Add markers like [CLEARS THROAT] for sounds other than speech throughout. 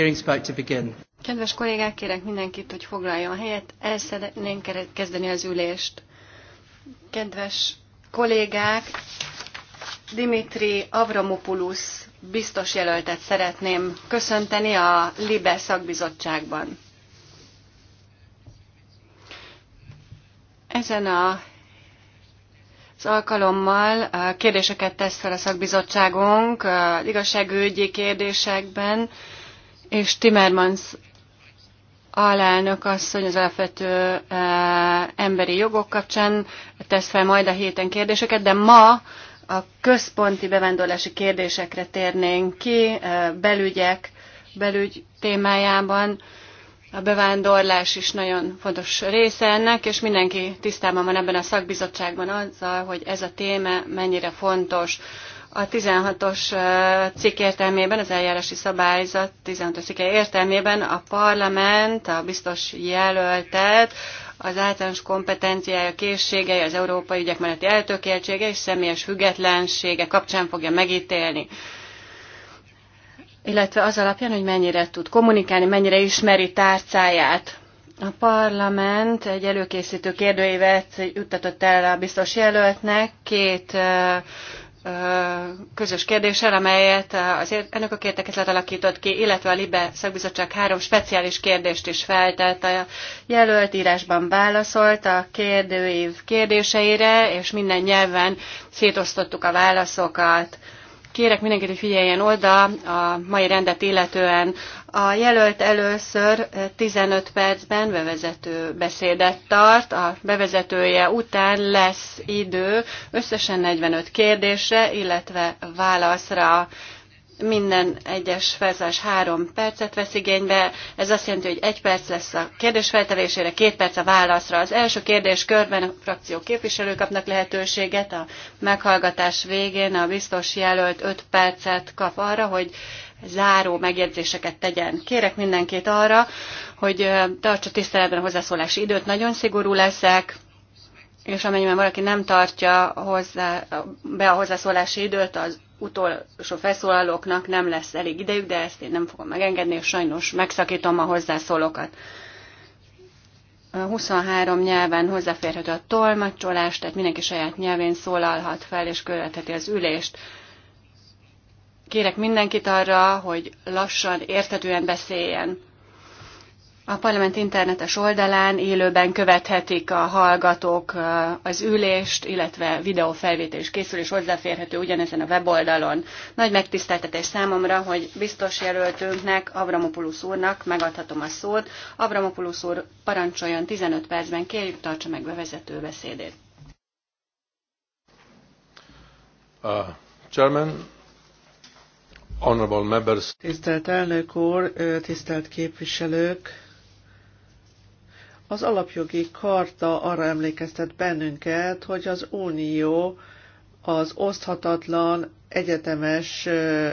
about to begin. Kedves kollégák, kérek mindenkit, hogy foglalja a helyet. El szeretnénk kezdeni az ülést. Kedves kollégák, Dimitri Avramopoulos biztos jelöltet szeretném köszönteni a LIBE szakbizottságban. Ezen a az alkalommal kérdéseket tesz fel a szakbizottságunk igazságügyi kérdésekben, és Timmermans alelnök asszony az alapvető e, emberi jogok kapcsán tesz fel majd a héten kérdéseket, de ma a központi bevándorlási kérdésekre térnénk ki, e, belügyek, belügy témájában. A bevándorlás is nagyon fontos része ennek, és mindenki tisztában van ebben a szakbizottságban azzal, hogy ez a téma mennyire fontos. A 16-os cikk értelmében, az eljárási szabályzat 16-os cikke értelmében a parlament, a biztos jelöltet, az általános kompetenciája, készségei, az európai ügyek melletti eltökéltsége és személyes függetlensége kapcsán fogja megítélni illetve az alapján, hogy mennyire tud kommunikálni, mennyire ismeri tárcáját. A parlament egy előkészítő kérdőívet juttatott el a biztos jelöltnek, két közös kérdéssel, amelyet az ennek a kértekezlet alakított ki, illetve a LIBE szakbizottság három speciális kérdést is feltett. A jelölt írásban válaszolt a kérdőív kérdéseire, és minden nyelven szétosztottuk a válaszokat. Kérek mindenkit, hogy figyeljen oda a mai rendet illetően. A jelölt először 15 eh, percben bevezető beszédet tart, a bevezetője után lesz idő összesen 45 kérdésre, illetve válaszra minden egyes felszólás három percet vesz igénybe. Ez azt jelenti, hogy egy perc lesz a kérdés feltevésére, két perc a válaszra. Az első kérdés körben a frakció képviselők kapnak lehetőséget, a meghallgatás végén a biztos jelölt öt percet kap arra, hogy záró megjegyzéseket tegyen. Kérek mindenkit arra, hogy tartsa tiszteletben a hozzászólási időt, nagyon szigorú leszek, és amennyiben valaki nem tartja hozzá, be a hozzászólási időt, az utolsó felszólalóknak nem lesz elég idejük, de ezt én nem fogom megengedni, és sajnos megszakítom a hozzászólókat. 23 nyelven hozzáférhető a tolmacsolás, tehát mindenki saját nyelvén szólalhat fel és követheti az ülést. Kérek mindenkit arra, hogy lassan, érthetően beszéljen. A parlament internetes oldalán élőben követhetik a hallgatók az ülést, illetve videófelvétel is készül, és hozzáférhető ugyanezen a weboldalon. Nagy megtiszteltetés számomra, hogy biztos jelöltünknek, Avramopoulos úrnak megadhatom a szót. Avramopoulos úr parancsoljon 15 percben, kérjük tartsa meg bevezető beszédét. Uh, chairman, honorable members. Tisztelt elnök úr, tisztelt képviselők! Az alapjogi karta arra emlékeztet bennünket, hogy az Unió az oszthatatlan, egyetemes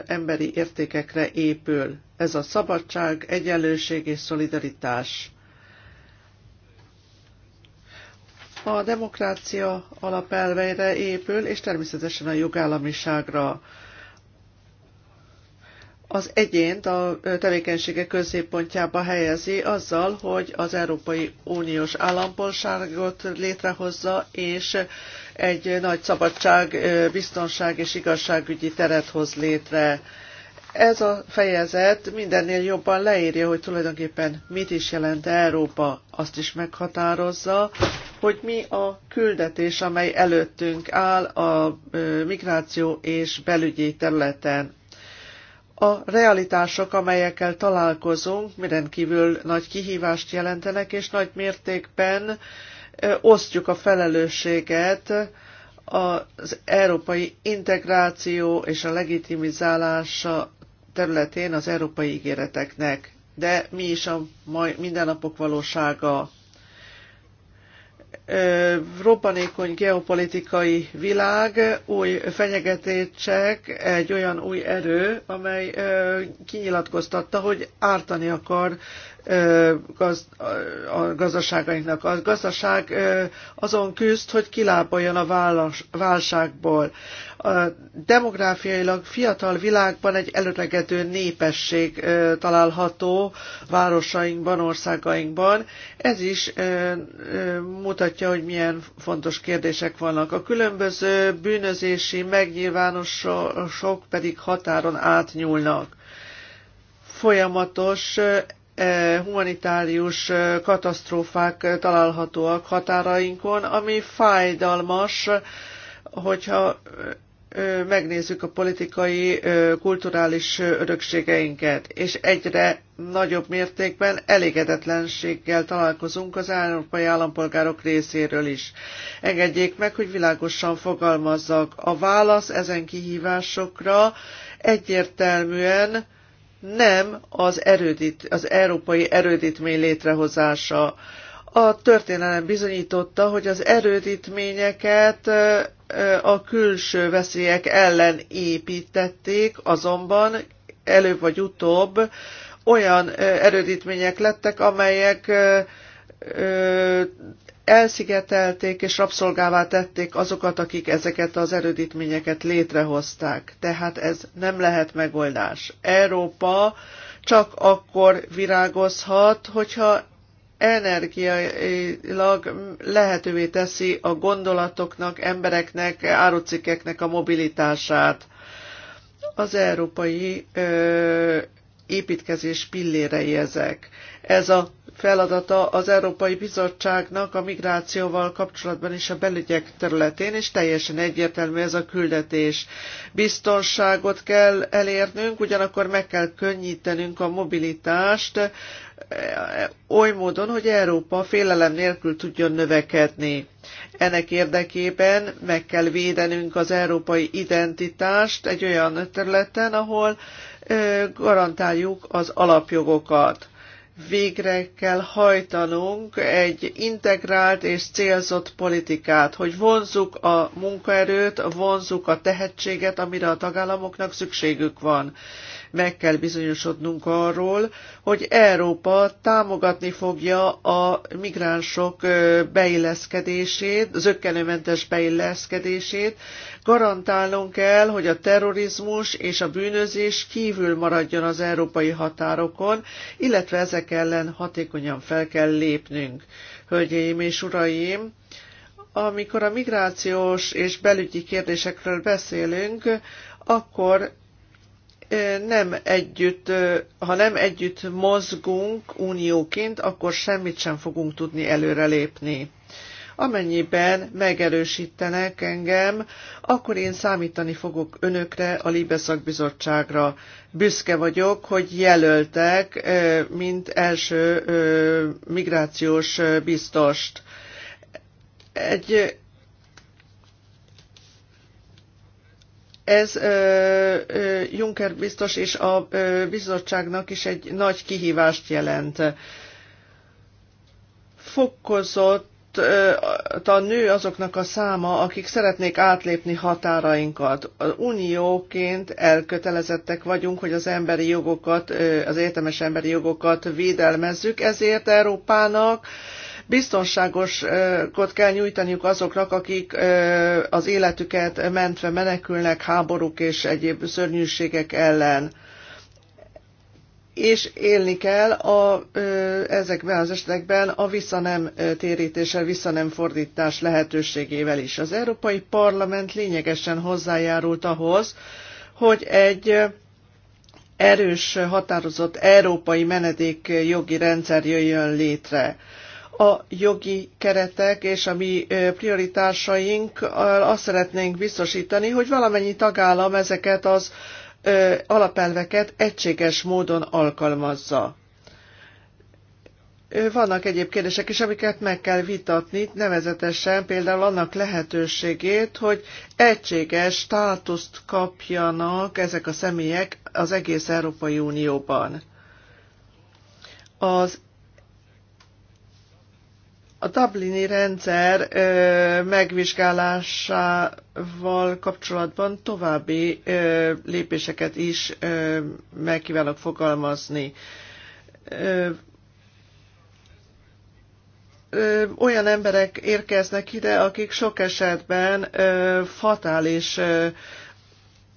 emberi értékekre épül. Ez a szabadság, egyenlőség és szolidaritás. A demokrácia alapelveire épül, és természetesen a jogállamiságra az egyént a tevékenysége középpontjába helyezi azzal, hogy az Európai Uniós állampolságot létrehozza, és egy nagy szabadság, biztonság és igazságügyi teret hoz létre. Ez a fejezet mindennél jobban leírja, hogy tulajdonképpen mit is jelent Európa. Azt is meghatározza, hogy mi a küldetés, amely előttünk áll a migráció és belügyi területen a realitások, amelyekkel találkozunk, mindenkívül nagy kihívást jelentenek, és nagy mértékben osztjuk a felelősséget az európai integráció és a legitimizálása területén az európai ígéreteknek. De mi is a mai mindennapok valósága? robbanékony geopolitikai világ, új fenyegetések, egy olyan új erő, amely kinyilatkoztatta, hogy ártani akar a gazdaságainknak. A gazdaság azon küzd, hogy kilábaljon a válságból. A demográfiailag fiatal világban egy előregedő népesség található városainkban, országainkban. Ez is mutatja, hogy milyen fontos kérdések vannak. A különböző bűnözési megnyilvánosok pedig határon átnyúlnak. Folyamatos humanitárius katasztrófák találhatóak határainkon, ami fájdalmas, hogyha megnézzük a politikai, kulturális örökségeinket, és egyre nagyobb mértékben elégedetlenséggel találkozunk az európai állampolgárok részéről is. Engedjék meg, hogy világosan fogalmazzak. A válasz ezen kihívásokra egyértelműen nem az, erődít, az európai erődítmény létrehozása. A történelem bizonyította, hogy az erődítményeket a külső veszélyek ellen építették, azonban előbb vagy utóbb olyan erődítmények lettek, amelyek elszigetelték és rabszolgává tették azokat, akik ezeket az erődítményeket létrehozták. Tehát ez nem lehet megoldás. Európa csak akkor virágozhat, hogyha energiailag lehetővé teszi a gondolatoknak, embereknek, árucikkeknek a mobilitását. Az európai ö, építkezés pillérei ezek. Ez a feladata az Európai Bizottságnak a migrációval kapcsolatban és a belügyek területén, és teljesen egyértelmű ez a küldetés. Biztonságot kell elérnünk, ugyanakkor meg kell könnyítenünk a mobilitást e, oly módon, hogy Európa félelem nélkül tudjon növekedni. Ennek érdekében meg kell védenünk az európai identitást egy olyan területen, ahol e, garantáljuk az alapjogokat végre kell hajtanunk egy integrált és célzott politikát, hogy vonzuk a munkaerőt, vonzuk a tehetséget, amire a tagállamoknak szükségük van meg kell bizonyosodnunk arról, hogy Európa támogatni fogja a migránsok beilleszkedését, zöggenőmentes beilleszkedését, garantálnunk kell, hogy a terrorizmus és a bűnözés kívül maradjon az európai határokon, illetve ezek ellen hatékonyan fel kell lépnünk. Hölgyeim és uraim, amikor a migrációs és belügyi kérdésekről beszélünk, akkor nem együtt, ha nem együtt mozgunk unióként, akkor semmit sem fogunk tudni előrelépni. Amennyiben megerősítenek engem, akkor én számítani fogok önökre, a Libe szakbizottságra. Büszke vagyok, hogy jelöltek, mint első migrációs biztost. Egy Ez Juncker biztos és a bizottságnak is egy nagy kihívást jelent. Fokozott a nő azoknak a száma, akik szeretnék átlépni határainkat. Az unióként elkötelezettek vagyunk, hogy az emberi jogokat, az értemes emberi jogokat védelmezzük, ezért Európának biztonságosat kell nyújtaniuk azoknak, akik az életüket mentve menekülnek háborúk és egyéb szörnyűségek ellen és élni kell a, ezekben az esetekben a visszanem térítéssel, visszanem fordítás lehetőségével is. Az Európai Parlament lényegesen hozzájárult ahhoz, hogy egy erős, határozott európai menedékjogi rendszer jöjjön létre a jogi keretek és a mi prioritásaink azt szeretnénk biztosítani, hogy valamennyi tagállam ezeket az alapelveket egységes módon alkalmazza. Vannak egyéb kérdések is, amiket meg kell vitatni, nevezetesen például annak lehetőségét, hogy egységes státuszt kapjanak ezek a személyek az egész Európai Unióban. Az a Dublini rendszer ö, megvizsgálásával kapcsolatban további ö, lépéseket is ö, meg kívánok fogalmazni. Ö, ö, olyan emberek érkeznek ide, akik sok esetben ö, fatális ö,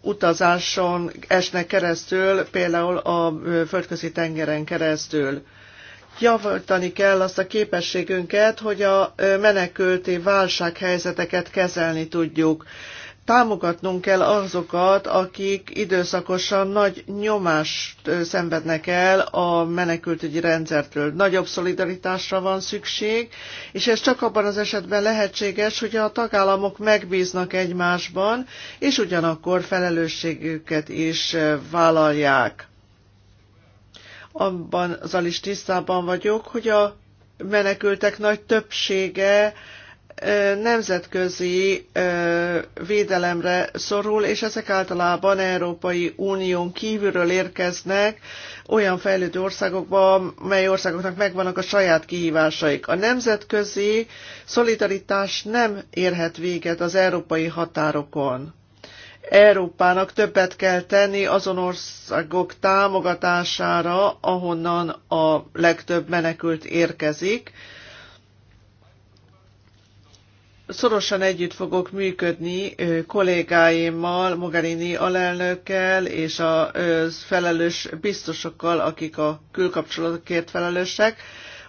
utazáson esnek keresztül, például a földközi tengeren keresztül. Ö, javítani kell azt a képességünket, hogy a menekülti válsághelyzeteket kezelni tudjuk. Támogatnunk kell azokat, akik időszakosan nagy nyomást szenvednek el a menekültügyi rendszertől. Nagyobb szolidaritásra van szükség, és ez csak abban az esetben lehetséges, hogy a tagállamok megbíznak egymásban, és ugyanakkor felelősségüket is vállalják abban azzal is tisztában vagyok, hogy a menekültek nagy többsége nemzetközi védelemre szorul, és ezek általában Európai Unión kívülről érkeznek olyan fejlődő országokba, mely országoknak megvannak a saját kihívásaik. A nemzetközi szolidaritás nem érhet véget az európai határokon. Európának többet kell tenni azon országok támogatására, ahonnan a legtöbb menekült érkezik. Szorosan együtt fogok működni kollégáimmal, Mogherini alelnökkel és a felelős biztosokkal, akik a külkapcsolatokért felelősek,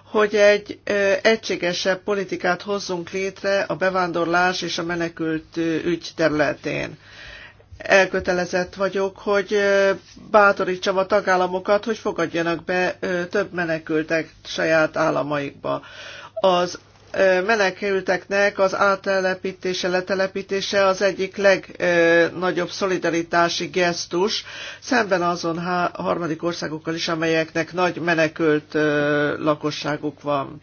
hogy egy egységesebb politikát hozzunk létre a bevándorlás és a menekült ügy területén elkötelezett vagyok, hogy bátorítsam a tagállamokat, hogy fogadjanak be több menekültek saját államaikba. Az menekülteknek az átelepítése, letelepítése az egyik legnagyobb szolidaritási gesztus, szemben azon harmadik országokkal is, amelyeknek nagy menekült lakosságuk van.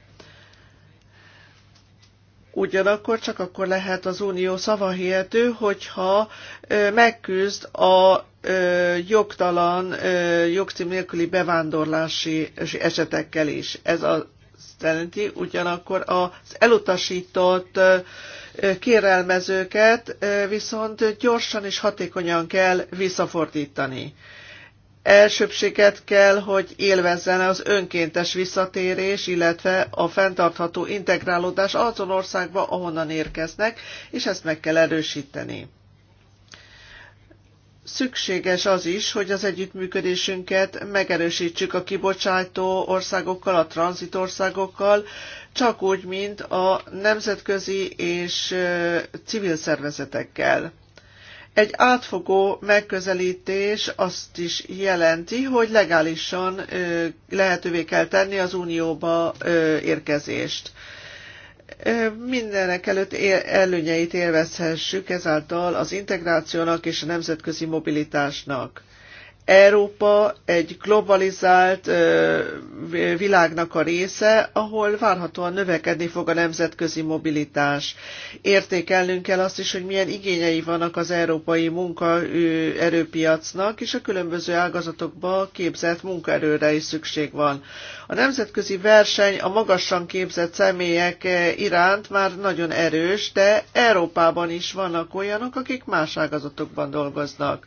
Ugyanakkor csak akkor lehet az unió szavahihető, hogyha megküzd a jogtalan, jogcím nélküli bevándorlási esetekkel is. Ez azt jelenti, ugyanakkor az elutasított kérelmezőket viszont gyorsan és hatékonyan kell visszafordítani elsőbséget kell, hogy élvezzen az önkéntes visszatérés, illetve a fenntartható integrálódás azon országba, ahonnan érkeznek, és ezt meg kell erősíteni. Szükséges az is, hogy az együttműködésünket megerősítsük a kibocsátó országokkal, a tranzitországokkal, csak úgy, mint a nemzetközi és civil szervezetekkel egy átfogó megközelítés azt is jelenti, hogy legálisan lehetővé kell tenni az unióba érkezést mindenek előtt előnyeit élvezhessük ezáltal az integrációnak és a nemzetközi mobilitásnak. Európa egy globalizált világnak a része, ahol várhatóan növekedni fog a nemzetközi mobilitás. Értékelnünk kell azt is, hogy milyen igényei vannak az európai munkaerőpiacnak, és a különböző ágazatokba képzett munkaerőre is szükség van. A nemzetközi verseny a magasan képzett személyek iránt már nagyon erős, de Európában is vannak olyanok, akik más ágazatokban dolgoznak.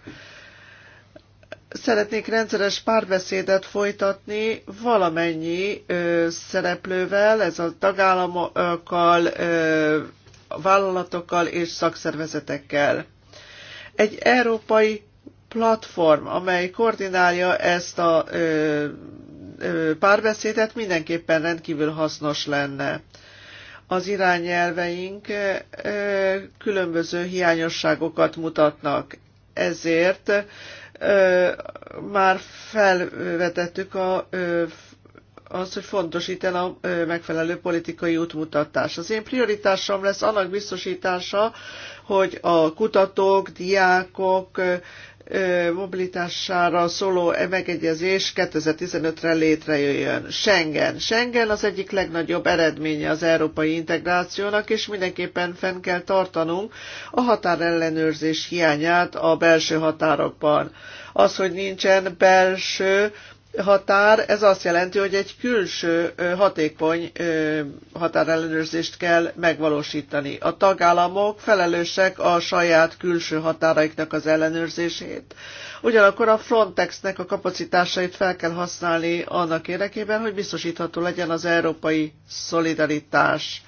Szeretnék rendszeres párbeszédet folytatni valamennyi ö, szereplővel, ez a tagállamokkal, ö, vállalatokkal és szakszervezetekkel. Egy európai platform, amely koordinálja ezt a ö, ö, párbeszédet, mindenképpen rendkívül hasznos lenne. Az irányelveink ö, különböző hiányosságokat mutatnak. Ezért ö, már felvetettük a, ö, az, hogy fontos itt a ö, megfelelő politikai útmutatás. Az én prioritásom lesz annak biztosítása, hogy a kutatók, diákok, mobilitására szóló megegyezés 2015-re létrejöjjön. Schengen. Schengen az egyik legnagyobb eredménye az európai integrációnak, és mindenképpen fenn kell tartanunk a határellenőrzés hiányát a belső határokban. Az, hogy nincsen belső határ, ez azt jelenti, hogy egy külső hatékony határellenőrzést kell megvalósítani. A tagállamok felelősek a saját külső határaiknak az ellenőrzését. Ugyanakkor a Frontexnek a kapacitásait fel kell használni annak érdekében, hogy biztosítható legyen az európai szolidaritás.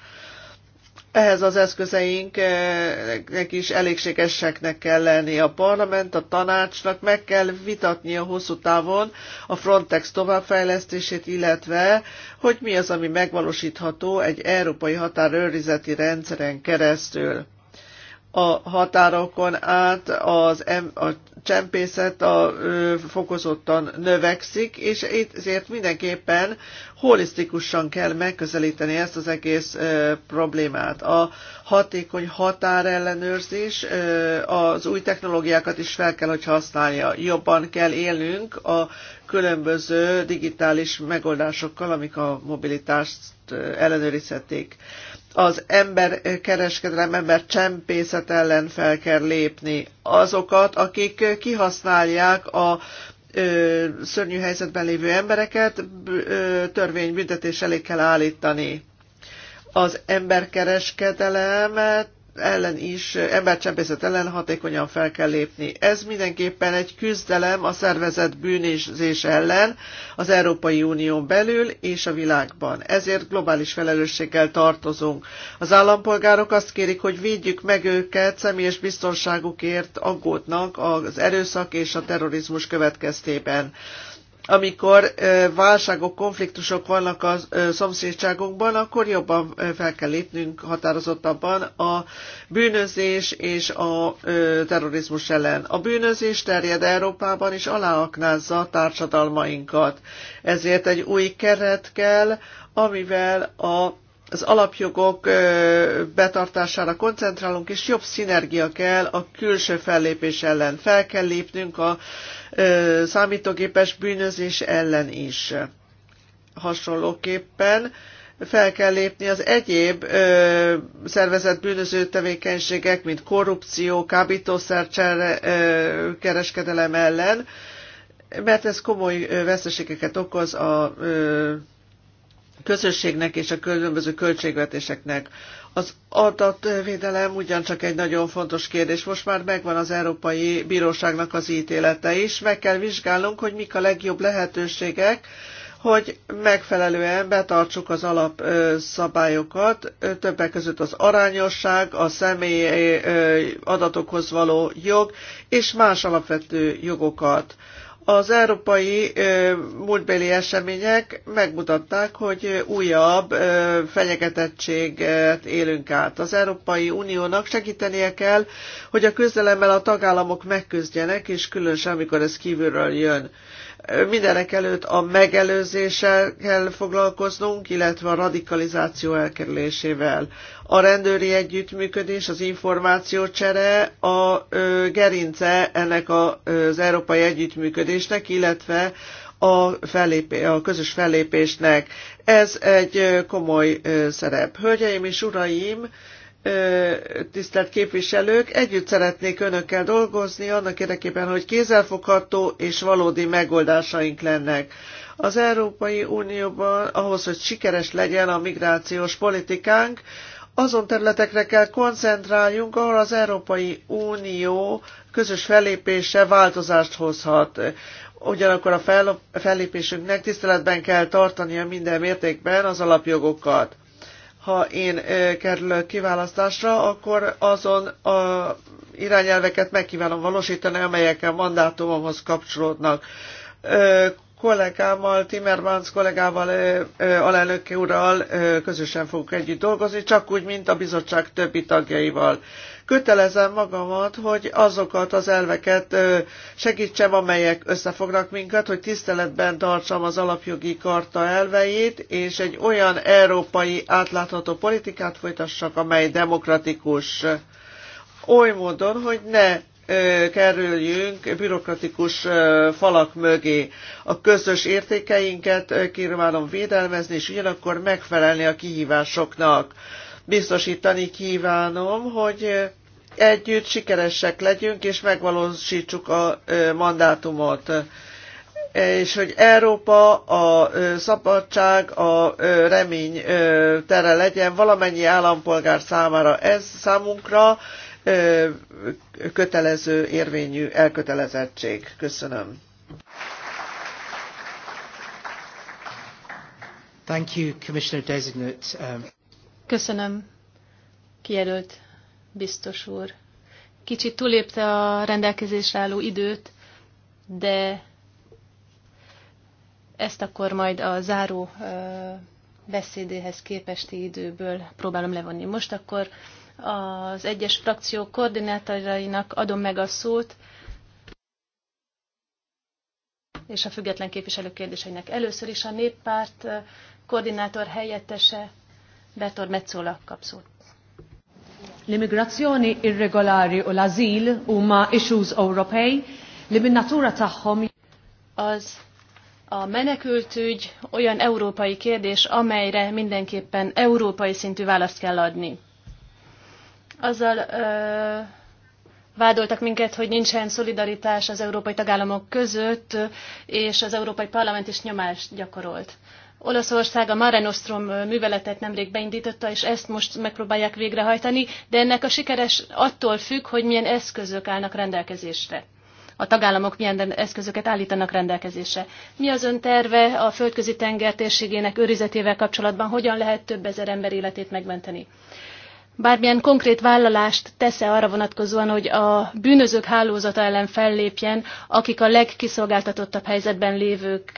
Ehhez az eszközeinknek eh, is elégségeseknek kell lenni. A parlament, a tanácsnak meg kell vitatni a hosszú távon a Frontex továbbfejlesztését, illetve hogy mi az, ami megvalósítható egy európai határőrizeti rendszeren keresztül a határokon át az, a csempészet a, ö, fokozottan növekszik, és itt ezért mindenképpen holisztikusan kell megközelíteni ezt az egész ö, problémát. A hatékony határellenőrzés ö, az új technológiákat is fel kell, hogy használja. Jobban kell élnünk a különböző digitális megoldásokkal, amik a mobilitást ellenőrizhetik az emberkereskedelem, csempészet ellen fel kell lépni. Azokat, akik kihasználják a ö, szörnyű helyzetben lévő embereket, ö, törvénybüntetés elé kell állítani. Az emberkereskedelemet ellen is, embercsempészet ellen hatékonyan fel kell lépni. Ez mindenképpen egy küzdelem a szervezet bűnözés ellen az Európai Unión belül és a világban. Ezért globális felelősséggel tartozunk. Az állampolgárok azt kérik, hogy védjük meg őket, személyes biztonságukért aggódnak az erőszak és a terrorizmus következtében amikor válságok, konfliktusok vannak a szomszédságunkban, akkor jobban fel kell lépnünk határozottabban a bűnözés és a terrorizmus ellen. A bűnözés terjed Európában és aláaknázza a társadalmainkat. Ezért egy új keret kell, amivel a az alapjogok betartására koncentrálunk, és jobb szinergia kell a külső fellépés ellen. Fel kell lépnünk a számítógépes bűnözés ellen is. Hasonlóképpen fel kell lépni az egyéb ö, szervezett bűnöző tevékenységek, mint korrupció, kábítószer kereskedelem ellen, mert ez komoly veszteségeket okoz a ö, közösségnek és a különböző költségvetéseknek. Az adatvédelem ugyancsak egy nagyon fontos kérdés. Most már megvan az Európai Bíróságnak az ítélete is. Meg kell vizsgálnunk, hogy mik a legjobb lehetőségek, hogy megfelelően betartsuk az alapszabályokat, többek között az arányosság, a személyi adatokhoz való jog és más alapvető jogokat. Az európai múltbéli események megmutatták, hogy újabb fenyegetettséget élünk át. Az Európai Uniónak segítenie kell, hogy a közelemmel a tagállamok megküzdjenek, és különösen, amikor ez kívülről jön. Mindenek előtt a megelőzéssel kell foglalkoznunk, illetve a radikalizáció elkerülésével. A rendőri együttműködés, az információcsere a gerince ennek az európai együttműködésnek, illetve a, fellépé, a közös fellépésnek. Ez egy komoly szerep. Hölgyeim és uraim, tisztelt képviselők, együtt szeretnék önökkel dolgozni annak érdekében, hogy kézzelfogható és valódi megoldásaink lennek. Az Európai Unióban ahhoz, hogy sikeres legyen a migrációs politikánk, azon területekre kell koncentráljunk, ahol az Európai Unió közös fellépése változást hozhat. Ugyanakkor a fellépésünknek tiszteletben kell tartania minden mértékben az alapjogokat ha én kerülök kiválasztásra, akkor azon a irányelveket megkívánom valósítani, a mandátumomhoz kapcsolódnak. Kollégámmal, Timmermans kollégával, alelnök ural közösen fogunk együtt dolgozni, csak úgy, mint a bizottság többi tagjaival kötelezem magamat, hogy azokat az elveket segítsem, amelyek összefognak minket, hogy tiszteletben tartsam az alapjogi karta elveit, és egy olyan európai átlátható politikát folytassak, amely demokratikus oly módon, hogy ne kerüljünk bürokratikus falak mögé. A közös értékeinket kívánom védelmezni, és ugyanakkor megfelelni a kihívásoknak biztosítani kívánom, hogy együtt sikeresek legyünk, és megvalósítsuk a mandátumot. És hogy Európa a szabadság, a remény tere legyen valamennyi állampolgár számára. Ez számunkra kötelező érvényű elkötelezettség. Köszönöm. Thank you, Commissioner Designate. Um... Köszönöm, kijelölt biztos úr. Kicsit túlépte a rendelkezésre álló időt, de ezt akkor majd a záró beszédéhez képesti időből próbálom levonni. Most akkor az egyes frakció koordinátorainak adom meg a szót, és a független képviselők kérdéseinek. Először is a néppárt koordinátor helyettese Betor Metzola kapszót. L-immigrazzjoni irregolari u l-azil ma issues Ewropej li minn natura tagħhom az a menekültügy olyan európai kérdés, amelyre mindenképpen európai szintű választ kell adni. Azzal ö, vádoltak minket, hogy nincsen szolidaritás az európai tagállamok között, és az Európai Parlament is nyomást gyakorolt. Olaszország a Mare Nostrum műveletet nemrég beindította, és ezt most megpróbálják végrehajtani, de ennek a sikeres attól függ, hogy milyen eszközök állnak rendelkezésre. A tagállamok milyen eszközöket állítanak rendelkezésre. Mi az ön terve a földközi tenger térségének őrizetével kapcsolatban, hogyan lehet több ezer ember életét megmenteni? bármilyen konkrét vállalást tesz-e arra vonatkozóan, hogy a bűnözők hálózata ellen fellépjen, akik a legkiszolgáltatottabb helyzetben lévők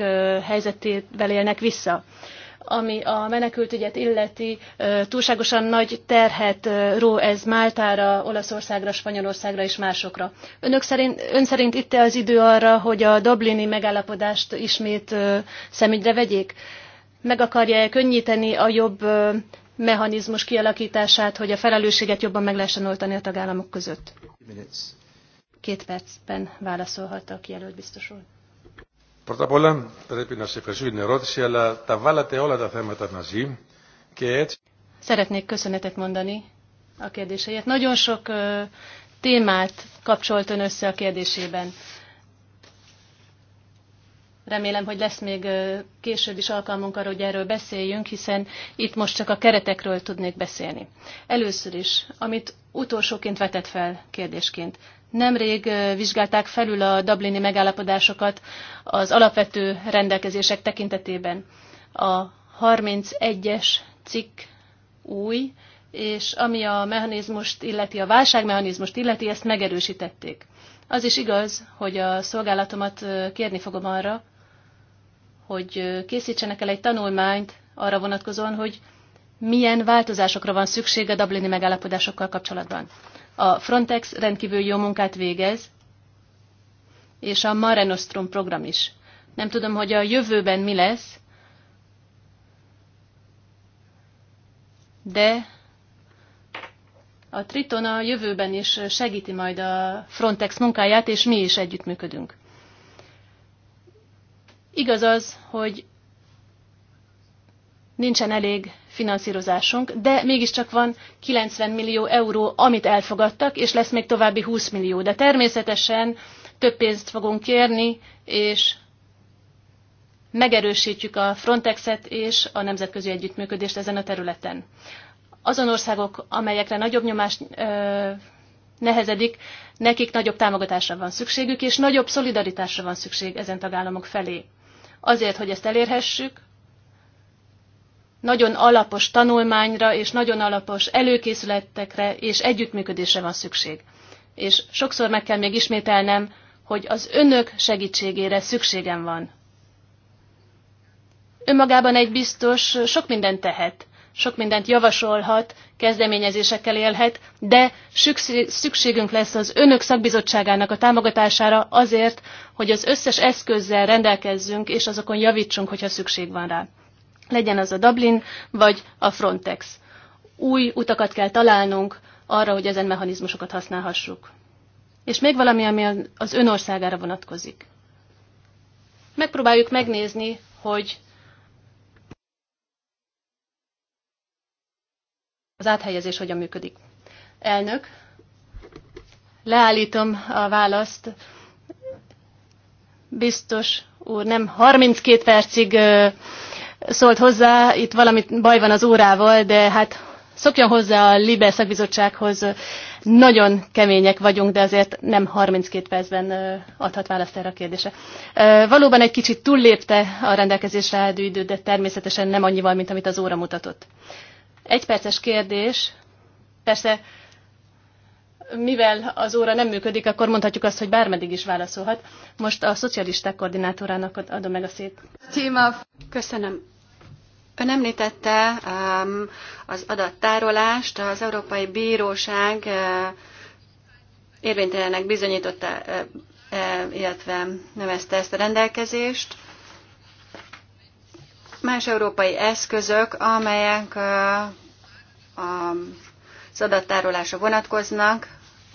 helyzetével élnek vissza ami a menekültügyet illeti, túlságosan nagy terhet ró ez Máltára, Olaszországra, Spanyolországra és másokra. Önök szerint, ön szerint itt az idő arra, hogy a Dublini megállapodást ismét szemügyre vegyék? Meg akarja -e könnyíteni a jobb mechanizmus kialakítását, hogy a felelősséget jobban meg lehessen oltani a tagállamok között? Két percben válaszolhat a kijelölt biztos úr. Πρώτα απ' όλα πρέπει να σε ευχαριστήσω την ερώτηση, αλλά τα βάλατε όλα τα θέματα μαζί και έτσι... Szeretnék köszönetet mondani a kérdéseiért. Nagyon sok ö, témát kapcsolt ön össze a kérdésében. Remélem, hogy lesz még később is alkalmunk arra, hogy erről beszéljünk, hiszen itt most csak a keretekről tudnék beszélni. Először is, amit utolsóként vetett fel kérdésként. Nemrég vizsgálták felül a Dublini megállapodásokat az alapvető rendelkezések tekintetében. A 31-es cikk új, és ami a mechanizmust illeti, a válságmechanizmust illeti, ezt megerősítették. Az is igaz, hogy a szolgálatomat kérni fogom arra, hogy készítsenek el egy tanulmányt arra vonatkozóan, hogy milyen változásokra van szüksége a Dublini megállapodásokkal kapcsolatban. A Frontex rendkívül jó munkát végez, és a Mare Nostrum program is. Nem tudom, hogy a jövőben mi lesz, de a Triton a jövőben is segíti majd a Frontex munkáját, és mi is együttműködünk. Igaz az, hogy nincsen elég finanszírozásunk, de mégiscsak van 90 millió euró, amit elfogadtak, és lesz még további 20 millió. De természetesen több pénzt fogunk kérni, és megerősítjük a Frontexet és a nemzetközi együttműködést ezen a területen. Azon országok, amelyekre nagyobb nyomás ö, nehezedik, nekik nagyobb támogatásra van szükségük, és nagyobb szolidaritásra van szükség ezen tagállamok felé. Azért, hogy ezt elérhessük, nagyon alapos tanulmányra és nagyon alapos előkészületekre és együttműködésre van szükség. És sokszor meg kell még ismételnem, hogy az önök segítségére szükségem van. Önmagában egy biztos sok mindent tehet, sok mindent javasolhat, kezdeményezésekkel élhet, de szükségünk lesz az önök szakbizottságának a támogatására azért, hogy az összes eszközzel rendelkezzünk, és azokon javítsunk, hogyha szükség van rá. Legyen az a Dublin, vagy a Frontex. Új utakat kell találnunk arra, hogy ezen mechanizmusokat használhassuk. És még valami, ami az önországára vonatkozik. Megpróbáljuk megnézni, hogy az áthelyezés hogyan működik. Elnök, leállítom a választ. Biztos úr, nem 32 percig ö, szólt hozzá, itt valami baj van az órával, de hát szokjon hozzá a Libe szakbizottsághoz. Nagyon kemények vagyunk, de azért nem 32 percben adhat választ erre a Ö, Valóban egy kicsit túllépte a rendelkezésre álló időt, de természetesen nem annyival, mint amit az óra mutatott. Egy perces kérdés. Persze, mivel az óra nem működik, akkor mondhatjuk azt, hogy bármeddig is válaszolhat. Most a szocialisták koordinátorának adom meg a szét. Tíma. Köszönöm. Ön említette um, az adattárolást, az Európai Bíróság uh, érvénytelenek bizonyította, uh, uh illetve nevezte ezt a rendelkezést más európai eszközök, amelyek az adattárolásra vonatkoznak,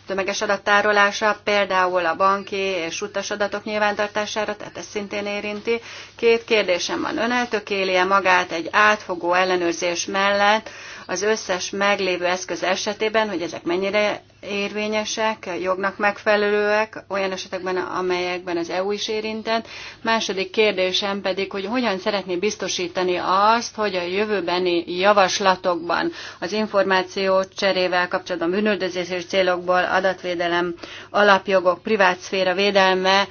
tömeges adattárolása, például a banki és utas adatok nyilvántartására, tehát ez szintén érinti. Két kérdésem van. Ön eltökéli -e magát egy átfogó ellenőrzés mellett, az összes meglévő eszköz esetében, hogy ezek mennyire érvényesek, jognak megfelelőek, olyan esetekben, amelyekben az EU is érintett. Második kérdésem pedig, hogy hogyan szeretné biztosítani azt, hogy a jövőbeni javaslatokban az információ cserével kapcsolatban bűnöldözés és célokból adatvédelem, alapjogok, privátszféra védelme,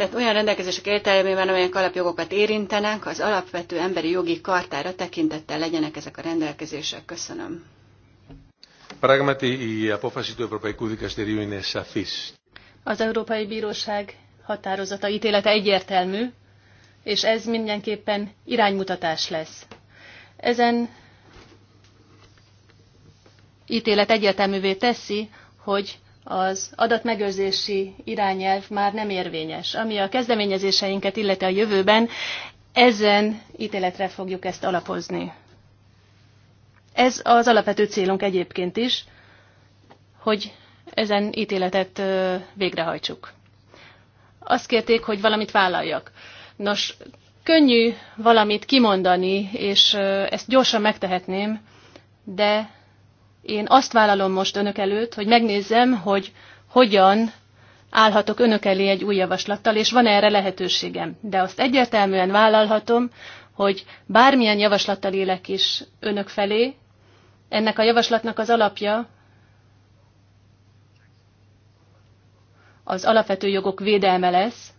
tehát olyan rendelkezések értelmében, amelyek alapjogokat érintenek, az alapvető emberi jogi kartára tekintettel legyenek ezek a rendelkezések. Köszönöm. Az Európai Bíróság határozata, ítélete egyértelmű, és ez mindenképpen iránymutatás lesz. Ezen ítélet egyértelművé teszi, hogy az adatmegőrzési irányelv már nem érvényes. Ami a kezdeményezéseinket illeti a jövőben, ezen ítéletre fogjuk ezt alapozni. Ez az alapvető célunk egyébként is, hogy ezen ítéletet végrehajtsuk. Azt kérték, hogy valamit vállaljak. Nos, könnyű valamit kimondani, és ezt gyorsan megtehetném, de én azt vállalom most önök előtt, hogy megnézzem, hogy hogyan állhatok önök elé egy új javaslattal, és van -e erre lehetőségem. De azt egyértelműen vállalhatom, hogy bármilyen javaslattal élek is önök felé, ennek a javaslatnak az alapja az alapvető jogok védelme lesz,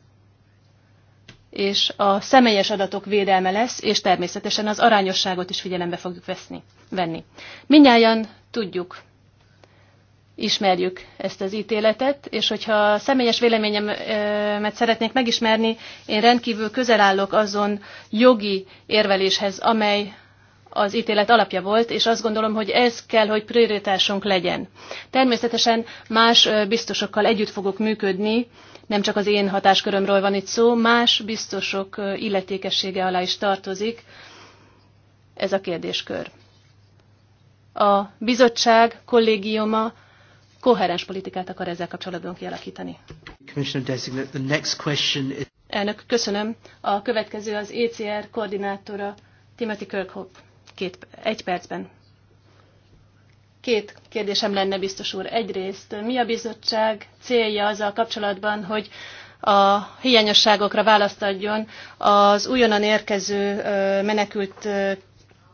és a személyes adatok védelme lesz, és természetesen az arányosságot is figyelembe fogjuk veszni, venni. Minnyáján tudjuk, ismerjük ezt az ítéletet, és hogyha a személyes véleményemet szeretnék megismerni, én rendkívül közel állok azon jogi érveléshez, amely az ítélet alapja volt, és azt gondolom, hogy ez kell, hogy prioritásunk legyen. Természetesen más biztosokkal együtt fogok működni, nem csak az én hatáskörömről van itt szó, más biztosok illetékessége alá is tartozik ez a kérdéskör. A bizottság kollégiuma koherens politikát akar ezzel kapcsolatban kialakítani. Elnök, köszönöm. A következő az ECR koordinátora Timothy Kirkhope. Két, egy percben. Két kérdésem lenne, biztos úr. Egyrészt, mi a bizottság célja azzal kapcsolatban, hogy a hiányosságokra választ adjon az újonnan érkező menekült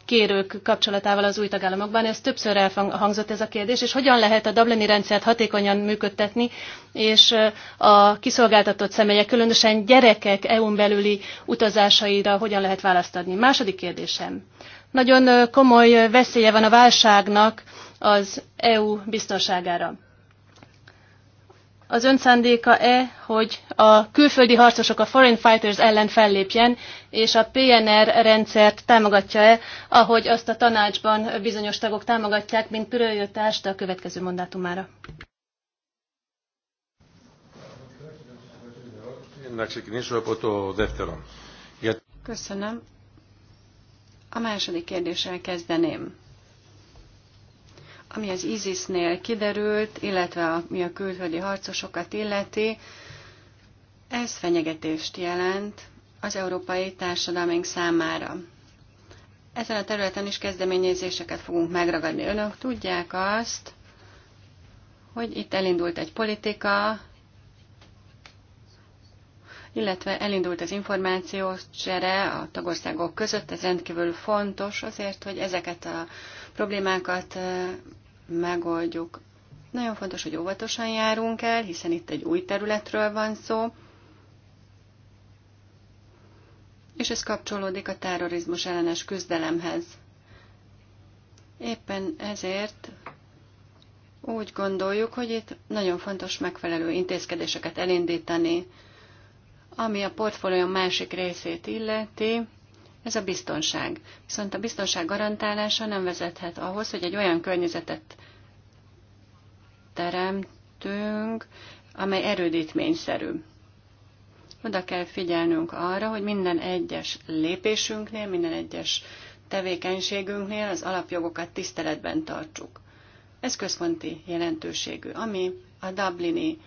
kérők kapcsolatával az új tagállamokban. Ez többször elhangzott ez a kérdés, és hogyan lehet a Dublini rendszert hatékonyan működtetni, és a kiszolgáltatott személyek, különösen gyerekek EU-n belüli utazásaira hogyan lehet választ adni. Második kérdésem. Nagyon komoly veszélye van a válságnak, az EU biztonságára. Az ön szándéka-e, hogy a külföldi harcosok, a foreign fighters ellen fellépjen, és a PNR rendszert támogatja-e, ahogy azt a tanácsban bizonyos tagok támogatják, mint prioritás a következő mandátumára? Köszönöm. A második kérdéssel kezdeném ami az ISIS-nél kiderült, illetve ami a külföldi harcosokat illeti, ez fenyegetést jelent az európai társadalmink számára. Ezen a területen is kezdeményezéseket fogunk megragadni. Önök tudják azt, hogy itt elindult egy politika, illetve elindult az információs csere a tagországok között. Ez rendkívül fontos azért, hogy ezeket a problémákat megoldjuk. Nagyon fontos, hogy óvatosan járunk el, hiszen itt egy új területről van szó, és ez kapcsolódik a terrorizmus ellenes küzdelemhez. Éppen ezért úgy gondoljuk, hogy itt nagyon fontos megfelelő intézkedéseket elindítani, ami a portfólió másik részét illeti. Ez a biztonság. Viszont a biztonság garantálása nem vezethet ahhoz, hogy egy olyan környezetet teremtünk, amely erődítményszerű. Oda kell figyelnünk arra, hogy minden egyes lépésünknél, minden egyes tevékenységünknél az alapjogokat tiszteletben tartsuk. Ez központi jelentőségű, ami a Dublini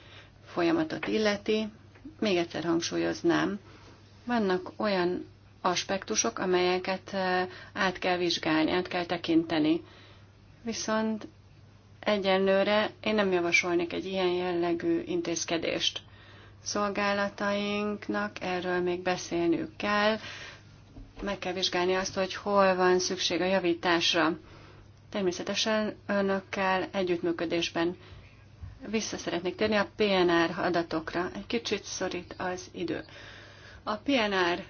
folyamatot illeti, még egyszer hangsúlyoznám, vannak olyan aspektusok, amelyeket eh, át kell vizsgálni, át kell tekinteni. Viszont egyenlőre én nem javasolnék egy ilyen jellegű intézkedést. Szolgálatainknak erről még beszélnünk kell, meg kell vizsgálni azt, hogy hol van szükség a javításra. Természetesen önökkel együttműködésben vissza szeretnék térni a PNR adatokra. Egy kicsit szorít az idő. A PNR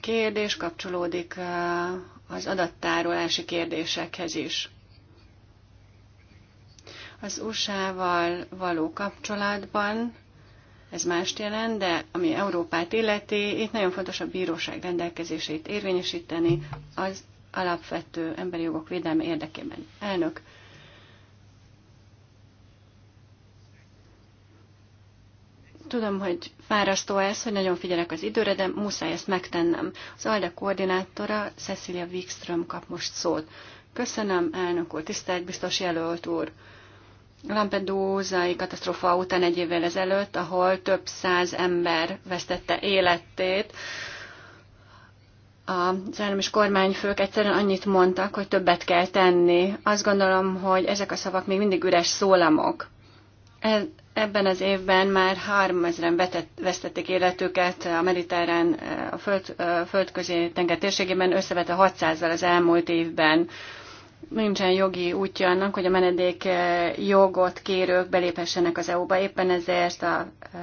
kérdés kapcsolódik eh, az adattárolási kérdésekhez is. Az USA-val való kapcsolatban ez mást jelent, de ami Európát illeti, itt nagyon fontos a bíróság rendelkezését érvényesíteni az alapvető emberi jogok védelme érdekében. Elnök, Tudom, hogy fárasztó ez, hogy nagyon figyelek az időre, de muszáj ezt megtennem. Az ALDE koordinátora Cecilia Wikström kap most szót. Köszönöm, elnök úr, tisztelt biztos jelölt úr. Lampedusai katasztrófa után egy évvel ezelőtt, ahol több száz ember vesztette életét, az állam és kormányfők egyszerűen annyit mondtak, hogy többet kell tenni. Azt gondolom, hogy ezek a szavak még mindig üres szólamok. Ebben az évben már 3000-en vesztették életüket a mediterrán, a föld, földközi tenger térségében, összevetve 600-zal az elmúlt évben. Nincsen jogi útja annak, hogy a menedék eh, jogot kérők beléphessenek az EU-ba. Éppen ezért a eh,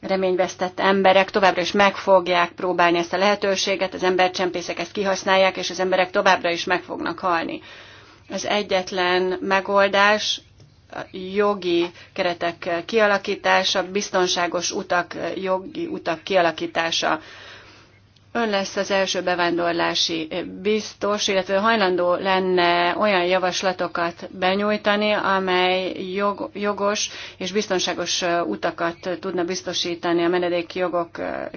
reményvesztett emberek továbbra is meg fogják próbálni ezt a lehetőséget, az embercsempészek ezt kihasználják, és az emberek továbbra is meg fognak halni. Az egyetlen megoldás jogi keretek kialakítása, biztonságos utak, jogi utak kialakítása. Ön lesz az első bevándorlási biztos, illetve hajlandó lenne olyan javaslatokat benyújtani, amely jog, jogos és biztonságos utakat tudna biztosítani a menedékjogok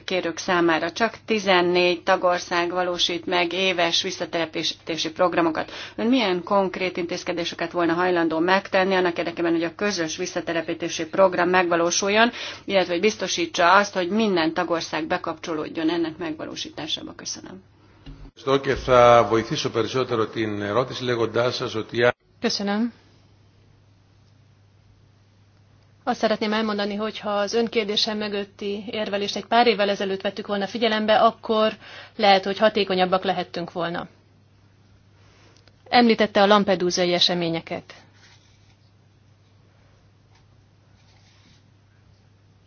kérők számára. Csak 14 tagország valósít meg éves visszatelepítési programokat. Ön milyen konkrét intézkedéseket volna hajlandó megtenni annak érdekében, hogy a közös visszatelepítési program megvalósuljon, illetve hogy biztosítsa azt, hogy minden tagország bekapcsolódjon ennek megvalósításához? biztosításába. Köszönöm. Köszönöm. Azt szeretném elmondani, hogy ha az ön kérdésem mögötti érvelést egy pár évvel ezelőtt vettük volna figyelembe, akkor lehet, hogy hatékonyabbak lehettünk volna. Említette a Lampedúzai eseményeket.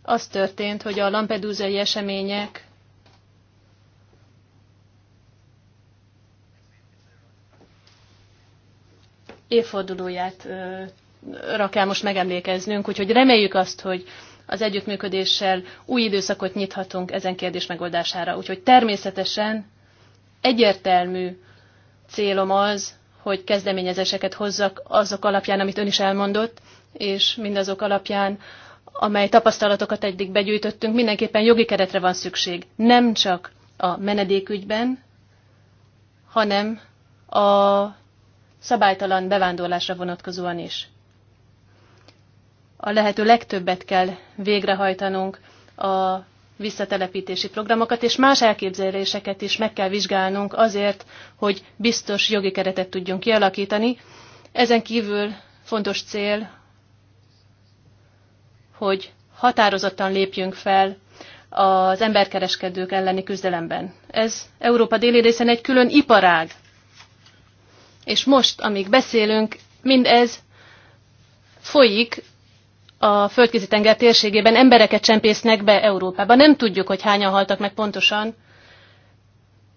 Az történt, hogy a Lampedúzai események évfordulóját ra kell most megemlékeznünk, úgyhogy reméljük azt, hogy az együttműködéssel új időszakot nyithatunk ezen kérdés megoldására. Úgyhogy természetesen egyértelmű célom az, hogy kezdeményezéseket hozzak azok alapján, amit ön is elmondott, és mindazok alapján, amely tapasztalatokat eddig begyűjtöttünk, mindenképpen jogi keretre van szükség. Nem csak a menedékügyben, hanem a szabálytalan bevándorlásra vonatkozóan is. A lehető legtöbbet kell végrehajtanunk a visszatelepítési programokat, és más elképzeléseket is meg kell vizsgálnunk azért, hogy biztos jogi keretet tudjunk kialakítani. Ezen kívül fontos cél, hogy határozottan lépjünk fel az emberkereskedők elleni küzdelemben. Ez Európa déli részen egy külön iparág, és most, amíg beszélünk, mindez folyik a földközi tenger térségében, embereket csempésznek be Európába. Nem tudjuk, hogy hányan haltak meg pontosan.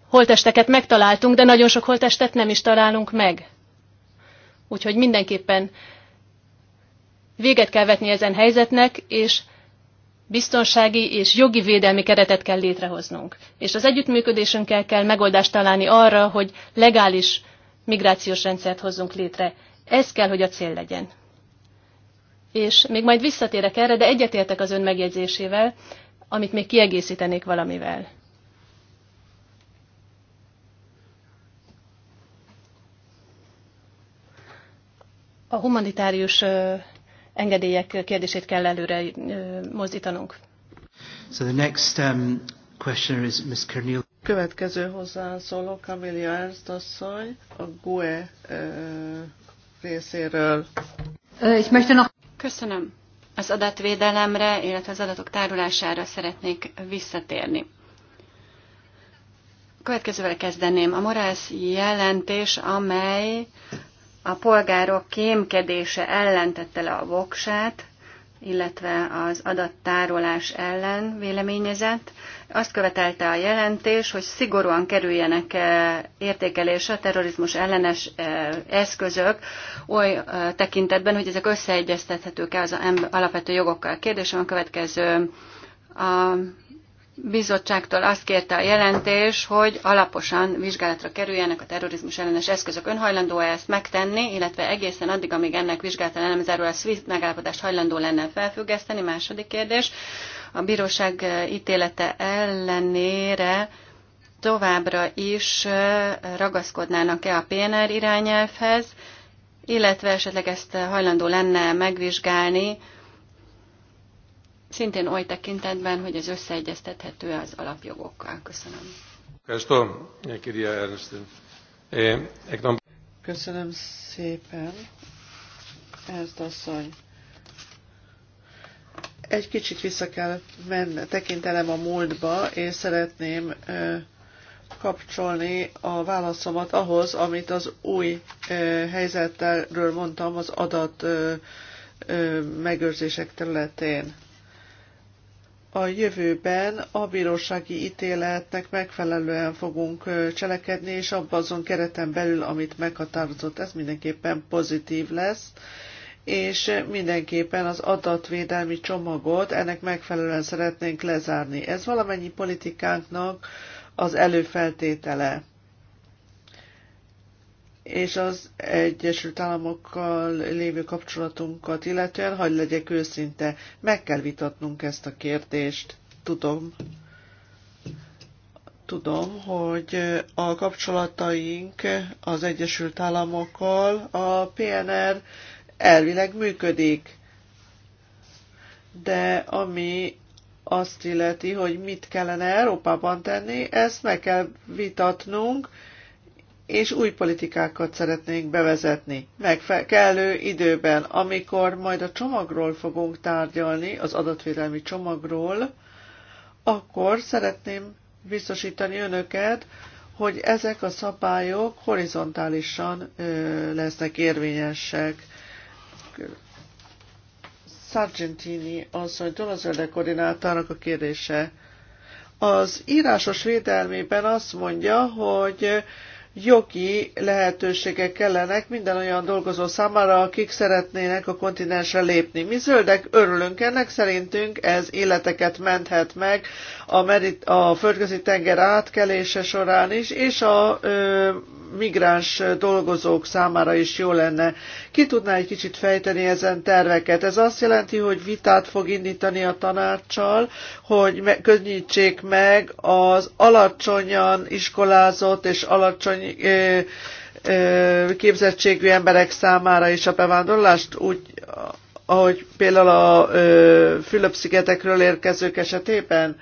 Holtesteket megtaláltunk, de nagyon sok holtestet nem is találunk meg. Úgyhogy mindenképpen véget kell vetni ezen helyzetnek, és biztonsági és jogi védelmi keretet kell létrehoznunk. És az együttműködésünkkel kell megoldást találni arra, hogy legális migrációs rendszert hozzunk létre. Ez kell, hogy a cél legyen. És még majd visszatérek erre, de egyetértek az ön megjegyzésével, amit még kiegészítenék valamivel. A humanitárius engedélyek kérdését kell előre mozdítanunk. So the next um, questioner is Ms. Cornelia. Következő hozzászóló Camilla Ernst asszony a GUE részéről. Köszönöm. Az adatvédelemre, illetve az adatok tárolására szeretnék visszatérni. Következővel kezdeném. A Morász jelentés, amely a polgárok kémkedése ellentette le a voksát, illetve az adattárolás ellen véleményezett. Azt követelte a jelentés, hogy szigorúan kerüljenek e, értékelésre a terrorizmus ellenes e, eszközök oly e, tekintetben, hogy ezek összeegyeztethetők-e az alapvető jogokkal. Kérdésem a következő. A bizottságtól azt kérte a jelentés, hogy alaposan vizsgálatra kerüljenek a terrorizmus ellenes eszközök. Ön hajlandó-e ezt megtenni, illetve egészen addig, amíg ennek vizsgálata nem zárul, a SWIFT megállapodást hajlandó lenne felfüggeszteni? Második kérdés. A bíróság eh, ítélete ellenére továbbra is eh, ragaszkodnának-e a PNR irányelvhez, illetve esetleg ezt eh, hajlandó lenne megvizsgálni, szintén oly tekintetben, hogy ez összeegyeztethető az alapjogokkal. Köszönöm. Köszönöm szépen, ezt asszony. Egy kicsit vissza kell menne, tekintelem a múltba, és szeretném ö, kapcsolni a válaszomat ahhoz, amit az új ö, helyzetről mondtam az adat ö, ö, megőrzések területén a jövőben a bírósági ítéletnek megfelelően fogunk cselekedni, és abban azon kereten belül, amit meghatározott, ez mindenképpen pozitív lesz, és mindenképpen az adatvédelmi csomagot ennek megfelelően szeretnénk lezárni. Ez valamennyi politikánknak az előfeltétele és az Egyesült Államokkal lévő kapcsolatunkat illetően, hagy legyek őszinte, meg kell vitatnunk ezt a kérdést. Tudom, tudom, hogy a kapcsolataink az Egyesült Államokkal, a PNR elvileg működik, de ami azt illeti, hogy mit kellene Európában tenni, ezt meg kell vitatnunk, és új politikákat szeretnénk bevezetni. Meg kellő időben, amikor majd a csomagról fogunk tárgyalni, az adatvédelmi csomagról, akkor szeretném biztosítani önöket, hogy ezek a szabályok horizontálisan ö, lesznek érvényesek. Sargentini asszonytól az ördek koordinátának a kérdése. Az írásos védelmében azt mondja, hogy jogi lehetőségek kellenek minden olyan dolgozó számára, akik szeretnének a kontinensre lépni. Mi zöldek örülünk ennek, szerintünk ez életeket menthet meg a, Merit- a földközi tenger átkelése során is, és a ö, migráns dolgozók számára is jó lenne. Ki tudná egy kicsit fejteni ezen terveket? Ez azt jelenti, hogy vitát fog indítani a tanácssal, hogy me- könnyítsék meg az alacsonyan iskolázott és alacsony ö, ö, képzettségű emberek számára is a bevándorlást, úgy, ahogy például a Fülöp-szigetekről érkezők esetében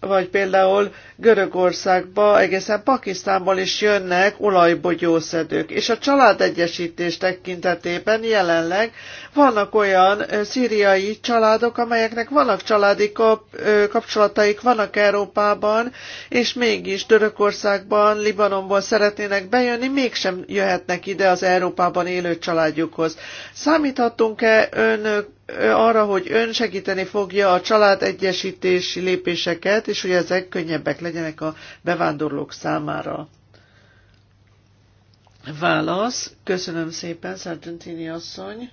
vagy például Görögországba, egészen Pakisztánból is jönnek olajbogyószedők. És a családegyesítés tekintetében jelenleg vannak olyan szíriai családok, amelyeknek vannak családi kapcsolataik, vannak Európában, és mégis Törökországban, Libanonból szeretnének bejönni, mégsem jöhetnek ide az Európában élő családjukhoz. Számíthatunk-e önök arra, hogy ön segíteni fogja a család egyesítési lépéseket, és hogy ezek könnyebbek legyenek a bevándorlók számára. Válasz. Köszönöm szépen, Sargentini asszony.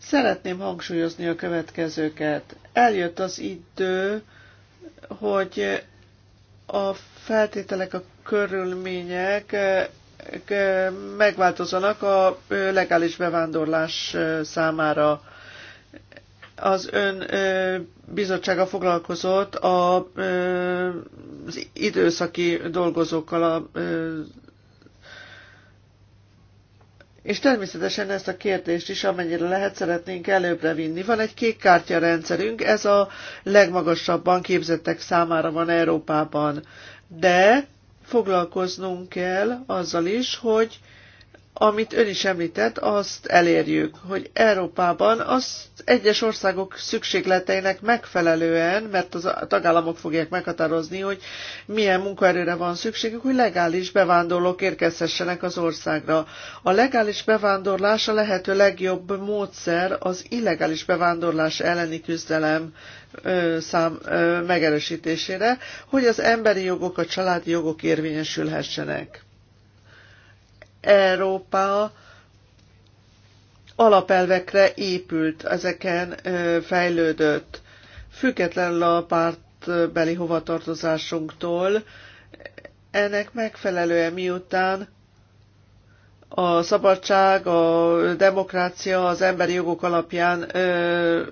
Szeretném hangsúlyozni a következőket. Eljött az idő, hogy a feltételek, a körülmények megváltozanak a legális bevándorlás számára. Az ön bizottsága foglalkozott a, az időszaki dolgozókkal, a, és természetesen ezt a kérdést is, amennyire lehet, szeretnénk előbbre vinni. Van egy kék kártya rendszerünk, ez a legmagasabban képzettek számára van Európában. De foglalkoznunk kell azzal is, hogy amit ön is említett, azt elérjük, hogy Európában az egyes országok szükségleteinek megfelelően, mert az a tagállamok fogják meghatározni, hogy milyen munkaerőre van szükségük, hogy legális bevándorlók érkezhessenek az országra. A legális bevándorlás a lehető legjobb módszer az illegális bevándorlás elleni küzdelem szám megerősítésére, hogy az emberi jogok, a családi jogok érvényesülhessenek. Európa alapelvekre épült, ezeken fejlődött. Függetlenül a pártbeli hovatartozásunktól, ennek megfelelően miután a szabadság, a demokrácia, az emberi jogok alapján ö,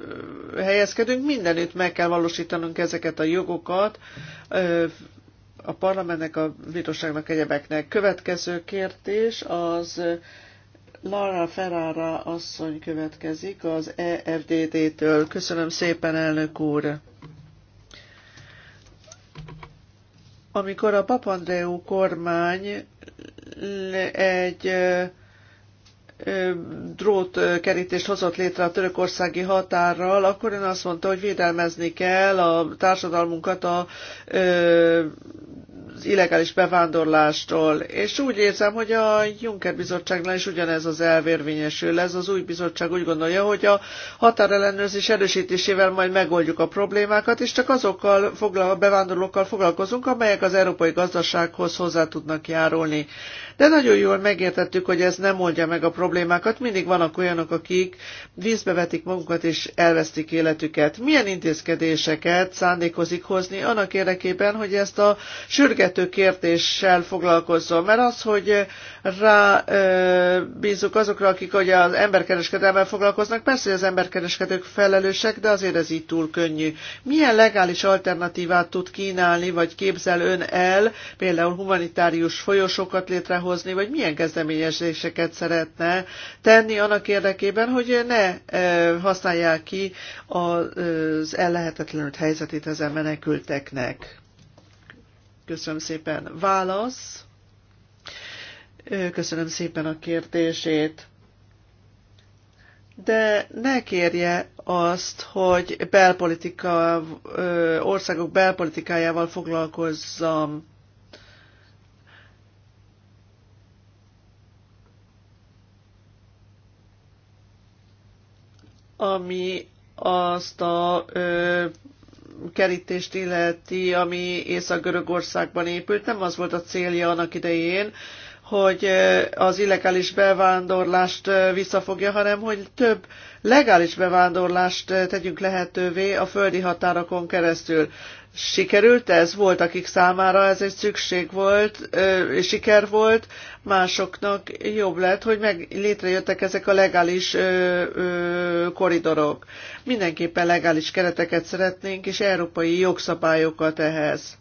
helyezkedünk, mindenütt meg kell valósítanunk ezeket a jogokat, ö, a parlamentnek, a bíróságnak, egyebeknek. Következő kérdés az Lara Ferrara asszony következik az EFDD-től. Köszönöm szépen, elnök úr! Amikor a Papandreou kormány egy drótkerítést hozott létre a törökországi határral, akkor ön azt mondta, hogy védelmezni kell a társadalmunkat a, az illegális bevándorlástól. És úgy érzem, hogy a Juncker bizottságnál is ugyanez az elvérvényesül. Ez az új bizottság úgy gondolja, hogy a határellenőrzés erősítésével majd megoldjuk a problémákat, és csak azokkal foglal, bevándorlókkal foglalkozunk, amelyek az európai gazdasághoz hozzá tudnak járulni de nagyon jól megértettük, hogy ez nem oldja meg a problémákat. Mindig vannak olyanok, akik vízbe vetik magukat és elvesztik életüket. Milyen intézkedéseket szándékozik hozni annak érdekében, hogy ezt a sürgető kérdéssel foglalkozzon? Mert az, hogy rá ö, bízunk azokra, akik ugye az emberkereskedelmel foglalkoznak, persze, hogy az emberkereskedők felelősek, de azért ez így túl könnyű. Milyen legális alternatívát tud kínálni, vagy képzel ön el, például humanitárius folyosokat létrehozni, hozni, vagy milyen kezdeményezéseket szeretne tenni annak érdekében, hogy ne e, használják ki az ellehetetlenült helyzetét ezen menekülteknek. Köszönöm szépen. Válasz. Köszönöm szépen a kérdését de ne kérje azt, hogy belpolitika, országok belpolitikájával foglalkozzam. ami azt a ö, kerítést illeti, ami Észak-Görögországban épült. Nem az volt a célja annak idején, hogy az illegális bevándorlást visszafogja, hanem hogy több legális bevándorlást tegyünk lehetővé a földi határokon keresztül. Sikerült ez? Volt, akik számára ez egy szükség volt, ö, siker volt, másoknak jobb lett, hogy meg létrejöttek ezek a legális ö, ö, koridorok. Mindenképpen legális kereteket szeretnénk, és európai jogszabályokat ehhez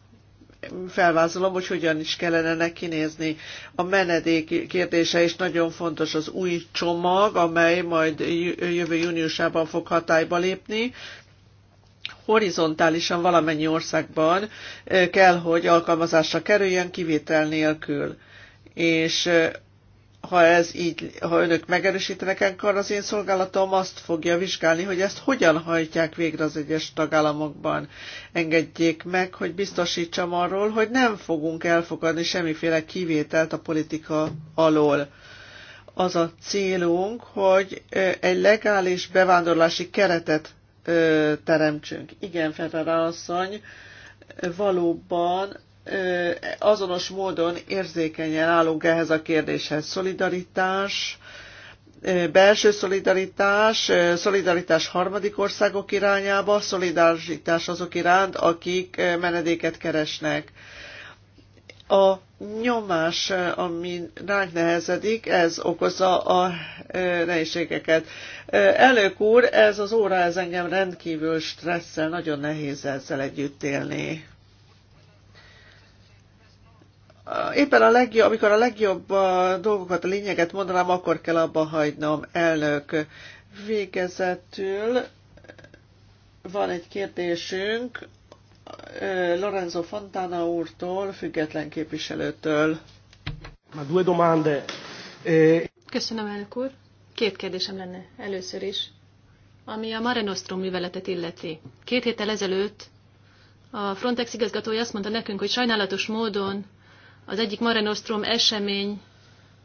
felvázolom, hogy hogyan is kellene neki nézni. A menedék kérdése is nagyon fontos az új csomag, amely majd jövő júniusában fog hatályba lépni horizontálisan valamennyi országban kell, hogy alkalmazásra kerüljön kivétel nélkül. És ha ez így, ha önök megerősítenek, akkor az én szolgálatom azt fogja vizsgálni, hogy ezt hogyan hajtják végre az egyes tagállamokban. Engedjék meg, hogy biztosítsam arról, hogy nem fogunk elfogadni semmiféle kivételt a politika alól. Az a célunk, hogy egy legális bevándorlási keretet ö, teremtsünk. Igen, Ferrara asszony, valóban ö, azonos módon érzékenyen állunk ehhez a kérdéshez. Szolidaritás, belső szolidaritás, szolidaritás harmadik országok irányába, szolidaritás azok iránt, akik menedéket keresnek a nyomás, ami ránk nehezedik, ez okozza a e, nehézségeket. E, Elők úr, ez az óra, ez engem rendkívül stresszel, nagyon nehéz ezzel együtt élni éppen a legjobb, amikor a legjobb a dolgokat, a lényeget mondanám, akkor kell abba hagynom, elnök. Végezetül van egy kérdésünk Lorenzo Fontana úrtól, független képviselőtől. Ma due domande. E, Köszönöm, elnök úr. Két kérdésem lenne először is, ami a Mare Nostrum műveletet illeti. Két héttel ezelőtt a Frontex igazgatója azt mondta nekünk, hogy sajnálatos módon az egyik Mare Nostrum esemény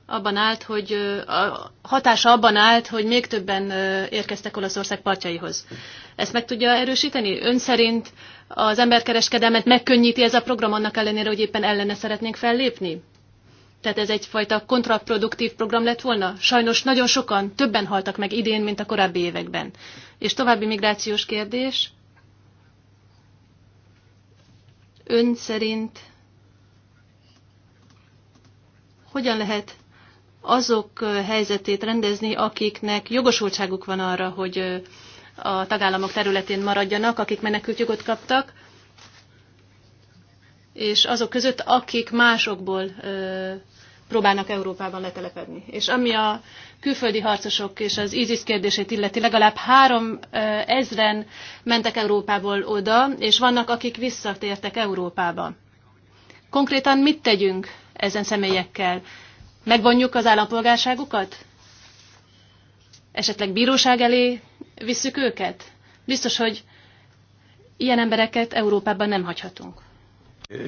abban állt, hogy a hatása abban állt, hogy még többen érkeztek Olaszország partjaihoz. Ezt meg tudja erősíteni? Ön szerint az emberkereskedelmet megkönnyíti ez a program annak ellenére, hogy éppen ellene szeretnénk fellépni? Tehát ez egyfajta kontraproduktív program lett volna? Sajnos nagyon sokan, többen haltak meg idén, mint a korábbi években. És további migrációs kérdés. Ön szerint hogyan lehet azok helyzetét rendezni, akiknek jogosultságuk van arra, hogy a tagállamok területén maradjanak, akik menekültjogot kaptak, és azok között, akik másokból próbálnak Európában letelepedni. És ami a külföldi harcosok és az ISIS kérdését illeti, legalább három ezren mentek Európából oda, és vannak, akik visszatértek Európába. Konkrétan mit tegyünk ezen személyekkel? Megvonjuk az állampolgárságukat? Esetleg bíróság elé visszük őket? Biztos, hogy ilyen embereket Európában nem hagyhatunk.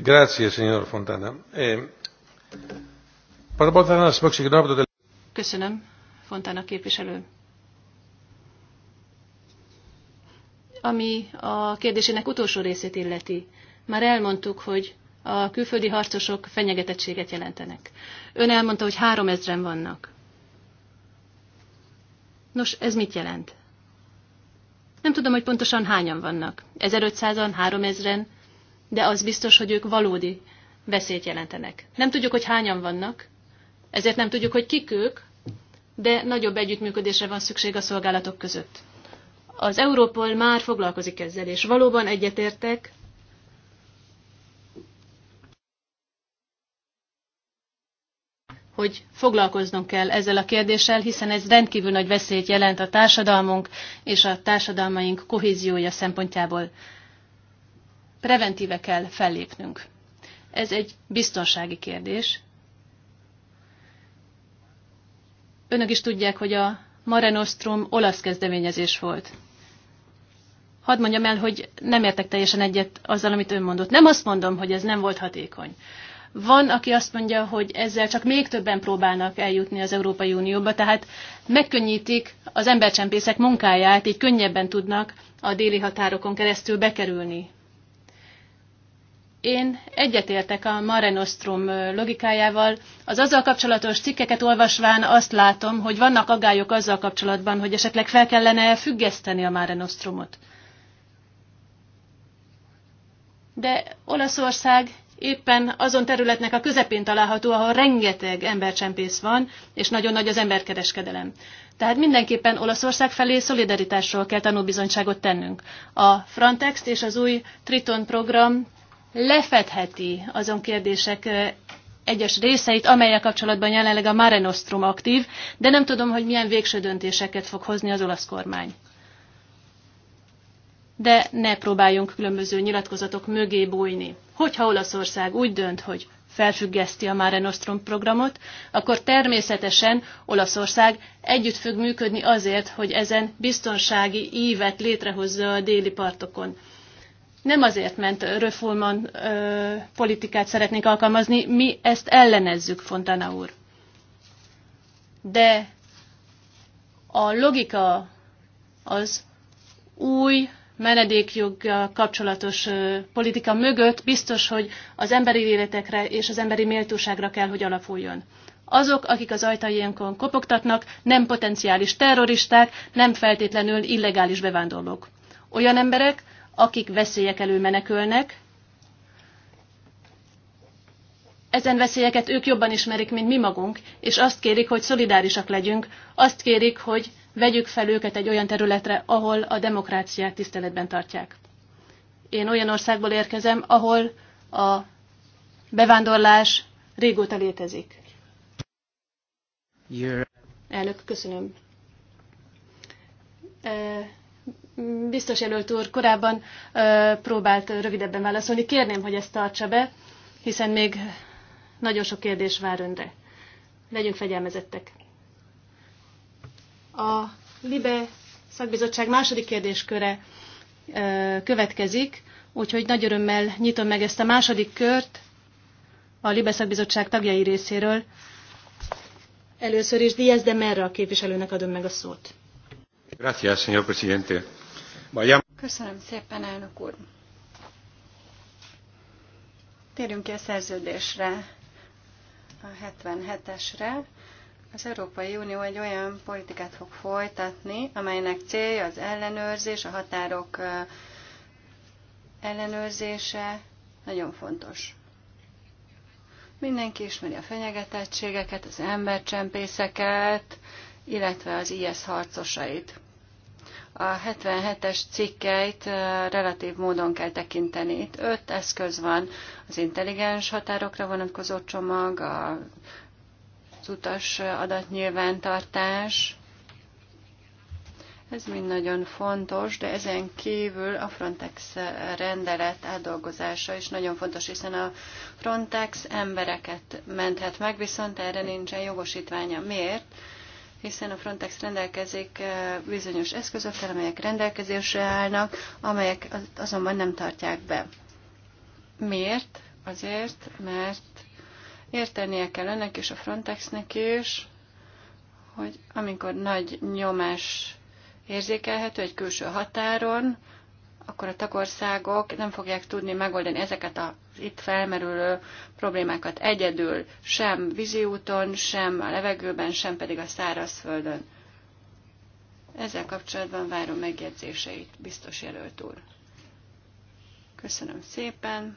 Grazie, signor Fontana. E, Köszönöm, Fontana képviselő. Ami a kérdésének utolsó részét illeti, már elmondtuk, hogy a külföldi harcosok fenyegetettséget jelentenek. Ön elmondta, hogy három ezren vannak. Nos, ez mit jelent? Nem tudom, hogy pontosan hányan vannak. 1500-an, 3000-en, de az biztos, hogy ők valódi veszélyt jelentenek. Nem tudjuk, hogy hányan vannak, ezért nem tudjuk, hogy kik ők, de nagyobb együttműködésre van szükség a szolgálatok között. Az Európol már foglalkozik ezzel, és valóban egyetértek, hogy foglalkoznunk kell ezzel a kérdéssel, hiszen ez rendkívül nagy veszélyt jelent a társadalmunk és a társadalmaink kohéziója szempontjából. Preventíve kell fellépnünk. Ez egy biztonsági kérdés. Önök is tudják, hogy a Mare Nostrum olasz kezdeményezés volt. Hadd mondjam el, hogy nem értek teljesen egyet azzal, amit ön mondott. Nem azt mondom, hogy ez nem volt hatékony. Van, aki azt mondja, hogy ezzel csak még többen próbálnak eljutni az Európai Unióba, tehát megkönnyítik az embercsempészek munkáját, így könnyebben tudnak a déli határokon keresztül bekerülni. Én egyetértek a Mare Nostrum logikájával. Az azzal kapcsolatos cikkeket olvasván azt látom, hogy vannak agályok azzal kapcsolatban, hogy esetleg fel kellene függeszteni a Mare Nostrumot. De Olaszország éppen azon területnek a közepén található, ahol rengeteg embercsempész van, és nagyon nagy az emberkereskedelem. Tehát mindenképpen Olaszország felé szolidaritásról kell tanúbizonyságot tennünk. A Frontex és az új Triton program lefedheti azon kérdések egyes részeit, amelyek kapcsolatban jelenleg a Mare Nostrum aktív, de nem tudom, hogy milyen végső döntéseket fog hozni az olasz kormány de ne próbáljunk különböző nyilatkozatok mögé bújni. Hogyha Olaszország úgy dönt, hogy felfüggeszti a Mare Nostrum programot, akkor természetesen Olaszország együtt fog működni azért, hogy ezen biztonsági ívet létrehozza a déli partokon. Nem azért, mert Röfulman ö, politikát szeretnék alkalmazni, mi ezt ellenezzük, Fontana úr. De a logika az új menedékjog kapcsolatos politika mögött biztos, hogy az emberi életekre és az emberi méltóságra kell, hogy alapuljon. Azok, akik az ajtajénkon kopogtatnak, nem potenciális terroristák, nem feltétlenül illegális bevándorlók. Olyan emberek, akik veszélyek elől menekülnek, ezen veszélyeket ők jobban ismerik, mint mi magunk, és azt kérik, hogy szolidárisak legyünk, azt kérik, hogy vegyük fel őket egy olyan területre, ahol a demokráciát tiszteletben tartják. Én olyan országból érkezem, ahol a bevándorlás régóta létezik. Elnök, köszönöm. Biztos jelölt úr korábban próbált rövidebben válaszolni. Kérném, hogy ezt tartsa be, hiszen még nagyon sok kérdés vár önre. Legyünk fegyelmezettek. A LIBE szakbizottság második kérdésköre következik, úgyhogy nagy örömmel nyitom meg ezt a második kört a LIBE szakbizottság tagjai részéről. Először is Díaz de Merra a képviselőnek adom meg a szót. Gracias, señor presidente. Köszönöm szépen, elnök úr. Térjünk ki a szerződésre, a 77-esre. Az Európai Unió egy olyan politikát fog folytatni, amelynek célja az ellenőrzés, a határok ellenőrzése nagyon fontos. Mindenki ismeri a fenyegetettségeket, az embercsempészeket, illetve az IS harcosait. A 77-es cikkeit relatív módon kell tekinteni. Itt öt eszköz van, az intelligens határokra vonatkozó csomag, a az utas adatnyilvántartás. Ez mind nagyon fontos, de ezen kívül a Frontex rendelet átdolgozása is nagyon fontos, hiszen a Frontex embereket menthet meg, viszont erre nincsen jogosítványa. Miért? hiszen a Frontex rendelkezik eh, bizonyos eszközökkel, amelyek rendelkezésre állnak, amelyek azonban nem tartják be. Miért? Azért, mert Értenie kell ennek és a Frontexnek is, hogy amikor nagy nyomás érzékelhető egy külső határon, akkor a tagországok nem fogják tudni megoldani ezeket a itt felmerülő problémákat egyedül, sem víziúton, sem a levegőben, sem pedig a szárazföldön. Ezzel kapcsolatban várom megjegyzéseit, biztos jelölt úr. Köszönöm szépen!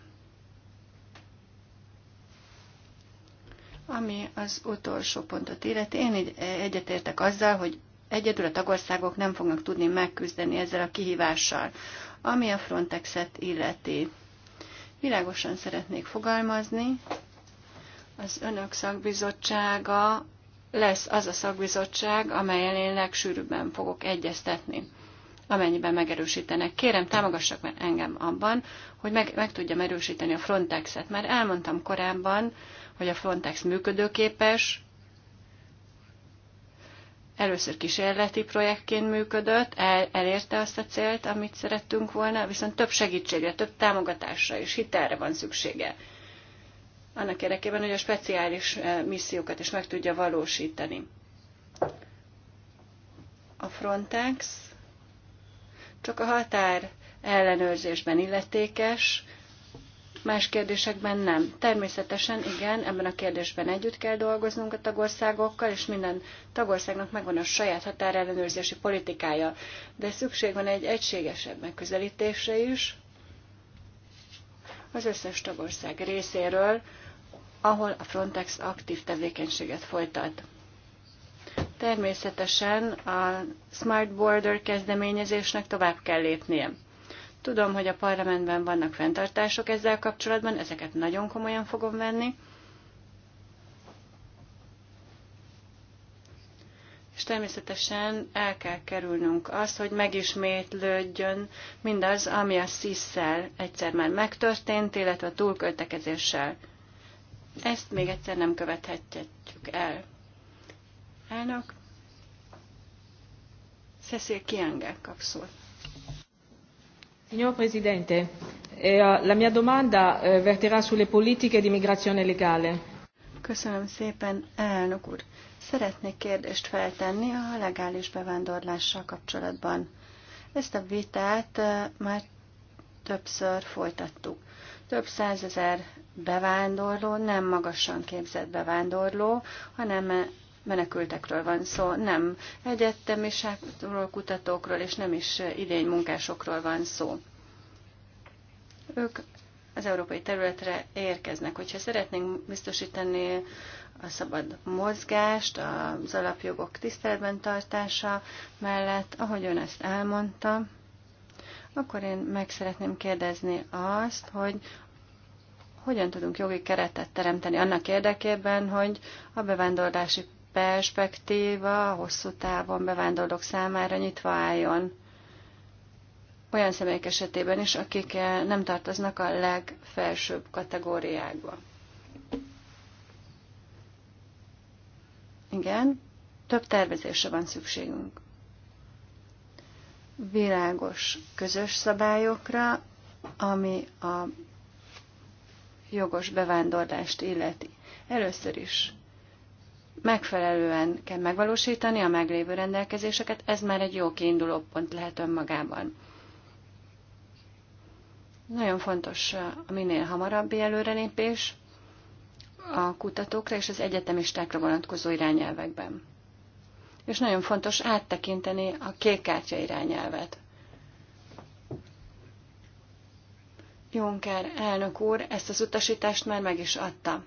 Ami az utolsó pontot illeti, én így egyetértek azzal, hogy egyedül a tagországok nem fognak tudni megküzdeni ezzel a kihívással, ami a Frontexet illeti. Világosan szeretnék fogalmazni, az önök szakbizottsága lesz az a szakbizottság, amelyen én legsűrűbben fogok egyeztetni, amennyiben megerősítenek. Kérem, támogassak engem abban, hogy meg, meg tudjam erősíteni a Frontexet. mert elmondtam korábban, hogy a Frontex működőképes, először kísérleti projektként működött, el, elérte azt a célt, amit szerettünk volna, viszont több segítségre, több támogatásra és hitelre van szüksége. Annak érdekében, hogy a speciális eh, missziókat is meg tudja valósítani. A Frontex csak a határ ellenőrzésben illetékes, más kérdésekben nem. Természetesen igen, ebben a kérdésben együtt kell dolgoznunk a tagországokkal, és minden tagországnak megvan a saját határellenőrzési politikája, de szükség van egy egységesebb megközelítésre is az összes tagország részéről, ahol a Frontex aktív tevékenységet folytat. Természetesen a Smart Border kezdeményezésnek tovább kell lépnie. Tudom, hogy a parlamentben vannak fenntartások ezzel kapcsolatban, ezeket nagyon komolyan fogom venni. És természetesen el kell kerülnünk azt, hogy megismétlődjön mindaz, ami a szíszel egyszer már megtörtént, illetve a túlköltekezéssel. Ezt még egyszer nem követhetjük el. Elnök, Cecil Kienge kap Signor Presidente, eh, la mia domanda eh, verterà sulle politiche di migrazione legale. Köszönöm szépen, elnök úr. Szeretnék kérdést feltenni a legális bevándorlással kapcsolatban. Ezt a vitát eh, már többször folytattuk. Több százezer bevándorló, nem magasan képzett bevándorló, hanem menekültekről van szó, nem egyetemiságról, kutatókról, és nem is idény munkásokról van szó. Ők az európai területre érkeznek. Hogyha szeretnénk biztosítani a szabad mozgást, az alapjogok tiszteletben tartása mellett, ahogy ön ezt elmondta, akkor én meg szeretném kérdezni azt, hogy hogyan tudunk jogi keretet teremteni annak érdekében, hogy a bevándorlási perspektíva hosszú távon bevándorlók számára nyitva álljon olyan személyek esetében is, akik eh, nem tartoznak a legfelsőbb kategóriákba. Igen, több tervezésre van szükségünk. Világos közös szabályokra, ami a jogos bevándorlást illeti. Először is megfelelően kell megvalósítani a meglévő rendelkezéseket, ez már egy jó kiinduló pont lehet önmagában. Nagyon fontos a minél hamarabbi előrelépés a kutatókra és az egyetemistákra vonatkozó irányelvekben. És nagyon fontos áttekinteni a kék kártya irányelvet. Juncker elnök úr ezt az utasítást már meg is adta.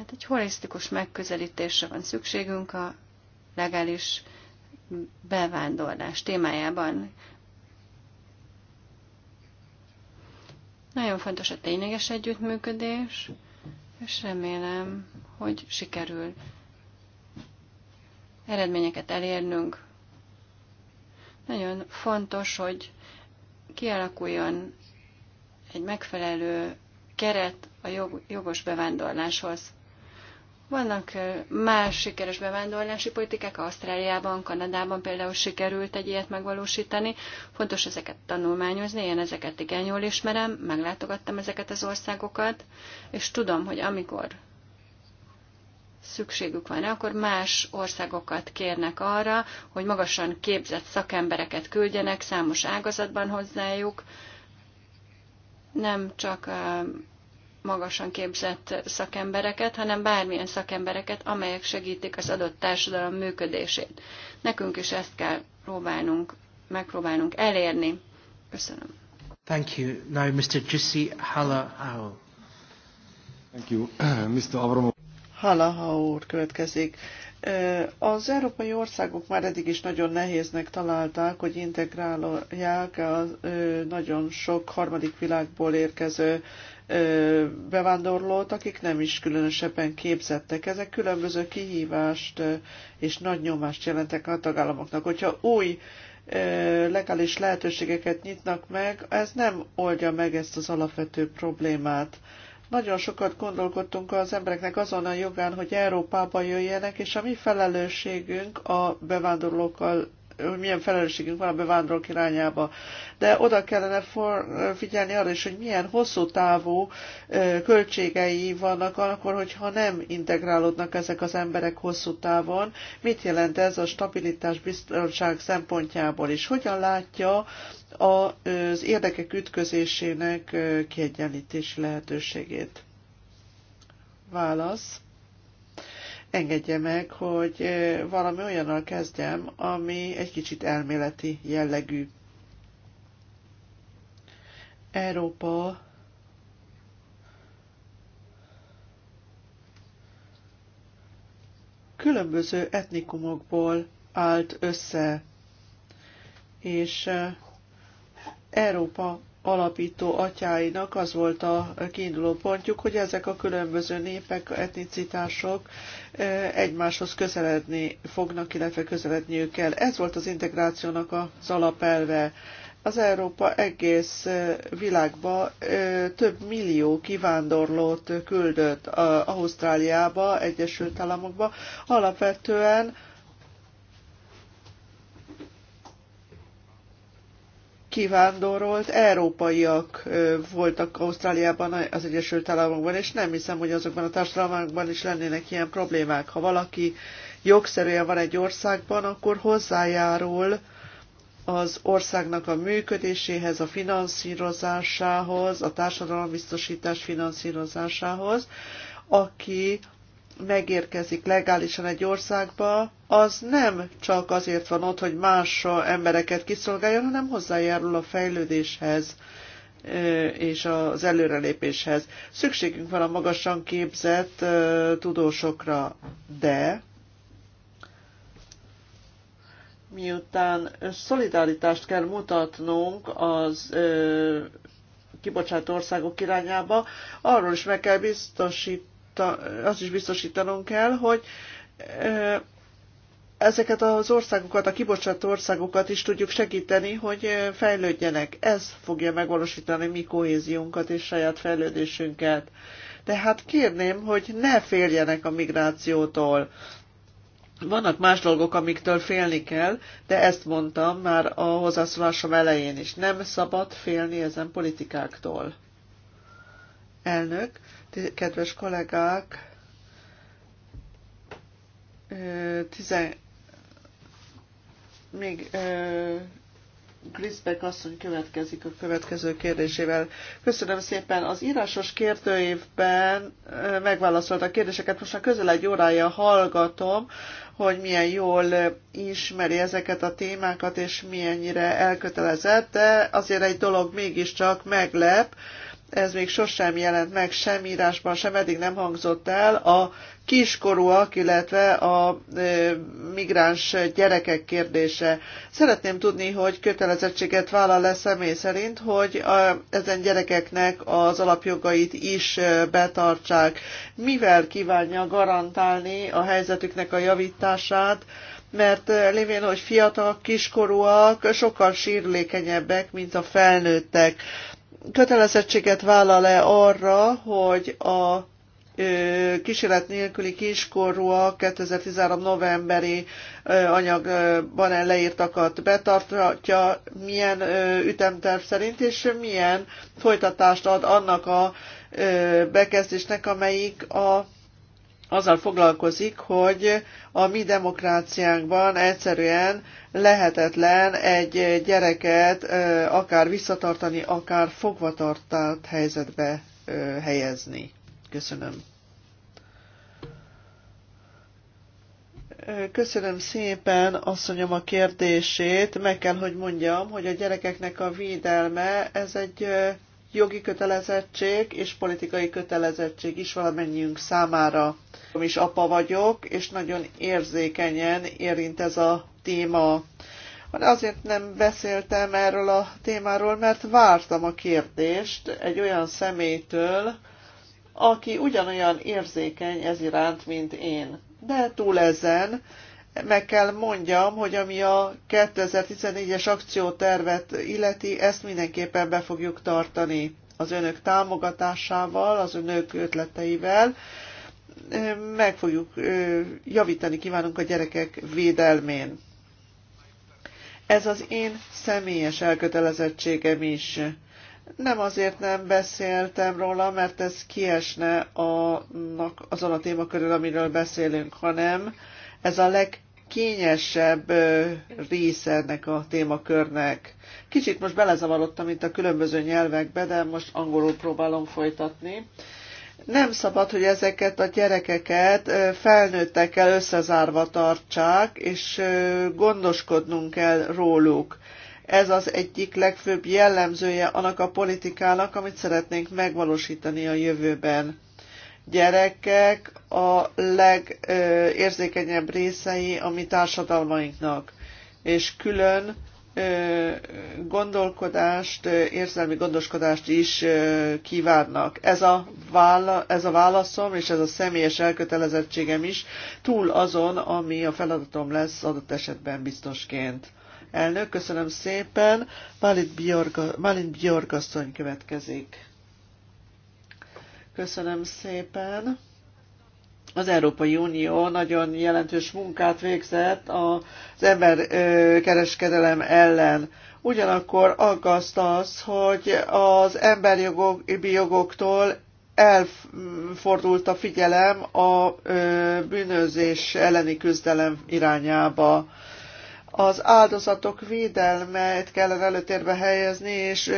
Tehát egy holisztikus megközelítésre van szükségünk a legális bevándorlás témájában. Nagyon fontos a tényleges együttműködés, és remélem, hogy sikerül eredményeket elérnünk. Nagyon fontos, hogy kialakuljon egy megfelelő keret a jogos bevándorláshoz. Vannak más sikeres bevándorlási politikák, Ausztráliában, Kanadában például sikerült egy ilyet megvalósítani. Fontos ezeket tanulmányozni, én ezeket igen jól ismerem, meglátogattam ezeket az országokat, és tudom, hogy amikor szükségük van, akkor más országokat kérnek arra, hogy magasan képzett szakembereket küldjenek számos ágazatban hozzájuk, nem csak magasan képzett szakembereket, hanem bármilyen szakembereket, amelyek segítik az adott társadalom működését. Nekünk is ezt kell próbálnunk, megpróbálnunk elérni. Köszönöm. Thank you. Now Mr. Jussi Halahau. Thank you. [CLEARS THROAT] Mr. Avramov. Halahau úr következik. Az európai országok már eddig is nagyon nehéznek találták, hogy integrálják a nagyon sok harmadik világból érkező bevándorlót, akik nem is különösebben képzettek. Ezek különböző kihívást és nagy nyomást jelentek a tagállamoknak. Hogyha új legális lehetőségeket nyitnak meg, ez nem oldja meg ezt az alapvető problémát. Nagyon sokat gondolkodtunk az embereknek azon a jogán, hogy Európába jöjjenek, és a mi felelősségünk a bevándorlókkal hogy milyen felelősségünk van a bevándorlók irányába. De oda kellene for, figyelni arra is, hogy milyen hosszú távú költségei vannak akkor, hogyha nem integrálódnak ezek az emberek hosszú távon. Mit jelent ez a stabilitás biztonság szempontjából is? Hogyan látja az érdekek ütközésének kiegyenlítési lehetőségét? Válasz engedje meg, hogy valami olyannal kezdjem, ami egy kicsit elméleti jellegű. Európa különböző etnikumokból állt össze, és Európa alapító atyáinak az volt a kiinduló pontjuk, hogy ezek a különböző népek, etnicitások egymáshoz közeledni fognak, illetve közeledniük kell. Ez volt az integrációnak az alapelve. Az Európa egész világba több millió kivándorlót küldött Ausztráliába, Egyesült Államokba, alapvetően kivándorolt európaiak voltak Ausztráliában, az Egyesült Államokban, és nem hiszem, hogy azokban a társadalmakban is lennének ilyen problémák. Ha valaki jogszerűen van egy országban, akkor hozzájárul az országnak a működéséhez, a finanszírozásához, a társadalombiztosítás finanszírozásához, aki megérkezik legálisan egy országba, az nem csak azért van ott, hogy más embereket kiszolgáljon, hanem hozzájárul a fejlődéshez és az előrelépéshez. Szükségünk van a magasan képzett tudósokra, de miután szolidaritást kell mutatnunk az kibocsátó országok irányába, arról is meg kell biztosít, azt is biztosítanunk kell, hogy ezeket az országokat, a kibocsátó országokat is tudjuk segíteni, hogy fejlődjenek. Ez fogja megvalósítani mi kohéziónkat és saját fejlődésünket. Tehát kérném, hogy ne féljenek a migrációtól. Vannak más dolgok, amiktől félni kell, de ezt mondtam már a hozzászólásom elején is. Nem szabad félni ezen politikáktól. Elnök, kedves kollégák, 10, még uh, asszony következik a következő kérdésével. Köszönöm szépen. Az írásos kérdőévben megválaszolta a kérdéseket. Most már közel egy órája hallgatom, hogy milyen jól ismeri ezeket a témákat, és milyennyire elkötelezett, de azért egy dolog mégiscsak meglep, ez még sosem jelent meg sem írásban, sem eddig nem hangzott el, a kiskorúak, illetve a migráns gyerekek kérdése. Szeretném tudni, hogy kötelezettséget vállal le személy szerint, hogy a, ezen gyerekeknek az alapjogait is betartsák. Mivel kívánja garantálni a helyzetüknek a javítását, mert lévén, hogy fiatal kiskorúak sokkal sírlékenyebbek, mint a felnőttek kötelezettséget vállal-e arra, hogy a kísérlet nélküli kiskorúak 2013. novemberi anyagban leírtakat betartja, milyen ütemterv szerint, és milyen folytatást ad annak a bekezdésnek, amelyik a azzal foglalkozik, hogy a mi demokráciánkban egyszerűen lehetetlen egy gyereket akár visszatartani, akár fogvatartált helyzetbe helyezni. Köszönöm. Köszönöm szépen, asszonyom, a kérdését. Meg kell, hogy mondjam, hogy a gyerekeknek a védelme, ez egy jogi kötelezettség és politikai kötelezettség is valamennyiünk számára. Is apa vagyok, és nagyon érzékenyen érint ez a téma. Azért nem beszéltem erről a témáról, mert vártam a kérdést egy olyan szemétől, aki ugyanolyan érzékeny ez iránt, mint én. De túl ezen, meg kell mondjam, hogy ami a 2014-es akciótervet illeti, ezt mindenképpen be fogjuk tartani az önök támogatásával, az önök ötleteivel. Meg fogjuk javítani kívánunk a gyerekek védelmén. Ez az én személyes elkötelezettségem is. Nem azért nem beszéltem róla, mert ez kiesne a, azon a témakörül, amiről beszélünk, hanem ez a legkényesebb része ennek a témakörnek. Kicsit most belezavarodtam itt a különböző nyelvekbe, de most angolul próbálom folytatni. Nem szabad, hogy ezeket a gyerekeket felnőttekkel összezárva tartsák, és gondoskodnunk kell róluk. Ez az egyik legfőbb jellemzője annak a politikának, amit szeretnénk megvalósítani a jövőben gyerekek a legérzékenyebb részei a mi társadalmainknak. És külön gondolkodást, érzelmi gondoskodást is kívánnak. Ez a, vála, ez a válaszom és ez a személyes elkötelezettségem is túl azon, ami a feladatom lesz adott esetben biztosként. Elnök, köszönöm szépen. Malin Bjorgasszony következik. Köszönöm szépen. Az Európai Unió nagyon jelentős munkát végzett az emberkereskedelem ellen. Ugyanakkor aggaszt az, hogy az emberi jogoktól elfordult a figyelem a bűnözés elleni küzdelem irányába. Az áldozatok védelmet kellene előtérbe helyezni, és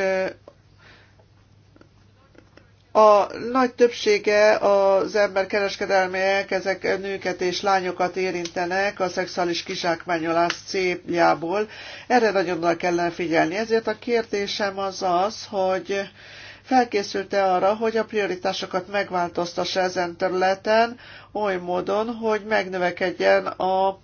a nagy többsége az emberkereskedelmiek, ezek nőket és lányokat érintenek a szexuális kizsákmányolás céljából. Erre nagyon nagy kellene figyelni. Ezért a kérdésem az az, hogy felkészült-e arra, hogy a prioritásokat megváltoztassa ezen területen oly módon, hogy megnövekedjen a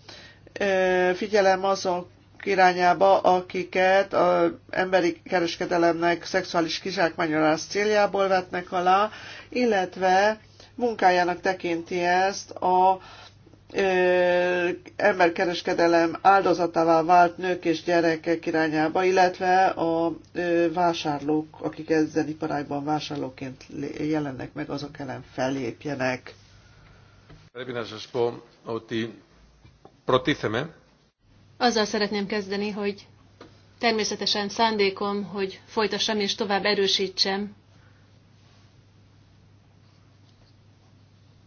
figyelem azok irányába, akiket a emberi kereskedelemnek, szexuális kizsákmányolás céljából vetnek alá, illetve munkájának tekinti ezt a emberkereskedelem áldozatává vált nők és gyerekek irányába, illetve a ö, vásárlók, akik ezen iparágban vásárlóként jelennek meg, azok ellen fellépjenek. Πρέπει hogy a πω azzal szeretném kezdeni, hogy természetesen szándékom, hogy folytassam és tovább erősítsem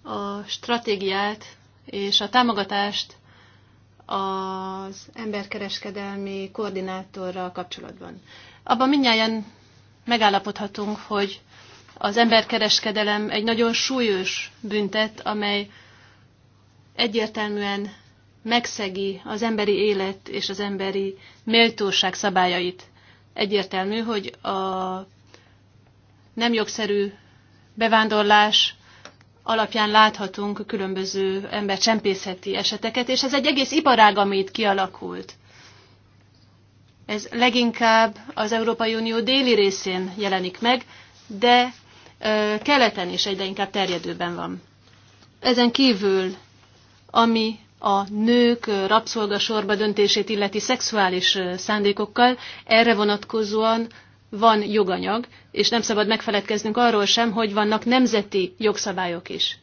a stratégiát és a támogatást az emberkereskedelmi koordinátorral kapcsolatban. Abban mindjárt megállapodhatunk, hogy az emberkereskedelem egy nagyon súlyos büntet, amely egyértelműen megszegi az emberi élet és az emberi méltóság szabályait. Egyértelmű, hogy a nem jogszerű bevándorlás alapján láthatunk különböző ember csempészeti eseteket, és ez egy egész iparág, amit kialakult. Ez leginkább az Európai Unió déli részén jelenik meg, de keleten is egyre inkább terjedőben van. Ezen kívül, ami a nők rabszolgasorba döntését illeti szexuális szándékokkal, erre vonatkozóan van joganyag, és nem szabad megfeledkeznünk arról sem, hogy vannak nemzeti jogszabályok is.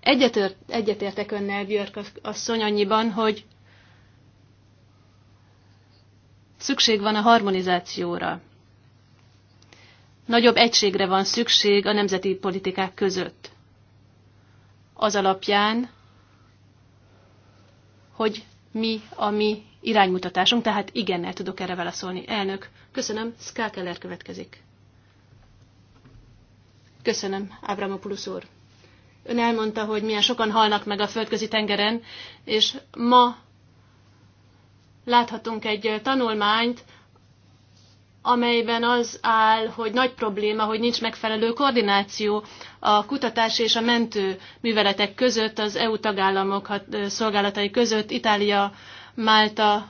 Egyetért, egyetértek önnel, Björk asszony, annyiban, hogy szükség van a harmonizációra. Nagyobb egységre van szükség a nemzeti politikák között. Az alapján, hogy mi a mi iránymutatásunk, tehát igennel tudok erre válaszolni. Elnök, köszönöm, Skákeller következik. Köszönöm, Ábramopulusz úr. Ön elmondta, hogy milyen sokan halnak meg a földközi tengeren, és ma láthatunk egy tanulmányt, amelyben az áll, hogy nagy probléma, hogy nincs megfelelő koordináció a kutatás és a mentő műveletek között, az EU tagállamok szolgálatai között, Itália, Málta,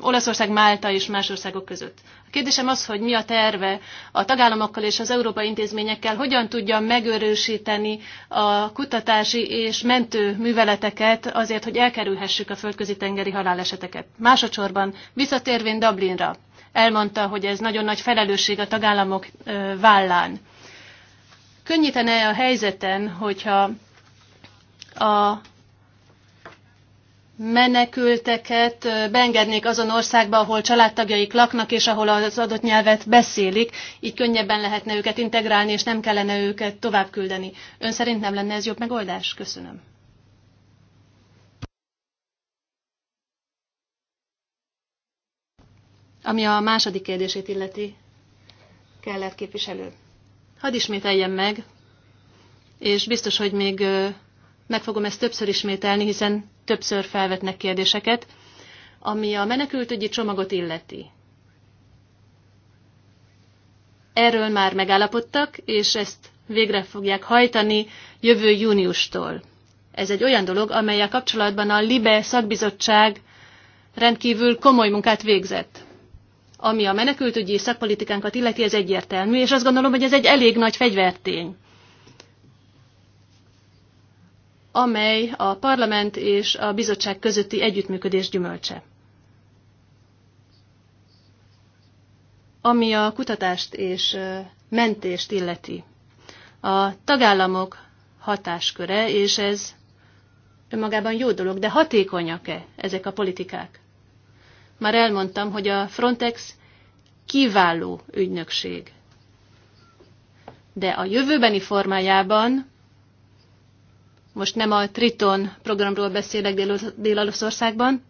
Olaszország, Málta és más országok között. A kérdésem az, hogy mi a terve a tagállamokkal és az európai intézményekkel, hogyan tudja megörősíteni a kutatási és mentő műveleteket azért, hogy elkerülhessük a földközi tengeri haláleseteket. Másodszorban visszatérvén Dublinra elmondta, hogy ez nagyon nagy felelősség a tagállamok vállán. Könnyítene a helyzeten, hogyha a menekülteket beengednék azon országba, ahol családtagjaik laknak, és ahol az adott nyelvet beszélik, így könnyebben lehetne őket integrálni, és nem kellene őket tovább küldeni. Ön szerint nem lenne ez jobb megoldás? Köszönöm. Ami a második kérdését illeti, kellett képviselő. Hadd ismételjem meg, és biztos, hogy még meg fogom ezt többször ismételni, hiszen többször felvetnek kérdéseket, ami a menekültügyi csomagot illeti. Erről már megállapodtak, és ezt végre fogják hajtani jövő júniustól. Ez egy olyan dolog, amelyel kapcsolatban a LIBE szakbizottság rendkívül komoly munkát végzett. Ami a menekültügyi szakpolitikánkat illeti, ez egyértelmű, és azt gondolom, hogy ez egy elég nagy fegyvertény, amely a parlament és a bizottság közötti együttműködés gyümölcse. Ami a kutatást és mentést illeti. A tagállamok hatásköre, és ez önmagában jó dolog, de hatékonyak-e ezek a politikák? Már elmondtam, hogy a Frontex kiváló ügynökség. De a jövőbeni formájában, most nem a Triton programról beszélek Dél-Oroszországban,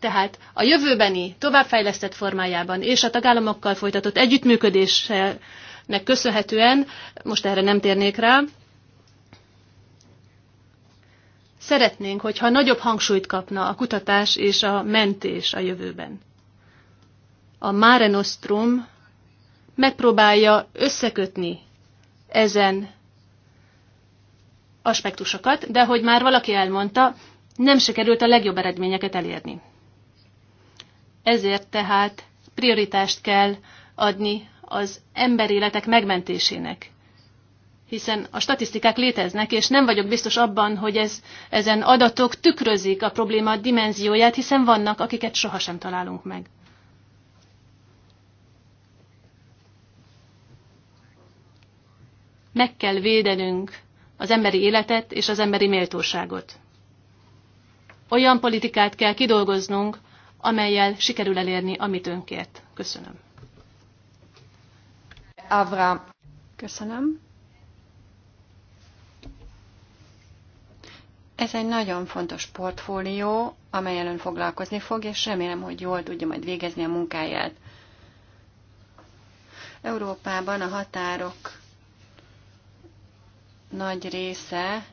tehát a jövőbeni továbbfejlesztett formájában és a tagállamokkal folytatott együttműködésnek köszönhetően, most erre nem térnék rá, Szeretnénk, hogyha nagyobb hangsúlyt kapna a kutatás és a mentés a jövőben. A Mare Nostrum megpróbálja összekötni ezen aspektusokat, de hogy már valaki elmondta, nem sikerült a legjobb eredményeket elérni. Ezért tehát prioritást kell adni az emberéletek megmentésének, hiszen a statisztikák léteznek, és nem vagyok biztos abban, hogy ez, ezen adatok tükrözik a probléma dimenzióját, hiszen vannak, akiket sohasem találunk meg. Meg kell védenünk az emberi életet és az emberi méltóságot. Olyan politikát kell kidolgoznunk, amelyel sikerül elérni, amit önkért. Köszönöm. Avra. Köszönöm. Ez egy nagyon fontos portfólió, amelyen ön foglalkozni fog, és remélem, hogy jól tudja majd végezni a munkáját. Európában a határok nagy része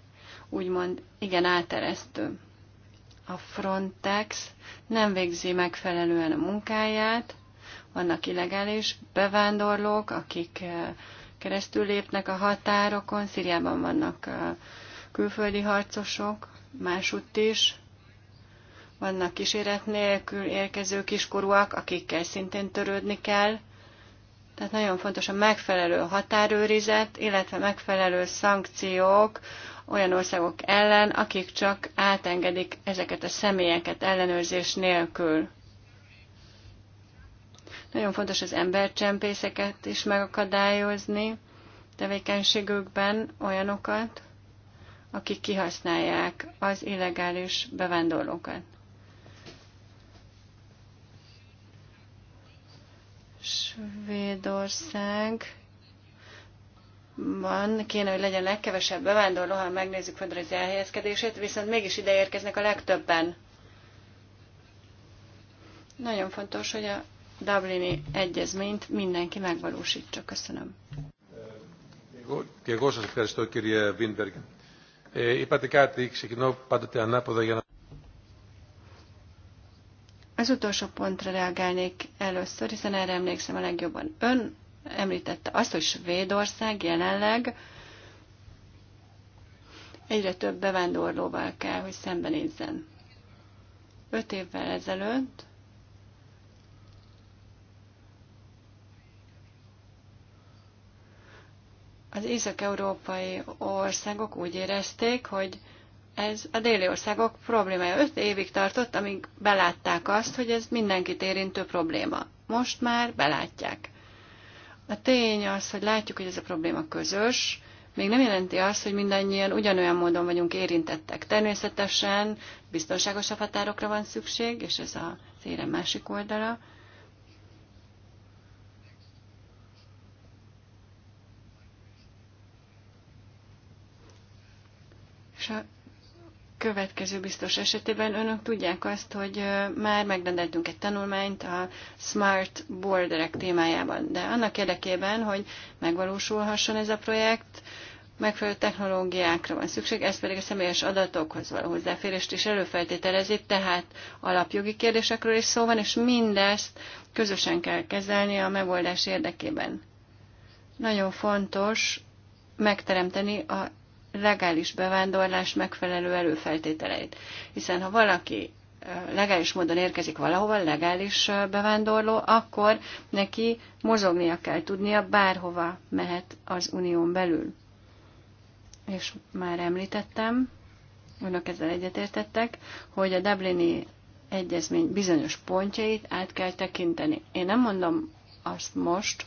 úgymond igen áteresztő. A Frontex nem végzi megfelelően a munkáját, vannak illegális bevándorlók, akik eh, keresztül lépnek a határokon, Szíriában vannak eh, külföldi harcosok, másutt is. Vannak kíséret nélkül érkező kiskorúak, akikkel szintén törődni kell. Tehát nagyon fontos a megfelelő határőrizet, illetve megfelelő szankciók olyan országok ellen, akik csak átengedik ezeket a személyeket ellenőrzés nélkül. Nagyon fontos az embercsempészeket is megakadályozni tevékenységükben olyanokat, akik kihasználják az illegális bevándorlókat. Svédország van, kéne, hogy legyen legkevesebb bevándorló, ha megnézzük földrajzi elhelyezkedését, viszont mégis ide érkeznek a legtöbben. Nagyon fontos, hogy a Dublini egyezményt mindenki megvalósítsa. Köszönöm. Én köszönöm, Είπατε κάτι, ξεκινώ πάντοτε ανάποδα για να... Az utolsó pontra reagálnék először, hiszen erre emlékszem a legjobban. Ön említette azt, hogy Svédország jelenleg egyre több bevándorlóval kell, hogy szembenézzen. Öt évvel ezelőtt Az észak-európai országok úgy érezték, hogy ez a déli országok problémája. Öt évig tartott, amíg belátták azt, hogy ez mindenkit érintő probléma. Most már belátják. A tény az, hogy látjuk, hogy ez a probléma közös, még nem jelenti azt, hogy mindannyian ugyanolyan módon vagyunk érintettek. Természetesen biztonságosabb határokra van szükség, és ez a érem másik oldala. És a következő biztos esetében önök tudják azt, hogy már megrendeltünk egy tanulmányt a Smart Borderek témájában, de annak érdekében, hogy megvalósulhasson ez a projekt, megfelelő technológiákra van szükség, ez pedig a személyes adatokhoz való hozzáférést is előfeltételezi, tehát alapjogi kérdésekről is szó van, és mindezt közösen kell kezelni a megoldás érdekében. Nagyon fontos megteremteni a legális bevándorlás megfelelő előfeltételeit. Hiszen ha valaki legális módon érkezik valahova, legális bevándorló, akkor neki mozognia kell tudnia, bárhova mehet az unión belül. És már említettem, önök ezzel egyetértettek, hogy a Dublini egyezmény bizonyos pontjait át kell tekinteni. Én nem mondom azt most,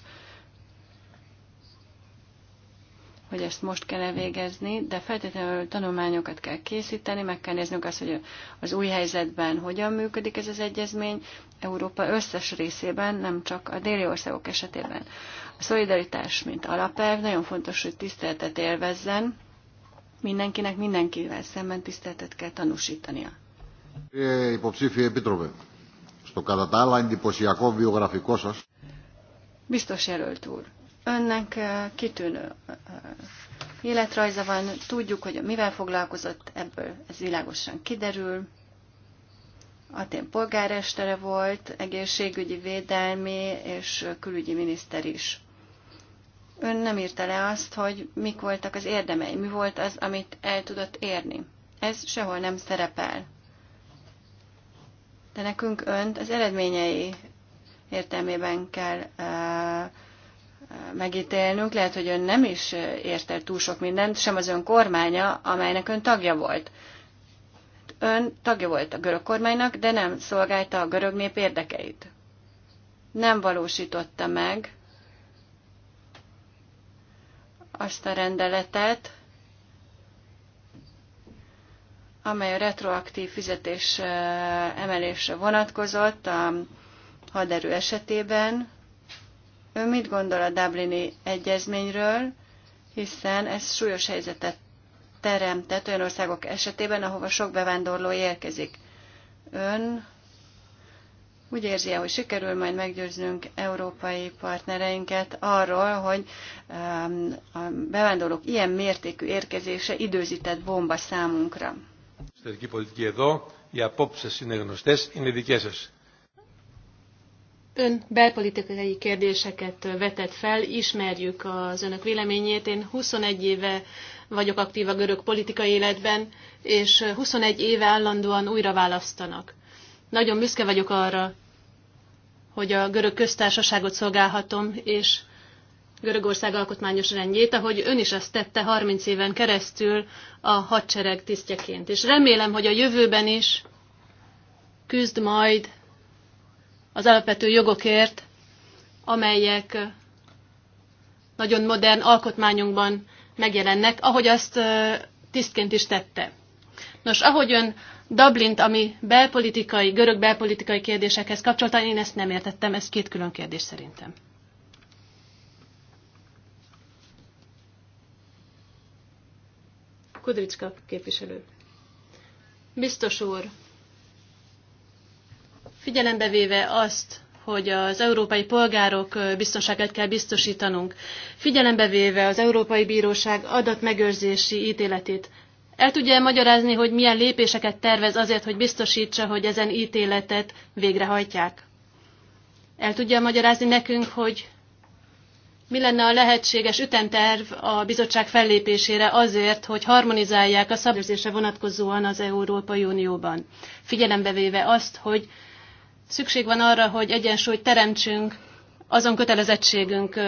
hogy ezt most kell végezni, de feltétlenül tanulmányokat kell készíteni, meg kell néznünk azt, hogy az új helyzetben hogyan működik ez az egyezmény Európa összes részében, nem csak a déli országok esetében. A szolidaritás, mint alapelv, nagyon fontos, hogy tiszteletet élvezzen, mindenkinek mindenkivel szemben tiszteletet kell tanúsítania. Biztos jelölt úr, Önnek eh, kitűnő eh, életrajza van, tudjuk, hogy mivel foglalkozott, ebből ez világosan kiderül. Atén polgárestere volt, egészségügyi, védelmi és külügyi miniszter is. Ön nem írta le azt, hogy mik voltak az érdemei, mi volt az, amit el tudott érni. Ez sehol nem szerepel. De nekünk önt az eredményei értelmében kell uh, megítélnünk. Lehet, hogy ön nem is ért el túl sok mindent, sem az ön kormánya, amelynek ön tagja volt. Ön tagja volt a görög kormánynak, de nem szolgálta a görög nép érdekeit. Nem valósította meg azt a rendeletet, amely a retroaktív fizetés eh, emelésre vonatkozott a haderő esetében, ő mit gondol a Dublini egyezményről, hiszen ez súlyos helyzetet teremtett olyan országok esetében, ahova sok bevándorló érkezik. Ön úgy érzi hogy sikerül majd meggyőznünk európai partnereinket arról, hogy um, a bevándorlók ilyen mértékű érkezése időzített bomba számunkra. εδώ, οι είναι γνωστές, είναι δικές σας. Ön belpolitikai kérdéseket vetett fel, ismerjük az önök véleményét. Én 21 éve vagyok aktív a görög politikai életben, és 21 éve állandóan újra választanak. Nagyon büszke vagyok arra, hogy a görög köztársaságot szolgálhatom, és Görögország alkotmányos rendjét, ahogy ön is ezt tette 30 éven keresztül a hadsereg tisztjeként. És remélem, hogy a jövőben is küzd majd az alapvető jogokért, amelyek nagyon modern alkotmányunkban megjelennek, ahogy azt tisztként is tette. Nos, ahogy ön Dublint, ami belpolitikai, görög belpolitikai kérdésekhez kapcsolta, én ezt nem értettem, ez két külön kérdés szerintem. Kudricska képviselő. Biztos úr, figyelembe véve azt, hogy az európai polgárok biztonságát kell biztosítanunk, figyelembe véve az Európai Bíróság adatmegőrzési ítéletét, el tudja -e magyarázni, hogy milyen lépéseket tervez azért, hogy biztosítsa, hogy ezen ítéletet végrehajtják? El tudja -e magyarázni nekünk, hogy mi lenne a lehetséges ütemterv a bizottság fellépésére azért, hogy harmonizálják a szabályozásra vonatkozóan az Európai Unióban, figyelembe véve azt, hogy Szükség van arra, hogy egyensúlyt teremtsünk azon kötelezettségünk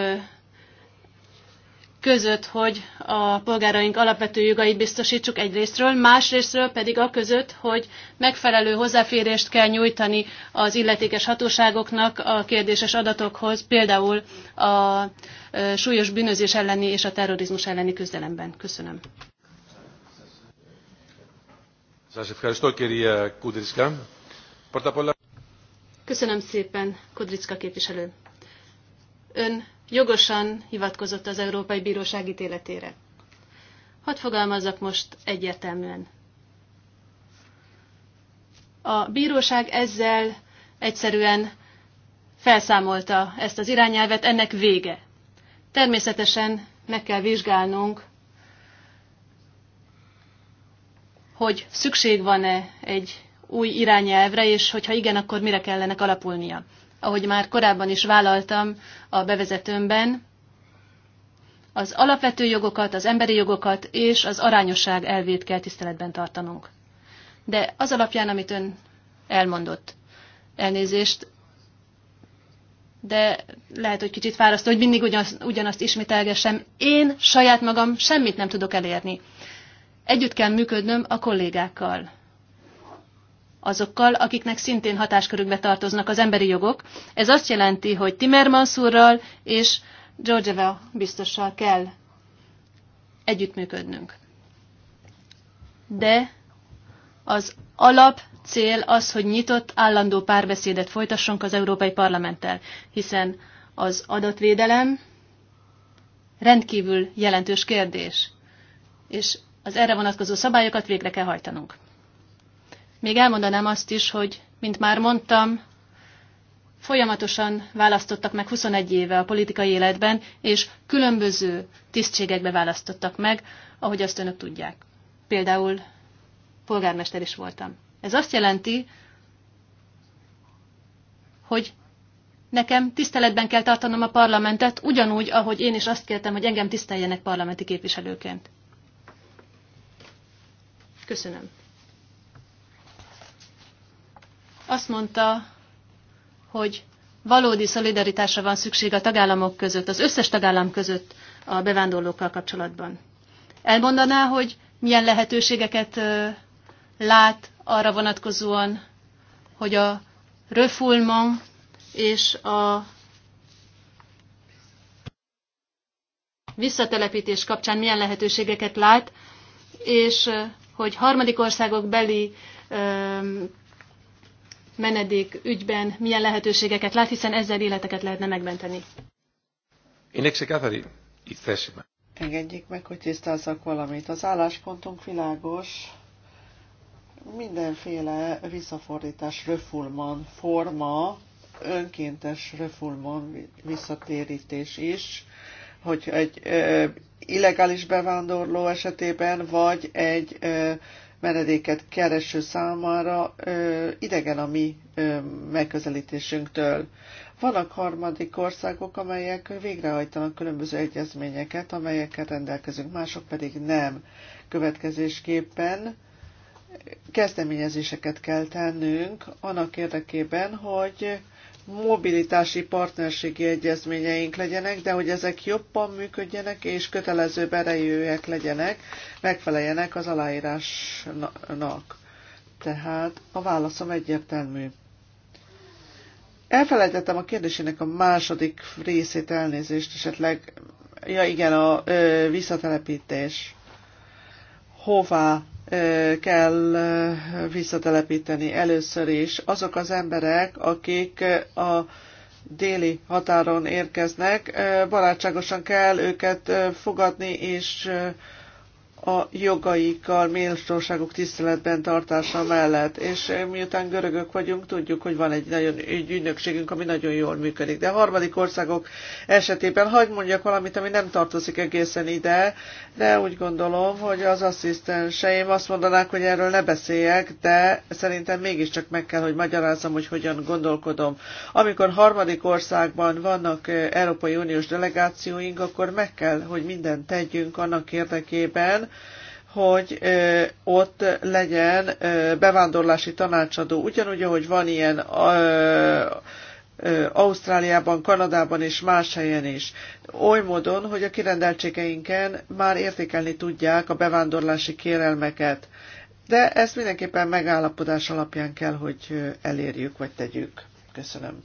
között, hogy a polgáraink alapvető jogait biztosítsuk egyrésztről, másrésztről pedig a között, hogy megfelelő hozzáférést kell nyújtani az illetékes hatóságoknak a kérdéses adatokhoz, például a súlyos bűnözés elleni és a terrorizmus elleni küzdelemben. Köszönöm. Köszönöm. Köszönöm szépen, Kodricka képviselő. Ön jogosan hivatkozott az Európai Bíróság ítéletére. Hadd fogalmazzak most egyértelműen. A bíróság ezzel egyszerűen felszámolta ezt az irányelvet, ennek vége. Természetesen meg kell vizsgálnunk, hogy szükség van-e egy új irányelvre, és hogyha igen, akkor mire kellene alapulnia. Ahogy már korábban is vállaltam a bevezetőmben, az alapvető jogokat, az emberi jogokat és az arányosság elvét kell tiszteletben tartanunk. De az alapján, amit ön elmondott, elnézést, de lehet, hogy kicsit fárasztó, hogy mindig ugyanazt, ugyanazt ismételgessem. Én saját magam semmit nem tudok elérni. Együtt kell működnöm a kollégákkal azokkal, akiknek szintén hatáskörükbe tartoznak az emberi jogok. Ez azt jelenti, hogy Timmermans úrral és Georgieva biztossal kell együttműködnünk. De az alap cél az, hogy nyitott, állandó párbeszédet folytassunk az Európai Parlamenttel, hiszen az adatvédelem rendkívül jelentős kérdés, és az erre vonatkozó szabályokat végre kell hajtanunk. Még elmondanám azt is, hogy, mint már mondtam, folyamatosan választottak meg 21 éve a politikai életben, és különböző tisztségekbe választottak meg, ahogy azt önök tudják. Például polgármester is voltam. Ez azt jelenti, hogy nekem tiszteletben kell tartanom a parlamentet, ugyanúgy, ahogy én is azt kértem, hogy engem tiszteljenek parlamenti képviselőként. Köszönöm. Azt mondta, hogy valódi szolidaritásra van szükség a tagállamok között, az összes tagállam között a bevándorlókkal kapcsolatban. Elmondaná, hogy milyen lehetőségeket lát arra vonatkozóan, hogy a refoulement és a visszatelepítés kapcsán milyen lehetőségeket lát, és hogy harmadik országok beli menedék ügyben milyen lehetőségeket lát, hiszen ezzel életeket lehetne megmenteni. Én ξεκάθαρη η θέση Engedjék meg, hogy tisztázzak valamit. Az álláspontunk világos, mindenféle visszafordítás refulman forma, önkéntes refulman visszatérítés is, hogy egy ö, illegális bevándorló esetében, vagy egy ö, menedéket kereső számára ö, idegen a mi ö, megközelítésünktől. Vannak harmadik országok, amelyek végrehajtanak különböző egyezményeket, amelyekkel rendelkezünk, mások pedig nem. Következésképpen kezdeményezéseket kell tennünk annak érdekében, hogy mobilitási partnerségi egyezményeink legyenek, de hogy ezek jobban működjenek és kötelező berejőek legyenek, megfeleljenek az aláírásnak. Tehát a válaszom egyértelmű. Elfelejtettem a kérdésének a második részét elnézést, esetleg, ja igen, a ö, visszatelepítés. Hová kell visszatelepíteni először is. Azok az emberek, akik a déli határon érkeznek, barátságosan kell őket fogadni és a jogaikkal, méltóságuk tiszteletben tartása mellett. És eh, miután görögök vagyunk, tudjuk, hogy van egy nagyon egy ügynökségünk, ami nagyon jól működik. De a harmadik országok esetében hagyd mondjak valamit, ami nem tartozik egészen ide, de úgy gondolom, hogy az asszisztenseim azt mondanák, hogy erről ne beszéljek, de szerintem mégiscsak meg kell, hogy magyarázzam, hogy hogyan gondolkodom. Amikor harmadik országban vannak eh, Európai Uniós delegációink, akkor meg kell, hogy mindent tegyünk annak érdekében, hogy ott legyen bevándorlási tanácsadó. Ugyanúgy, ahogy van ilyen Ausztráliában, Kanadában és más helyen is. Oly módon, hogy a kirendeltségeinken már értékelni tudják a bevándorlási kérelmeket. De ezt mindenképpen megállapodás alapján kell, hogy elérjük vagy tegyük. Köszönöm.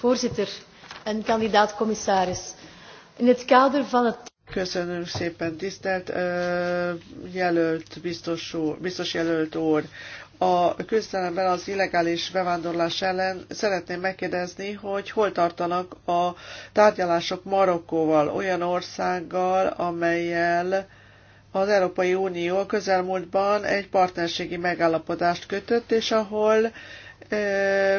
Voorzitter en kandidaat commissaris. In het kader van het Köszönöm szépen, tisztelt jelölt, biztos, úr, biztos jelölt úr. A küzdelemben az illegális bevándorlás ellen szeretném megkérdezni, hogy hol tartanak a tárgyalások Marokkóval, olyan országgal, amelyel az Európai Unió közelmúltban egy partnerségi megállapodást kötött, és ahol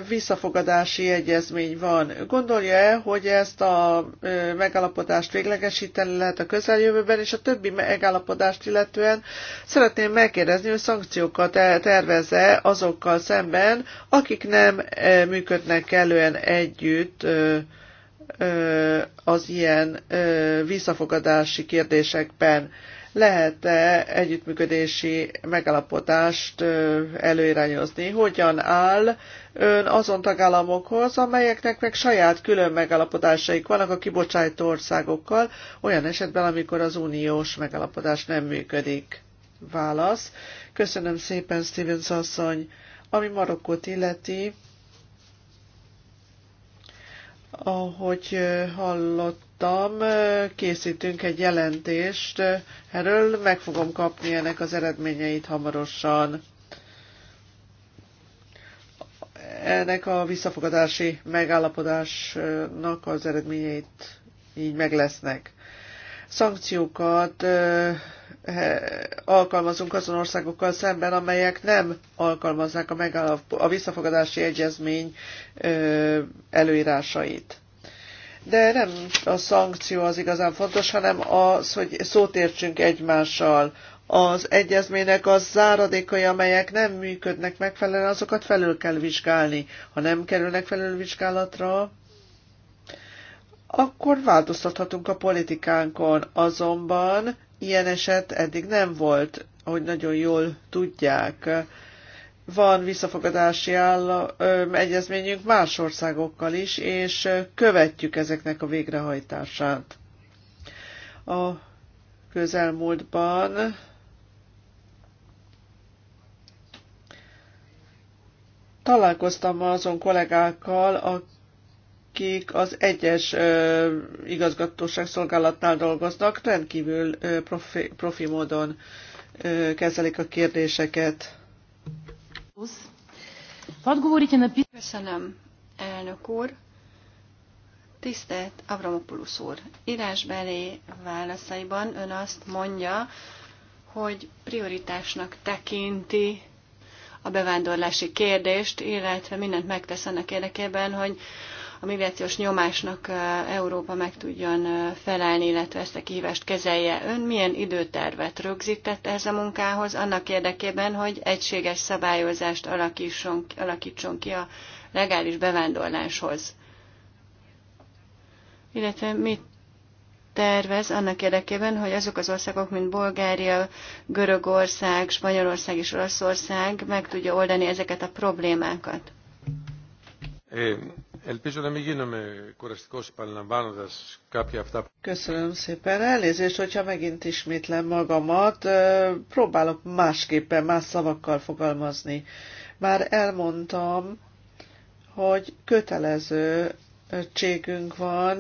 visszafogadási egyezmény van. Gondolja-e, hogy ezt a megállapodást véglegesíteni lehet a közeljövőben, és a többi megállapodást illetően szeretném megkérdezni, hogy szankciókat e, tervez-e azokkal szemben, akik nem működnek kellően együtt az ilyen visszafogadási kérdésekben lehet-e együttműködési megalapodást előirányozni? Hogyan áll ön azon tagállamokhoz, amelyeknek meg saját külön megalapodásaik vannak a kibocsátó országokkal, olyan esetben, amikor az uniós megalapodás nem működik? Válasz. Köszönöm szépen, Stevens asszony. Ami Marokkot illeti, ahogy hallott, láttam, készítünk egy jelentést, erről meg fogom kapni ennek az eredményeit hamarosan. Ennek a visszafogadási megállapodásnak az eredményeit így meg lesznek. Szankciókat alkalmazunk azon országokkal szemben, amelyek nem alkalmazzák a, megállap, a visszafogadási egyezmény előírásait de nem a szankció az igazán fontos, hanem az, hogy szót értsünk egymással. Az egyezménynek az záradékai, amelyek nem működnek megfelelően, azokat felül kell vizsgálni. Ha nem kerülnek felülvizsgálatra, akkor változtathatunk a politikánkon. Azonban ilyen eset eddig nem volt, ahogy nagyon jól tudják van visszafogadási áll, ö, egyezményünk más országokkal is, és követjük ezeknek a végrehajtását. A közelmúltban találkoztam azon kollégákkal, akik az egyes ö, igazgatóság szolgálatnál dolgoznak, rendkívül ö, profi, profi módon ö, kezelik a kérdéseket. Köszönöm, elnök úr. Tisztelt Avramopoulos úr, írásbeli válaszaiban ön azt mondja, hogy prioritásnak tekinti a bevándorlási kérdést, illetve mindent megtesz annak érdekében, hogy a migrációs nyomásnak Európa meg tudjon felállni, illetve ezt a kihívást kezelje. Ön milyen időtervet rögzített ez a munkához annak érdekében, hogy egységes szabályozást alakítson, alakítson ki a legális bevándorláshoz? Illetve mit tervez annak érdekében, hogy azok az országok, mint Bulgária, Görögország, Spanyolország és Olaszország meg tudja oldani ezeket a problémákat? Köszönöm szépen. Elnézést, hogyha megint ismétlem magamat. Próbálok másképpen, más szavakkal fogalmazni. Már elmondtam, hogy kötelező ötségünk van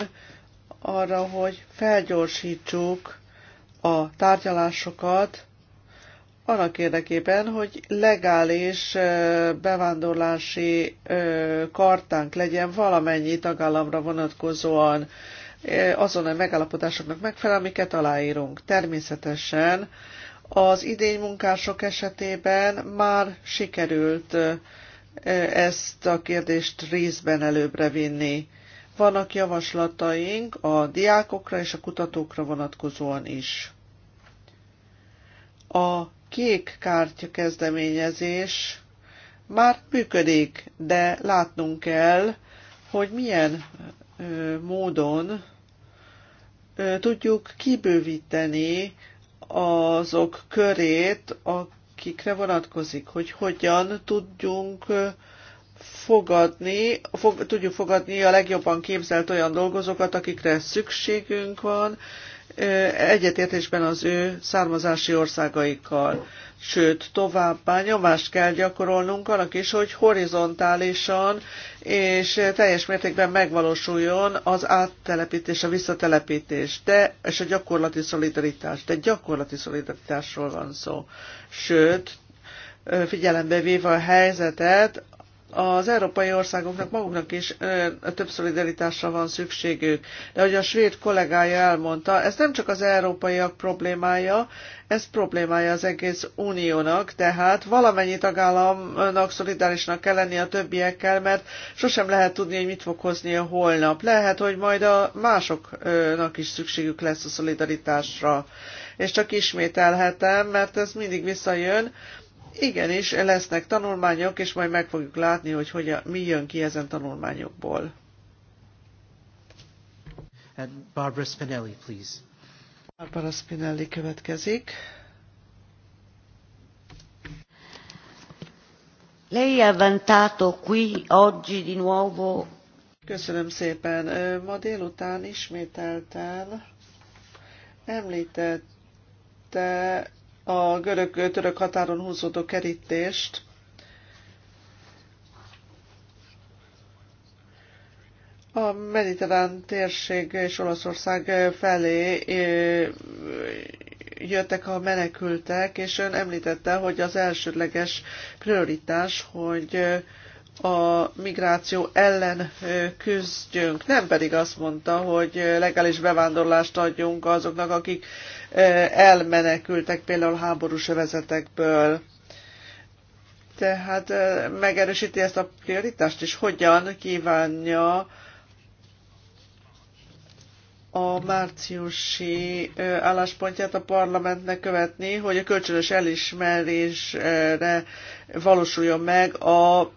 arra, hogy felgyorsítsuk a tárgyalásokat, annak érdekében, hogy legális bevándorlási kartánk legyen valamennyi tagállamra vonatkozóan azon a megállapodásoknak megfelel, amiket aláírunk. Természetesen az idénymunkások esetében már sikerült ezt a kérdést részben előbbre vinni. Vannak javaslataink a diákokra és a kutatókra vonatkozóan is. A kék kártya kezdeményezés már működik, de látnunk kell, hogy milyen módon tudjuk kibővíteni azok körét, akikre vonatkozik, hogy hogyan tudjunk fogadni, fog, tudjuk fogadni a legjobban képzelt olyan dolgozókat, akikre szükségünk van, egyetértésben az ő származási országaikkal. Sőt, továbbá nyomást kell gyakorolnunk annak is, hogy horizontálisan és teljes mértékben megvalósuljon az áttelepítés, a visszatelepítés, de, és a gyakorlati szolidaritás. De gyakorlati szolidaritásról van szó. Sőt, figyelembe véve a helyzetet, az európai országoknak maguknak is ö, több szolidaritásra van szükségük. De ahogy a svéd kollégája elmondta, ez nem csak az európaiak problémája, ez problémája az egész uniónak, tehát valamennyi tagállamnak szolidárisnak kell lenni a többiekkel, mert sosem lehet tudni, hogy mit fog hozni a holnap. Lehet, hogy majd a másoknak is szükségük lesz a szolidaritásra. És csak ismételhetem, mert ez mindig visszajön, Igenis, lesznek tanulmányok, és majd meg fogjuk látni, hogy, hogy a, mi jön ki ezen tanulmányokból. And Barbara Spinelli, please. Barbara Spinelli következik. Lei ha vantato qui oggi di nuovo. Köszönöm szépen. Ma délután ismételten említette a görög-török határon húzódó kerítést, a mediterrán térség és Olaszország felé jöttek a menekültek, és ön említette, hogy az elsődleges prioritás, hogy a migráció ellen küzdjünk. Nem pedig azt mondta, hogy legális bevándorlást adjunk azoknak, akik elmenekültek például háborús övezetekből. Tehát megerősíti ezt a prioritást, és hogyan kívánja a márciusi álláspontját a parlamentnek követni, hogy a kölcsönös elismerésre valósuljon meg a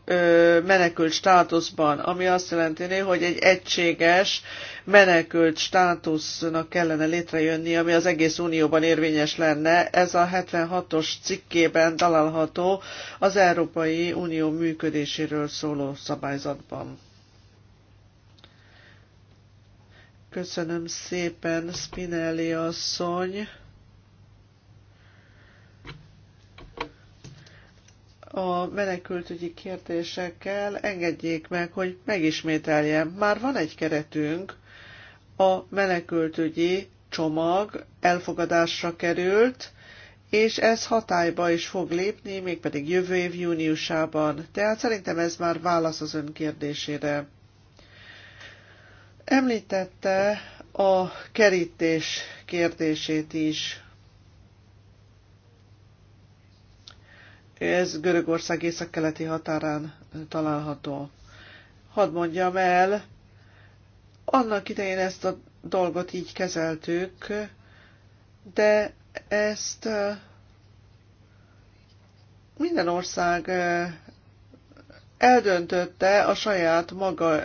menekült státuszban, ami azt jelenti, hogy egy egységes menekült státusznak kellene létrejönni, ami az egész unióban érvényes lenne. Ez a 76-os cikkében található az Európai Unió működéséről szóló szabályzatban. Köszönöm szépen, Spinelli asszony. a menekültügyi kérdésekkel engedjék meg, hogy megismételjem. Már van egy keretünk, a menekültügyi csomag elfogadásra került, és ez hatályba is fog lépni, mégpedig jövő év júniusában. Tehát szerintem ez már válasz az ön kérdésére. Említette a kerítés kérdését is. Ez Görögország északkeleti határán található. Hadd mondjam el, annak idején ezt a dolgot így kezeltük, de ezt eh, minden ország eh, eldöntötte a saját maga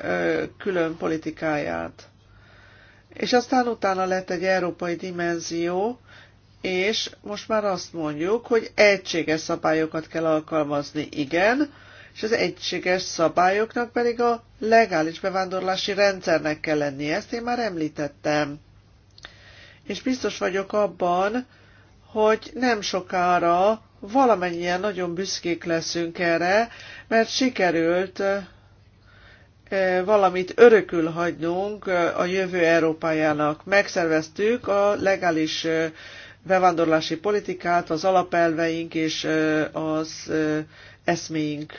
külön politikáját. És aztán utána lett egy európai dimenzió, és most már azt mondjuk, hogy egységes szabályokat kell alkalmazni, igen, és az egységes szabályoknak pedig a legális bevándorlási rendszernek kell lennie, ezt én már említettem. És biztos vagyok abban, hogy nem sokára valamennyien nagyon büszkék leszünk erre, mert sikerült eh, valamit örökül hagynunk eh, a jövő Európájának. Megszerveztük a legális eh, bevándorlási politikát az alapelveink és az eszméink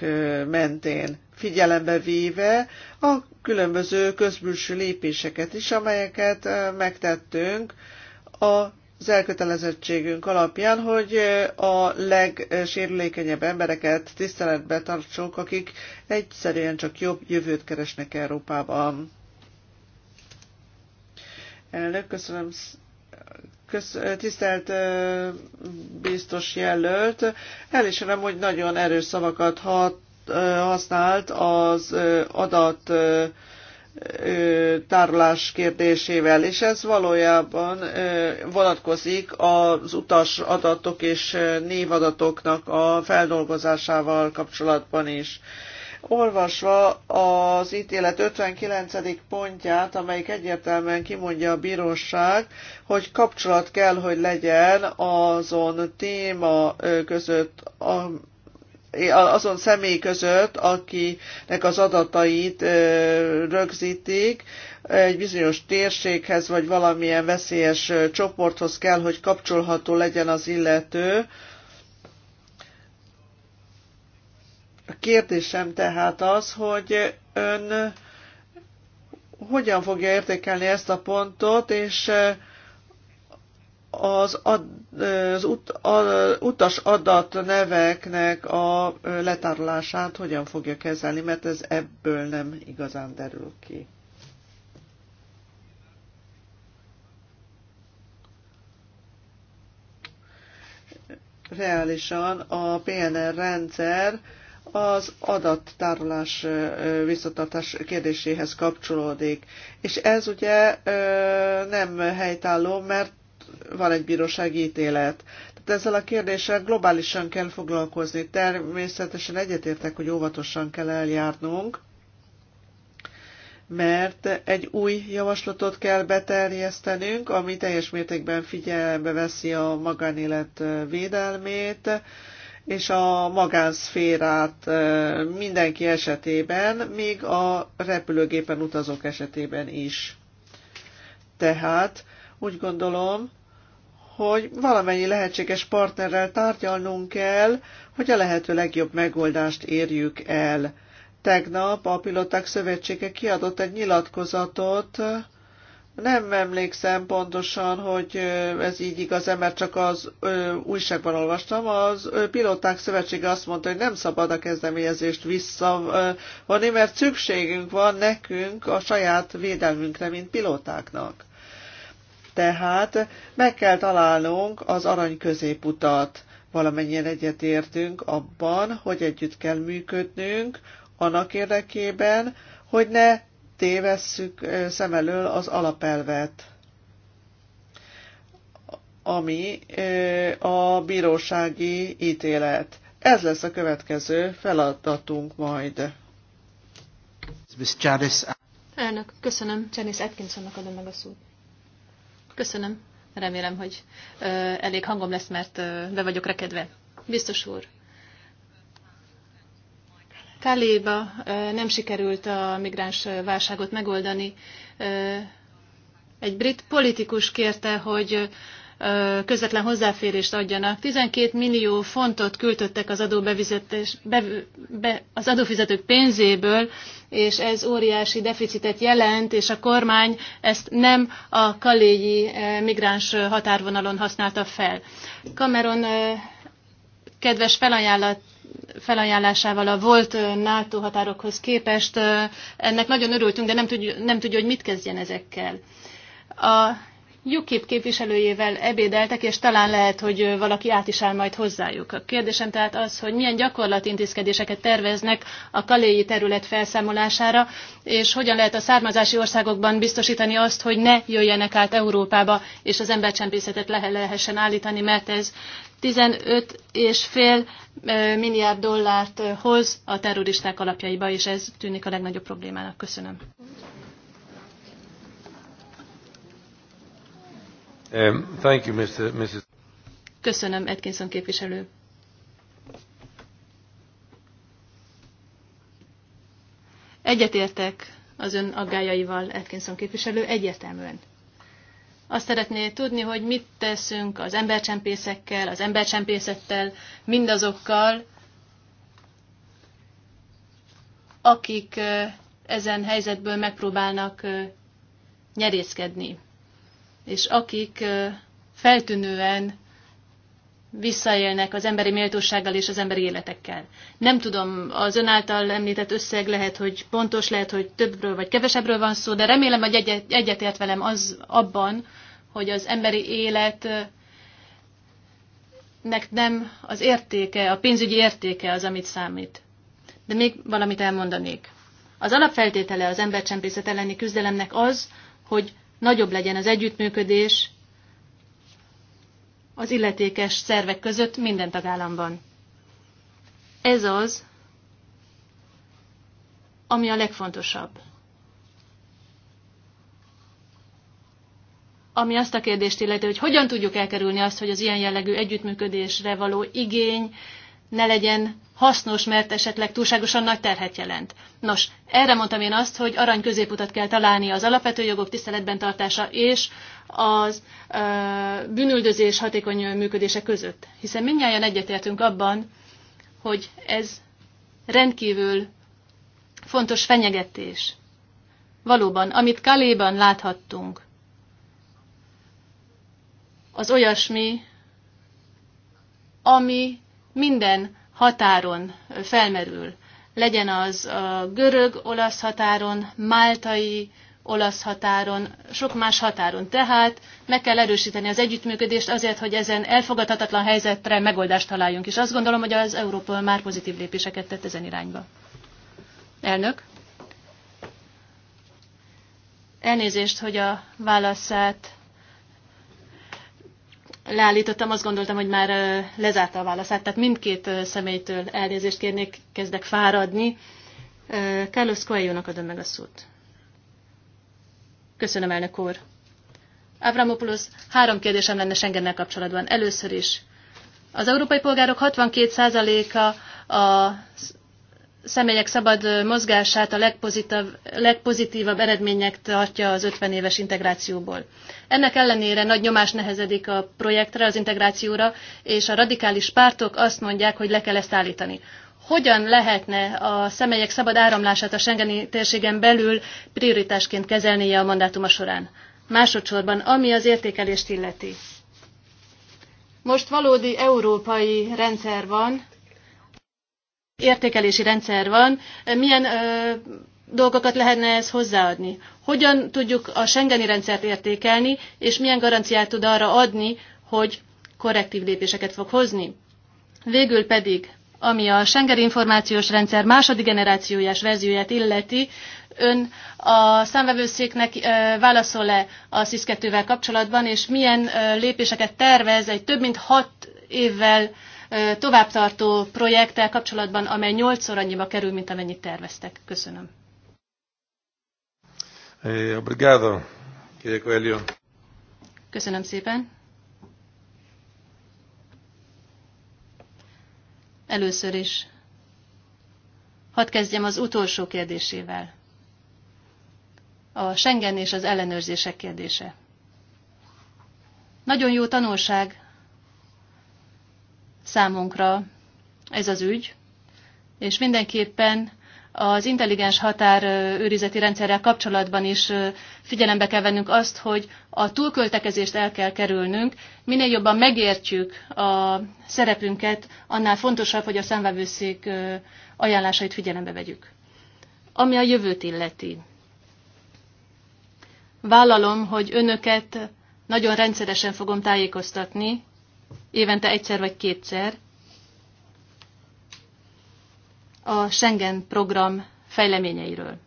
mentén, figyelembe véve a különböző közbülső lépéseket is, amelyeket megtettünk a az elkötelezettségünk alapján, hogy a legsérülékenyebb embereket tiszteletbe tartsuk, akik egyszerűen csak jobb jövőt keresnek Európában. Elnök, köszönöm. Kösz, tisztelt biztos jelölt, elismerem, hogy nagyon erős szavakat hat, használt az adat tárlás kérdésével, és ez valójában vonatkozik az utas adatok és névadatoknak a feldolgozásával kapcsolatban is. Olvasva az ítélet 59. pontját, amelyik egyértelműen kimondja a bíróság, hogy kapcsolat kell, hogy legyen azon téma között, azon személy között, akinek az adatait rögzítik, egy bizonyos térséghez vagy valamilyen veszélyes csoporthoz kell, hogy kapcsolható legyen az illető. A kérdésem tehát az, hogy ön hogyan fogja értékelni ezt a pontot, és az, ad, az ut, az utas adat neveknek a letárolását hogyan fogja kezelni, mert ez ebből nem igazán derül ki. Reálisan a PNR rendszer az adattárolás visszatartás kérdéséhez kapcsolódik. És ez ugye nem helytálló, mert van egy bírósági ítélet. Tehát ezzel a kérdéssel globálisan kell foglalkozni. Természetesen egyetértek, hogy óvatosan kell eljárnunk, mert egy új javaslatot kell beterjesztenünk, ami teljes mértékben figyelembe veszi a magánélet védelmét, és a magánszférát mindenki esetében, még a repülőgépen utazók esetében is. Tehát úgy gondolom, hogy valamennyi lehetséges partnerrel tárgyalnunk kell, hogy a lehető legjobb megoldást érjük el. Tegnap a Piloták Szövetsége kiadott egy nyilatkozatot, nem emlékszem pontosan, hogy ez így igaz-e, mert csak az ö, újságban olvastam. Az ö, Pilóták Szövetsége azt mondta, hogy nem szabad a kezdeményezést visszavonni, mert szükségünk van nekünk a saját védelmünkre, mint pilótáknak. Tehát meg kell találnunk az arany középutat. Valamennyien egyetértünk abban, hogy együtt kell működnünk annak érdekében, hogy ne tévesszük szem elől az alapelvet, ami a bírósági ítélet. Ez lesz a következő feladatunk majd. Elnök, köszönöm. Janice Atkinsonnak adom meg a szót. Köszönöm. Remélem, hogy ö, elég hangom lesz, mert ö, be vagyok rekedve. Biztos úr. Káléba nem sikerült a migráns válságot megoldani. Egy brit politikus kérte, hogy közvetlen hozzáférést adjanak. 12 millió fontot küldöttek az, adóbevizetés, be, be, az adófizetők pénzéből, és ez óriási deficitet jelent, és a kormány ezt nem a kaléji migráns határvonalon használta fel. Cameron kedves felajánlat felajánlásával a volt NATO határokhoz képest. Ennek nagyon örültünk, de nem tudja, nem tudja hogy mit kezdjen ezekkel. A UKIP képviselőjével ebédeltek, és talán lehet, hogy valaki át is áll majd hozzájuk. A kérdésem tehát az, hogy milyen gyakorlati intézkedéseket terveznek a kaléi terület felszámolására, és hogyan lehet a származási országokban biztosítani azt, hogy ne jöjjenek át Európába, és az embercsempészetet le lehessen állítani, mert ez 15,5 milliárd dollárt hoz a terroristák alapjaiba, és ez tűnik a legnagyobb problémának. Köszönöm. Um, thank you, Mr. Mrs. Köszönöm, Edkinson képviselő. Egyetértek az ön aggájaival, Edkinson képviselő, egyértelműen. Azt szeretné tudni, hogy mit teszünk az embercsempészekkel, az embercsempészettel, mindazokkal, akik eh, ezen helyzetből megpróbálnak eh, nyerészkedni és akik feltűnően visszaélnek az emberi méltósággal és az emberi életekkel. Nem tudom, az ön által említett összeg lehet, hogy pontos, lehet, hogy többről vagy kevesebbről van szó, de remélem, hogy egyet, egyetért velem az abban, hogy az emberi életnek nem az értéke, a pénzügyi értéke az, amit számít. De még valamit elmondanék. Az alapfeltétele az embercsempészet elleni küzdelemnek az, hogy nagyobb legyen az együttműködés az illetékes szervek között minden tagállamban. Ez az, ami a legfontosabb. Ami azt a kérdést illeti, hogy hogyan tudjuk elkerülni azt, hogy az ilyen jellegű együttműködésre való igény ne legyen hasznos, mert esetleg túlságosan nagy terhet jelent. Nos, erre mondtam én azt, hogy arany középutat kell találni az alapvető jogok tiszteletben tartása és az ö, bűnüldözés hatékony működése között. Hiszen mindnyáján egyetértünk abban, hogy ez rendkívül fontos fenyegetés. Valóban, amit Kaléban láthattunk, az olyasmi, ami minden határon felmerül. Legyen az a görög-olasz határon, máltai, olasz határon, sok más határon. Tehát meg kell erősíteni az együttműködést azért, hogy ezen elfogadhatatlan helyzetre megoldást találjunk. És azt gondolom, hogy az Európa már pozitív lépéseket tett ezen irányba. Elnök? Elnézést, hogy a válaszát leállítottam, azt gondoltam, hogy már lezárta a válaszát, tehát mindkét személytől elnézést kérnék, kezdek fáradni. Carlos Coelho-nak adom meg a szót. Köszönöm, elnök úr. Avramopoulos, három kérdésem lenne Schengennel kapcsolatban. Először is. Az európai polgárok 62%-a a személyek szabad mozgását a legpozitívabb, legpozitívabb eredménynek tartja az 50 éves integrációból. Ennek ellenére nagy nyomás nehezedik a projektre, az integrációra, és a radikális pártok azt mondják, hogy le kell ezt állítani. Hogyan lehetne a személyek szabad áramlását a Schengeni térségen belül prioritásként kezelnie a mandátuma során? Másodszorban, ami az értékelést illeti. Most valódi európai rendszer van, értékelési rendszer van, milyen ö, dolgokat lehetne ez hozzáadni? Hogyan tudjuk a Schengeni rendszert értékelni, és milyen garanciát tud arra adni, hogy korrektív lépéseket fog hozni? Végül pedig, ami a Schengeni információs rendszer második generációjás verzióját illeti, ön a számvevőszéknek válaszol-e a SZISZ-2-vel kapcsolatban, és milyen lépéseket tervez egy több mint hat évvel továbbtartó projekttel kapcsolatban, amely 8 annyiba kerül, mint amennyit terveztek. Köszönöm. Eh, obrigado, Köszönöm szépen. Először is hadd kezdjem az utolsó kérdésével. A Schengen és az ellenőrzések kérdése. Nagyon jó tanulság számunkra ez az ügy, és mindenképpen az intelligens őrizeti rendszerrel kapcsolatban is figyelembe kell vennünk azt, hogy a túlköltekezést el kell kerülnünk. Minél jobban megértjük a szerepünket, annál fontosabb, hogy a szemvevőszék ajánlásait figyelembe vegyük. Ami a jövőt illeti. Vállalom, hogy önöket nagyon rendszeresen fogom tájékoztatni évente egyszer vagy kétszer a Schengen program fejleményeiről.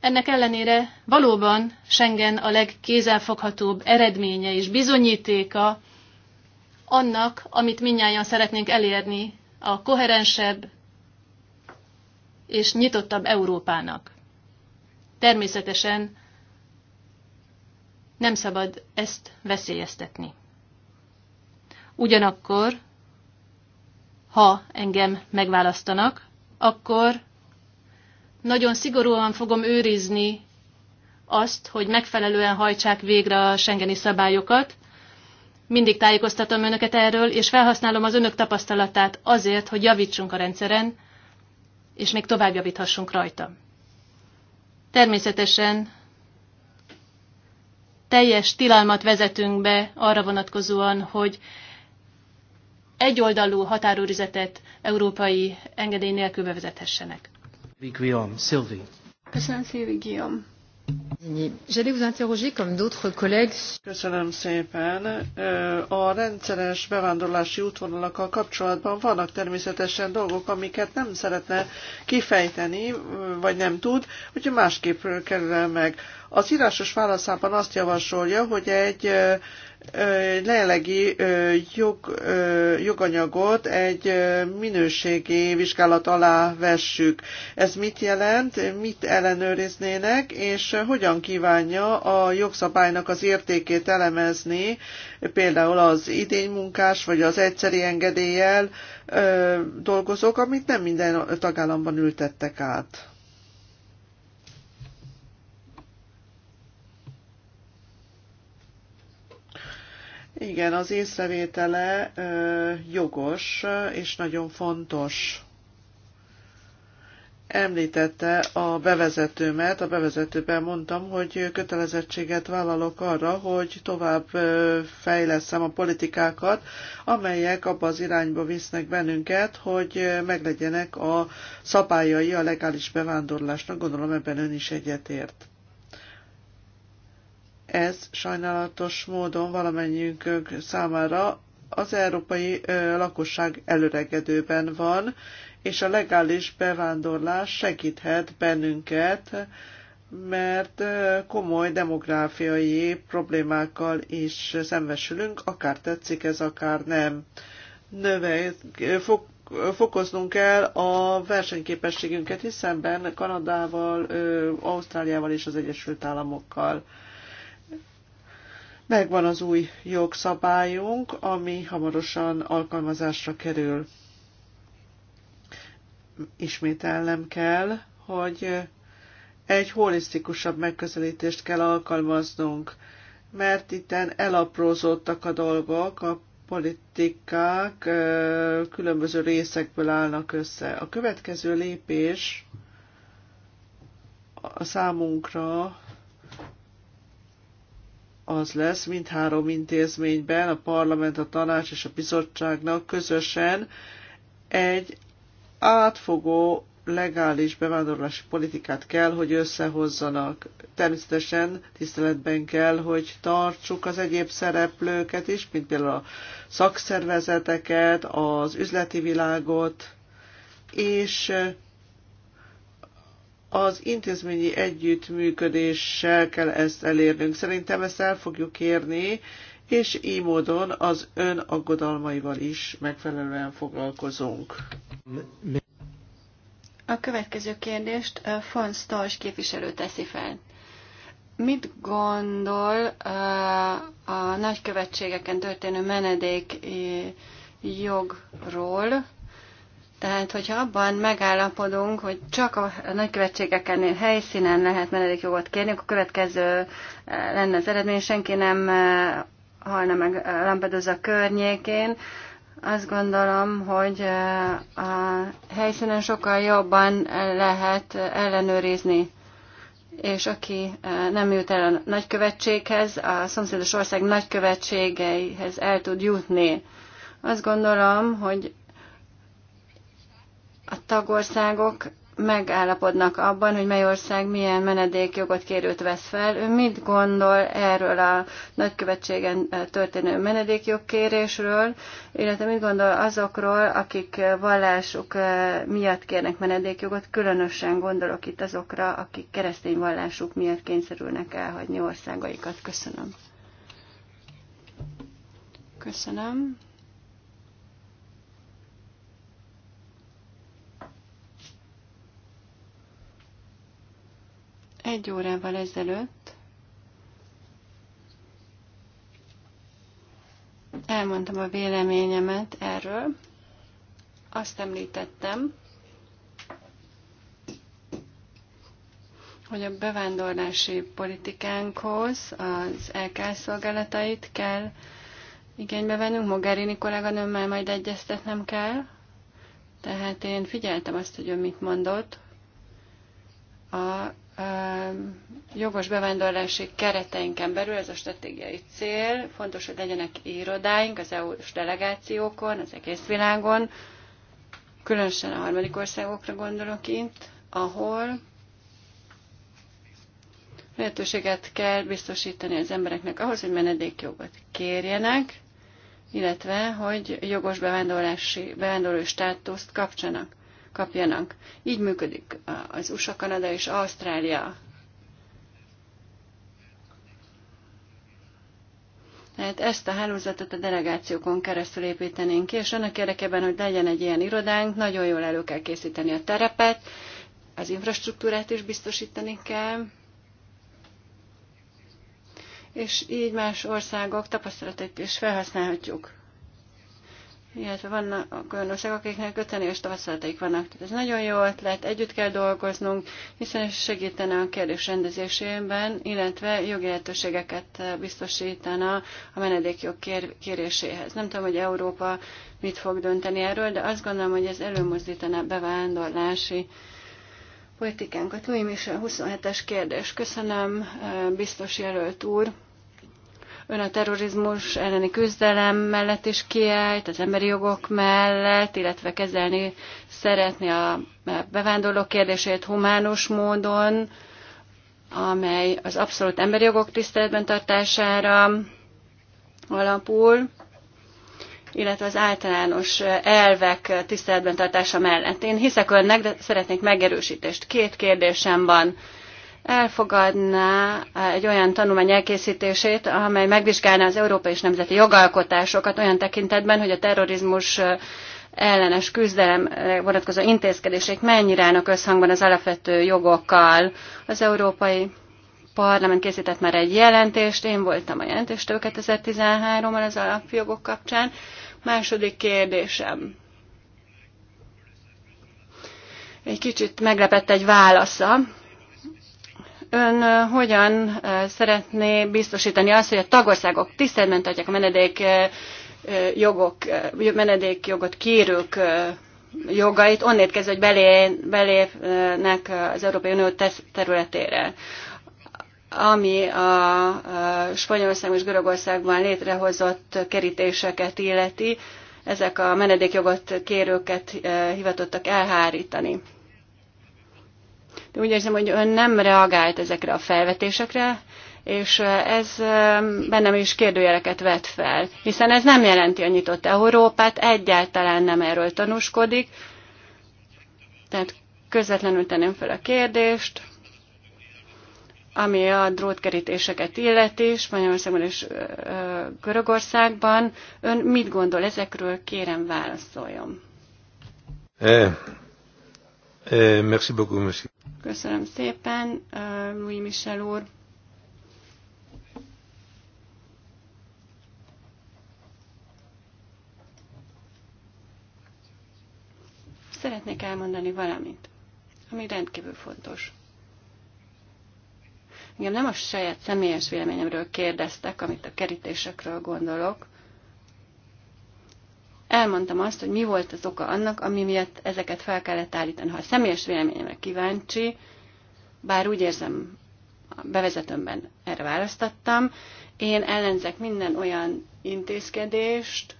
Ennek ellenére valóban Schengen a legkézzelfoghatóbb eredménye és bizonyítéka annak, amit minnyáján szeretnénk elérni a koherensebb és nyitottabb Európának. Természetesen nem szabad ezt veszélyeztetni. Ugyanakkor, ha engem megválasztanak, akkor nagyon szigorúan fogom őrizni azt, hogy megfelelően hajtsák végre a Schengeni szabályokat. Mindig tájékoztatom önöket erről, és felhasználom az önök tapasztalatát azért, hogy javítsunk a rendszeren, és még tovább javíthassunk rajta. Természetesen teljes tilalmat vezetünk be arra vonatkozóan, hogy egyoldalú határőrizetet európai engedély nélkül bevezethessenek. Köszönöm, Szilvi Guillaume. Köszönöm szépen. A rendszeres bevándorlási útvonalakkal kapcsolatban vannak természetesen dolgok, amiket nem szeretne kifejteni, vagy nem tud, úgyhogy másképp kerül meg. Az írásos válaszában azt javasolja, hogy egy lejelegi jog, joganyagot egy minőségi vizsgálat alá vessük. Ez mit jelent, mit ellenőriznének, és hogyan kívánja a jogszabálynak az értékét elemezni, például az idénymunkás vagy az egyszeri engedéllyel dolgozók, amit nem minden tagállamban ültettek át. Igen, az észrevétele jogos és nagyon fontos. Említette a bevezetőmet, a bevezetőben mondtam, hogy kötelezettséget vállalok arra, hogy tovább fejleszem a politikákat, amelyek abba az irányba visznek bennünket, hogy meglegyenek a szabályai a legális bevándorlásnak. Gondolom ebben ön is egyetért. Ez sajnálatos módon valamennyiünk számára az európai lakosság előregedőben van, és a legális bevándorlás segíthet bennünket, mert komoly demográfiai problémákkal is szembesülünk, akár tetszik ez, akár nem. Növe, fokoznunk kell a versenyképességünket, hiszen Kanadával, Ausztráliával és az Egyesült Államokkal. Megvan az új jogszabályunk, ami hamarosan alkalmazásra kerül. Ismételnem kell, hogy egy holisztikusabb megközelítést kell alkalmaznunk, mert itten elaprózódtak a dolgok, a politikák különböző részekből állnak össze. A következő lépés a számunkra az lesz mindhárom intézményben, a parlament, a tanács és a bizottságnak közösen egy átfogó legális bevándorlási politikát kell, hogy összehozzanak. Természetesen tiszteletben kell, hogy tartsuk az egyéb szereplőket is, mint például a szakszervezeteket, az üzleti világot, és az intézményi együttműködéssel kell ezt elérnünk. Szerintem ezt el fogjuk érni, és így módon az ön aggodalmaival is megfelelően foglalkozunk. A következő kérdést eh, Fon Stolz képviselő teszi fel. Mit gondol eh, a nagykövetségeken történő menedék eh, jogról, tehát, hogyha abban megállapodunk, hogy csak a nagykövetségeknél helyszínen lehet menedékjogot kérni, akkor a következő eh, lenne az eredmény, senki nem eh, halna meg eh, Lampedusa környékén. Azt gondolom, hogy a helyszínen sokkal jobban lehet ellenőrizni és aki nem jut el a nagykövetséghez, a szomszédos ország nagykövetségeihez el tud jutni. Azt gondolom, hogy a tagországok megállapodnak abban, hogy mely ország milyen menedékjogot kérőt vesz fel. Ő mit gondol erről a nagykövetségen eh, történő menedékjogkérésről, illetve mit gondol azokról, akik vallásuk eh, miatt kérnek menedékjogot, különösen gondolok itt azokra, akik keresztény vallásuk miatt kényszerülnek elhagyni országaikat. Köszönöm. Köszönöm. Egy órával ezelőtt elmondtam a véleményemet erről. Azt említettem, hogy a bevándorlási politikánkhoz az LK szolgálatait kell igénybe vennünk. Mogherini kolléganőmmel majd egyeztetnem kell. Tehát én figyeltem azt, hogy ő mit mondott. A jogos bevándorlási kereteinken belül ez a stratégiai cél. Fontos, hogy legyenek irodáink az EU-s delegációkon, az egész világon, különösen a harmadik országokra gondolok itt, ahol lehetőséget kell biztosítani az embereknek ahhoz, hogy menedékjogot kérjenek, illetve hogy jogos bevándorlási, bevándorlói státuszt kapcsanak kapjanak. Így működik az USA, Kanada és Ausztrália. Tehát ezt a hálózatot a delegációkon keresztül építenénk ki, és annak érdekében, hogy legyen egy ilyen irodánk, nagyon jól elő kell készíteni a terepet, az infrastruktúrát is biztosítani kell, és így más országok tapasztalatait is felhasználhatjuk illetve vannak olyanok, akiknek 50 éves tapasztalataik vannak. Tehát ez nagyon jó ötlet, együtt kell dolgoznunk, hiszen ez segítene a kérdés rendezésében, illetve jogi lehetőségeket biztosítana a menedékjog kér- kéréséhez. Nem tudom, hogy Európa mit fog dönteni erről, de azt gondolom, hogy ez előmozdítaná bevándorlási politikánkat. Louis a 27-es kérdés. Köszönöm, eh, biztos jelölt úr. Ön a terrorizmus elleni küzdelem mellett is kiállt, az emberi jogok mellett, illetve kezelni szeretné a bevándorlók kérdését humánus módon, amely az abszolút emberi jogok tiszteletben tartására alapul illetve az általános elvek tiszteletben tartása mellett. Én hiszek önnek, de szeretnék megerősítést. Két kérdésem van elfogadná egy olyan tanulmány elkészítését, amely megvizsgálná az európai és nemzeti jogalkotásokat olyan tekintetben, hogy a terrorizmus ellenes küzdelem vonatkozó intézkedések mennyire állnak összhangban az alapvető jogokkal. Az Európai Parlament készített már egy jelentést, én voltam a jelentéstől 2013-ban az alapjogok kapcsán. Második kérdésem. Egy kicsit meglepett egy válasza, Ön hogyan szeretné biztosítani azt, hogy a tagországok tiszteletben tartják a menedék jogok, menedékjogot kérők jogait, onnét kezdve, hogy belé, belépnek az Európai Unió területére ami a Spanyolország és Görögországban létrehozott kerítéseket illeti, ezek a menedékjogot kérőket hivatottak elhárítani. Úgy érzem, hogy ön nem reagált ezekre a felvetésekre, és ez bennem is kérdőjeleket vet fel, hiszen ez nem jelenti a nyitott Európát, egyáltalán nem erről tanúskodik. Tehát közvetlenül tenném fel a kérdést, ami a drótkerítéseket illeti, Spanyolországban és Görögországban. Ön mit gondol ezekről? Kérem válaszoljon. Eh, Eh, merci beaucoup, monsieur. Köszönöm szépen, eh, Louis Michel úr. Szeretnék elmondani valamit, ami rendkívül fontos. Igen, nem a saját személyes véleményemről kérdeztek, amit a kerítésekről gondolok, elmondtam azt, hogy mi volt az oka annak, ami miatt ezeket fel kellett állítani. Ha a személyes véleményemre kíváncsi, bár úgy érzem, a bevezetőmben erre választottam, én ellenzek minden olyan intézkedést,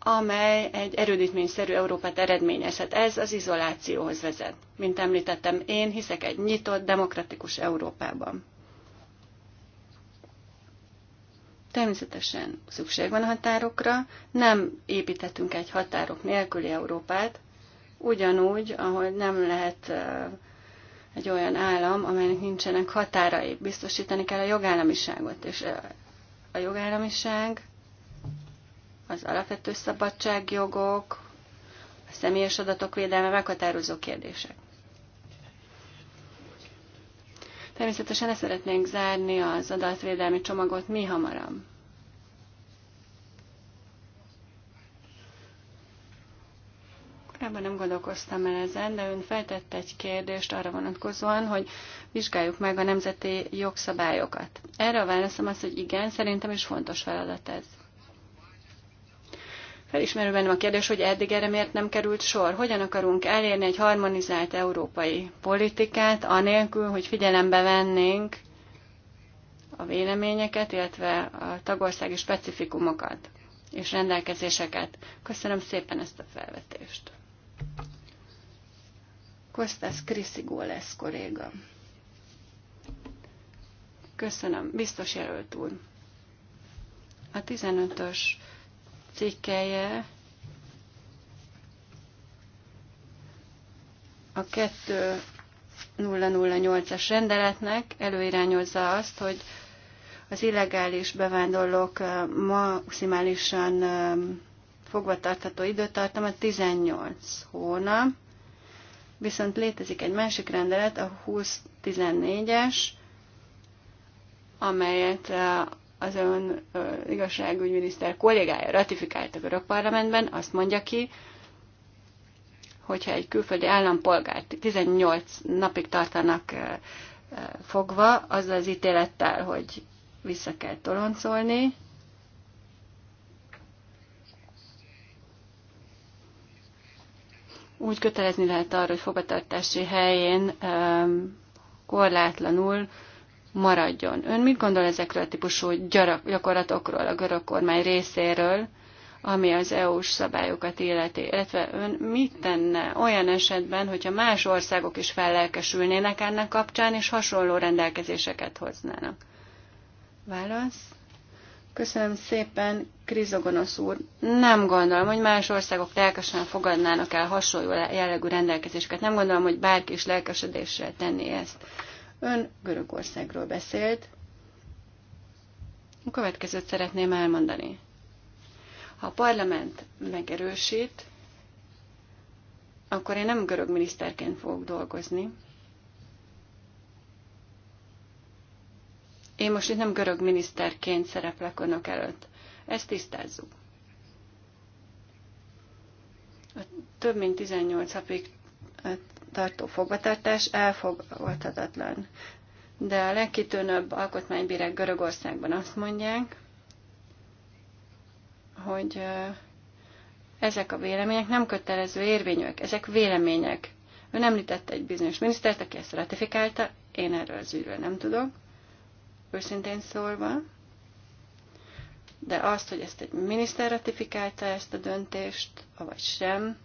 amely egy erődítményszerű Európát eredményezhet. Ez az izolációhoz vezet. Mint említettem, én hiszek egy nyitott, demokratikus Európában. Természetesen szükség van a határokra, nem építhetünk egy határok nélküli Európát, ugyanúgy, ahogy nem lehet egy olyan állam, amelynek nincsenek határai. Biztosítani kell a jogállamiságot, és a jogállamiság, az alapvető szabadságjogok, a személyes adatok védelme meghatározó kérdések. Természetesen ezt szeretnénk zárni az adatvédelmi csomagot mi hamarabb. Ebben nem gondolkoztam el ezen, de ön feltette egy kérdést arra vonatkozóan, hogy vizsgáljuk meg a nemzeti jogszabályokat. Erre a válaszom az, hogy igen, szerintem is fontos feladat ez. Felismerő bennem a kérdés, hogy eddig erre miért nem került sor. Hogyan akarunk elérni egy harmonizált európai politikát, anélkül, hogy figyelembe vennénk a véleményeket, illetve a tagországi specifikumokat és rendelkezéseket. Köszönöm szépen ezt a felvetést. Kostas Kriszigó lesz kolléga. Köszönöm, biztos jelölt úr. A 15-ös cikkeje a 2008-as rendeletnek előirányozza azt, hogy az illegális bevándorlók maximálisan fogvatartható időtartama 18 hónap, viszont létezik egy másik rendelet, a 14 es amelyet az ön uh, igazságügyminiszter kollégája ratifikált a parlamentben, azt mondja ki, hogyha egy külföldi állampolgárt 18 napig tartanak uh, uh, fogva, az az ítélettel, hogy vissza kell toloncolni, úgy kötelezni lehet arra, hogy fogatartási helyén korlátlanul maradjon. Ön mit gondol ezekről a típusú gyakorlatokról a görög kormány részéről, ami az EU-s szabályokat illeti, illetve ön mit tenne olyan esetben, hogyha más országok is fellelkesülnének ennek kapcsán, és hasonló rendelkezéseket hoznának? Válasz? Köszönöm szépen, Krizogonosz úr. Nem gondolom, hogy más országok lelkesen fogadnának el hasonló jellegű rendelkezéseket. Nem gondolom, hogy bárki is lelkesedéssel tenné ezt. Ön Görögországról beszélt. A következőt szeretném elmondani. Ha a parlament megerősít, akkor én nem görög miniszterként fogok dolgozni. Én most itt nem görög miniszterként szereplek önök előtt. Ezt tisztázzuk. A több mint 18 napig tartó fogvatartás elfogadhatatlan. De a legkitűnőbb alkotmánybírek Görögországban azt mondják, hogy ezek a vélemények nem kötelező érvényűek, ezek vélemények. Ön említette egy bizonyos minisztert, aki ezt ratifikálta, én erről az ügyről nem tudok, őszintén szólva. De azt, hogy ezt egy miniszter ratifikálta, ezt a döntést, avagy sem,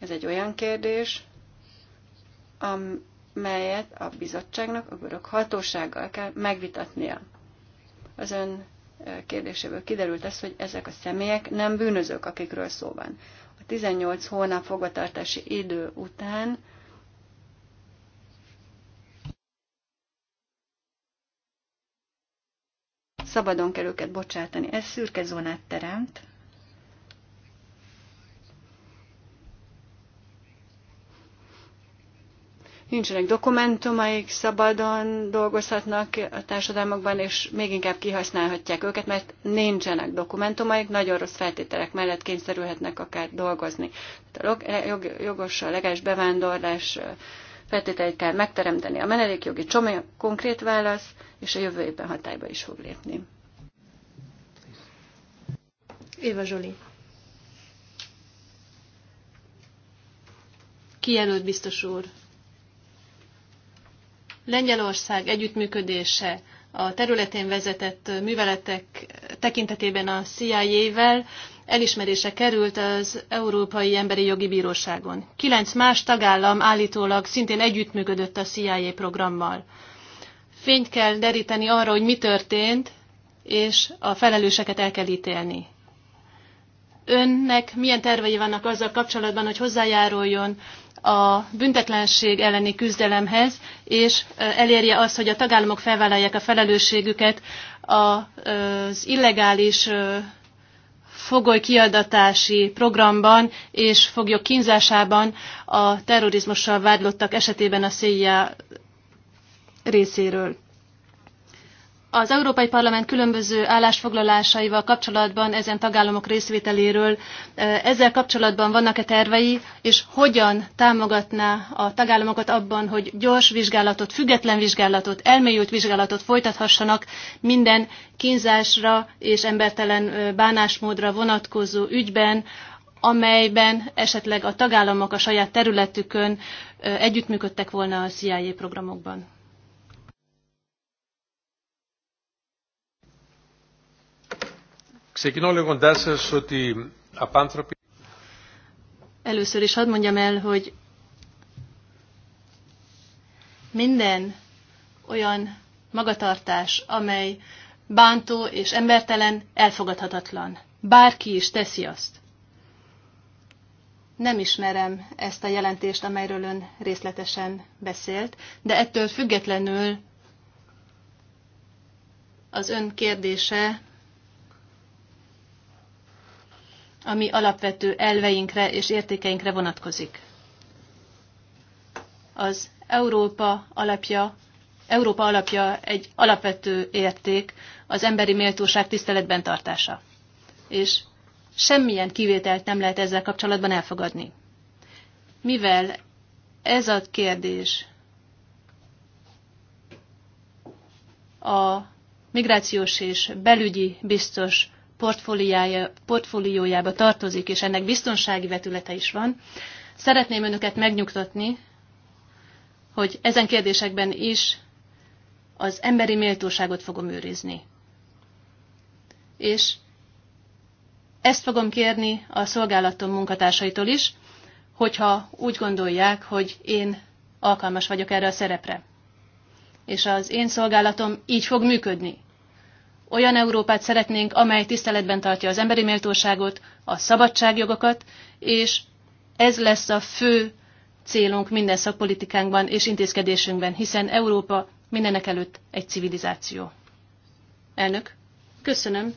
ez egy olyan kérdés, amelyet a bizottságnak a görög hatósággal kell megvitatnia. Az ön kérdéséből kiderült ez, hogy ezek a személyek nem bűnözők, akikről szó van. A 18 hónap fogvatartási idő után szabadon kell őket bocsátani. Ez szürke zónát teremt, nincsenek dokumentumaik, szabadon dolgozhatnak a társadalmakban, és még inkább kihasználhatják őket, mert nincsenek dokumentumaik, nagyon rossz feltételek mellett kényszerülhetnek akár dolgozni. A jogos, a legális bevándorlás feltételeit kell megteremteni. A menedékjogi csomó konkrét válasz, és a jövő évben hatályba is fog lépni. Éva Zsoli. Kijelölt biztos úr, Lengyelország együttműködése a területén vezetett műveletek tekintetében a CIA-vel elismerése került az Európai Emberi Jogi Bíróságon. Kilenc más tagállam állítólag szintén együttműködött a CIA programmal. Fényt kell deríteni arra, hogy mi történt, és a felelőseket el kell ítélni. Önnek milyen tervei vannak azzal kapcsolatban, hogy hozzájáruljon a büntetlenség elleni küzdelemhez, és elérje azt, hogy a tagállamok felvállalják a felelősségüket az illegális fogoly kiadatási programban és foglyok kínzásában a terrorizmussal vádlottak esetében a CIA részéről. Az Európai Parlament különböző állásfoglalásaival kapcsolatban ezen tagállamok részvételéről, e, ezzel kapcsolatban vannak-e tervei, és hogyan támogatná a tagállamokat abban, hogy gyors vizsgálatot, független vizsgálatot, elmélyült vizsgálatot folytathassanak minden kínzásra és embertelen e, bánásmódra vonatkozó ügyben, amelyben esetleg a tagállamok a saját területükön e, együttműködtek volna a CIA programokban. Ξεκινώ λέγοντάς σας ότι απάνθρωποι... Először is hadd mondjam el, hogy minden olyan magatartás, amely bántó és embertelen, elfogadhatatlan. Bárki is teszi azt. Nem ismerem ezt a jelentést, amelyről ön részletesen beszélt, de ettől függetlenül az ön kérdése ami alapvető elveinkre és értékeinkre vonatkozik. Az Európa alapja, Európa alapja egy alapvető érték, az emberi méltóság tiszteletben tartása. És semmilyen kivételt nem lehet ezzel kapcsolatban elfogadni. Mivel ez a kérdés a migrációs és belügyi biztos portfóliójába tartozik, és ennek biztonsági vetülete is van. Szeretném önöket megnyugtatni, hogy ezen kérdésekben is az emberi méltóságot fogom őrizni. És ezt fogom kérni a szolgálatom munkatársaitól is, hogyha úgy gondolják, hogy én alkalmas vagyok erre a szerepre. És az én szolgálatom így fog működni. Olyan Európát szeretnénk, amely tiszteletben tartja az emberi méltóságot, a szabadságjogokat, és ez lesz a fő célunk minden szakpolitikánkban és intézkedésünkben, hiszen Európa mindenek előtt egy civilizáció. Elnök, köszönöm.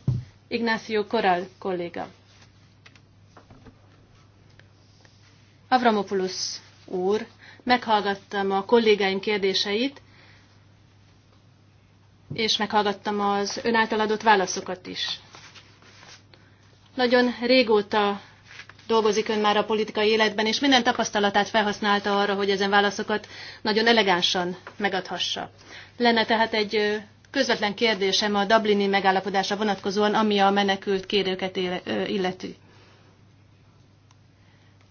Ignácio Corral kolléga. Avramopoulos úr, meghallgattam a kollégáim kérdéseit, és meghallgattam az ön által adott válaszokat is. Nagyon régóta dolgozik ön már a politikai életben, és minden tapasztalatát felhasználta arra, hogy ezen válaszokat nagyon elegánsan megadhassa. Lenne tehát egy közvetlen kérdésem a Dublini megállapodásra vonatkozóan, ami a menekült kérőket illeti.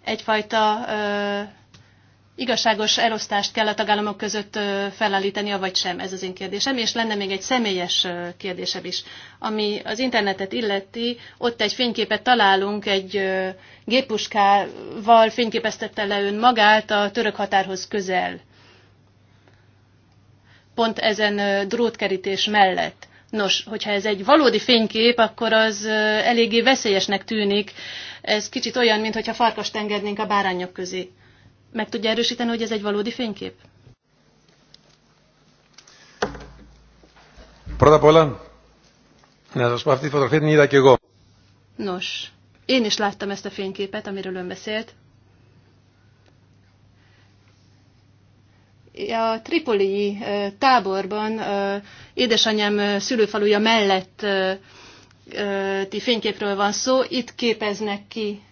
Egyfajta igazságos elosztást kell a tagállamok között felállítania, vagy sem, ez az én kérdésem. És lenne még egy személyes kérdésem is, ami az internetet illeti, ott egy fényképet találunk, egy gépuskával fényképeztette le ön magát a török határhoz közel. Pont ezen drótkerítés mellett. Nos, hogyha ez egy valódi fénykép, akkor az eléggé veszélyesnek tűnik. Ez kicsit olyan, mintha farkast engednénk a bárányok közé. Meg tudja erősíteni, hogy ez egy valódi fénykép? Nos, én is láttam ezt a fényképet, amiről ön beszélt. A tripoli táborban édesanyám szülőfaluja mellett fényképről van szó. Itt képeznek ki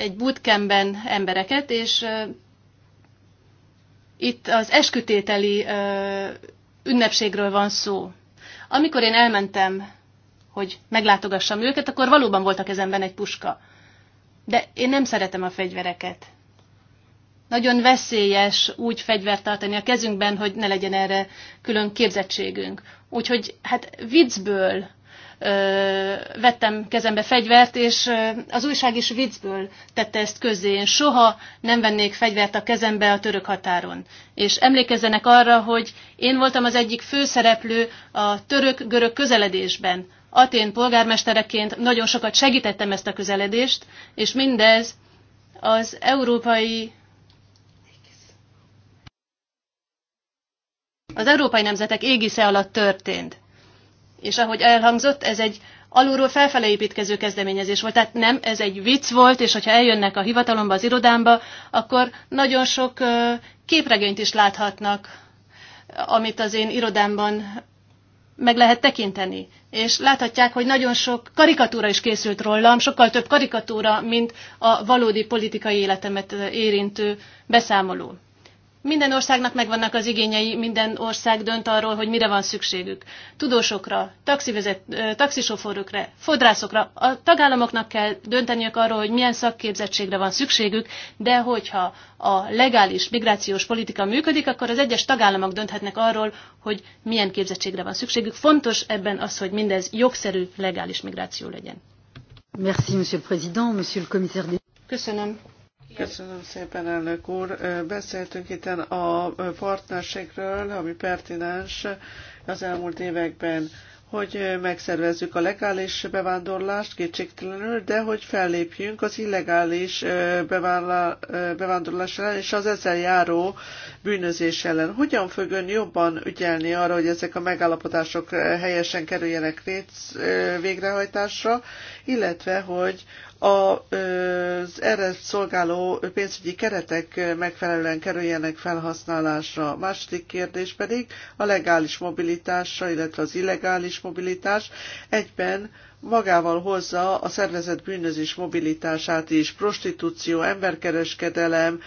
egy bootcampben embereket, és itt az eskütételi ünnepségről van szó. Amikor én elmentem, hogy meglátogassam őket, akkor valóban volt a kezemben egy puska. De én nem szeretem a fegyvereket. Nagyon veszélyes úgy fegyvert tartani a kezünkben, hogy ne legyen erre külön képzettségünk. Úgyhogy hát viccből vettem kezembe fegyvert, és az újság is viccből tette ezt közé. Én soha nem vennék fegyvert a kezembe a török határon. És emlékezzenek arra, hogy én voltam az egyik főszereplő a török-görög közeledésben. Atén polgármestereként nagyon sokat segítettem ezt a közeledést, és mindez az európai az európai nemzetek égisze alatt történt. És ahogy elhangzott, ez egy alulról felfele építkező kezdeményezés volt. Tehát nem, ez egy vicc volt, és hogyha eljönnek a hivatalomba, az irodámba, akkor nagyon sok képregényt is láthatnak, amit az én irodámban meg lehet tekinteni. És láthatják, hogy nagyon sok karikatúra is készült rólam, sokkal több karikatúra, mint a valódi politikai életemet érintő beszámoló. Minden országnak megvannak az igényei, minden ország dönt arról, hogy mire van szükségük. Tudósokra, taxivezet, taxisofőrökre, fodrászokra, a tagállamoknak kell dönteniük arról, hogy milyen szakképzettségre van szükségük, de hogyha a legális migrációs politika működik, akkor az egyes tagállamok dönthetnek arról, hogy milyen képzettségre van szükségük. Fontos ebben az, hogy mindez jogszerű, legális migráció legyen. Merci, monsieur le président, monsieur le commissaire. Köszönöm, Köszönöm szépen, elnök úr. Beszéltünk itt a partnerségről, ami pertinens az elmúlt években hogy megszervezzük a legális bevándorlást kétségtelenül, de hogy fellépjünk az illegális bevándorlás ellen és az ezzel járó bűnözés ellen. Hogyan fog ön jobban ügyelni arra, hogy ezek a megállapodások helyesen kerüljenek végrehajtásra, illetve hogy az erre szolgáló pénzügyi keretek megfelelően kerüljenek felhasználásra. Második kérdés pedig a legális mobilitásra, illetve az illegális mobilitás egyben magával hozza a szervezet bűnözés mobilitását is, prostitúció, emberkereskedelem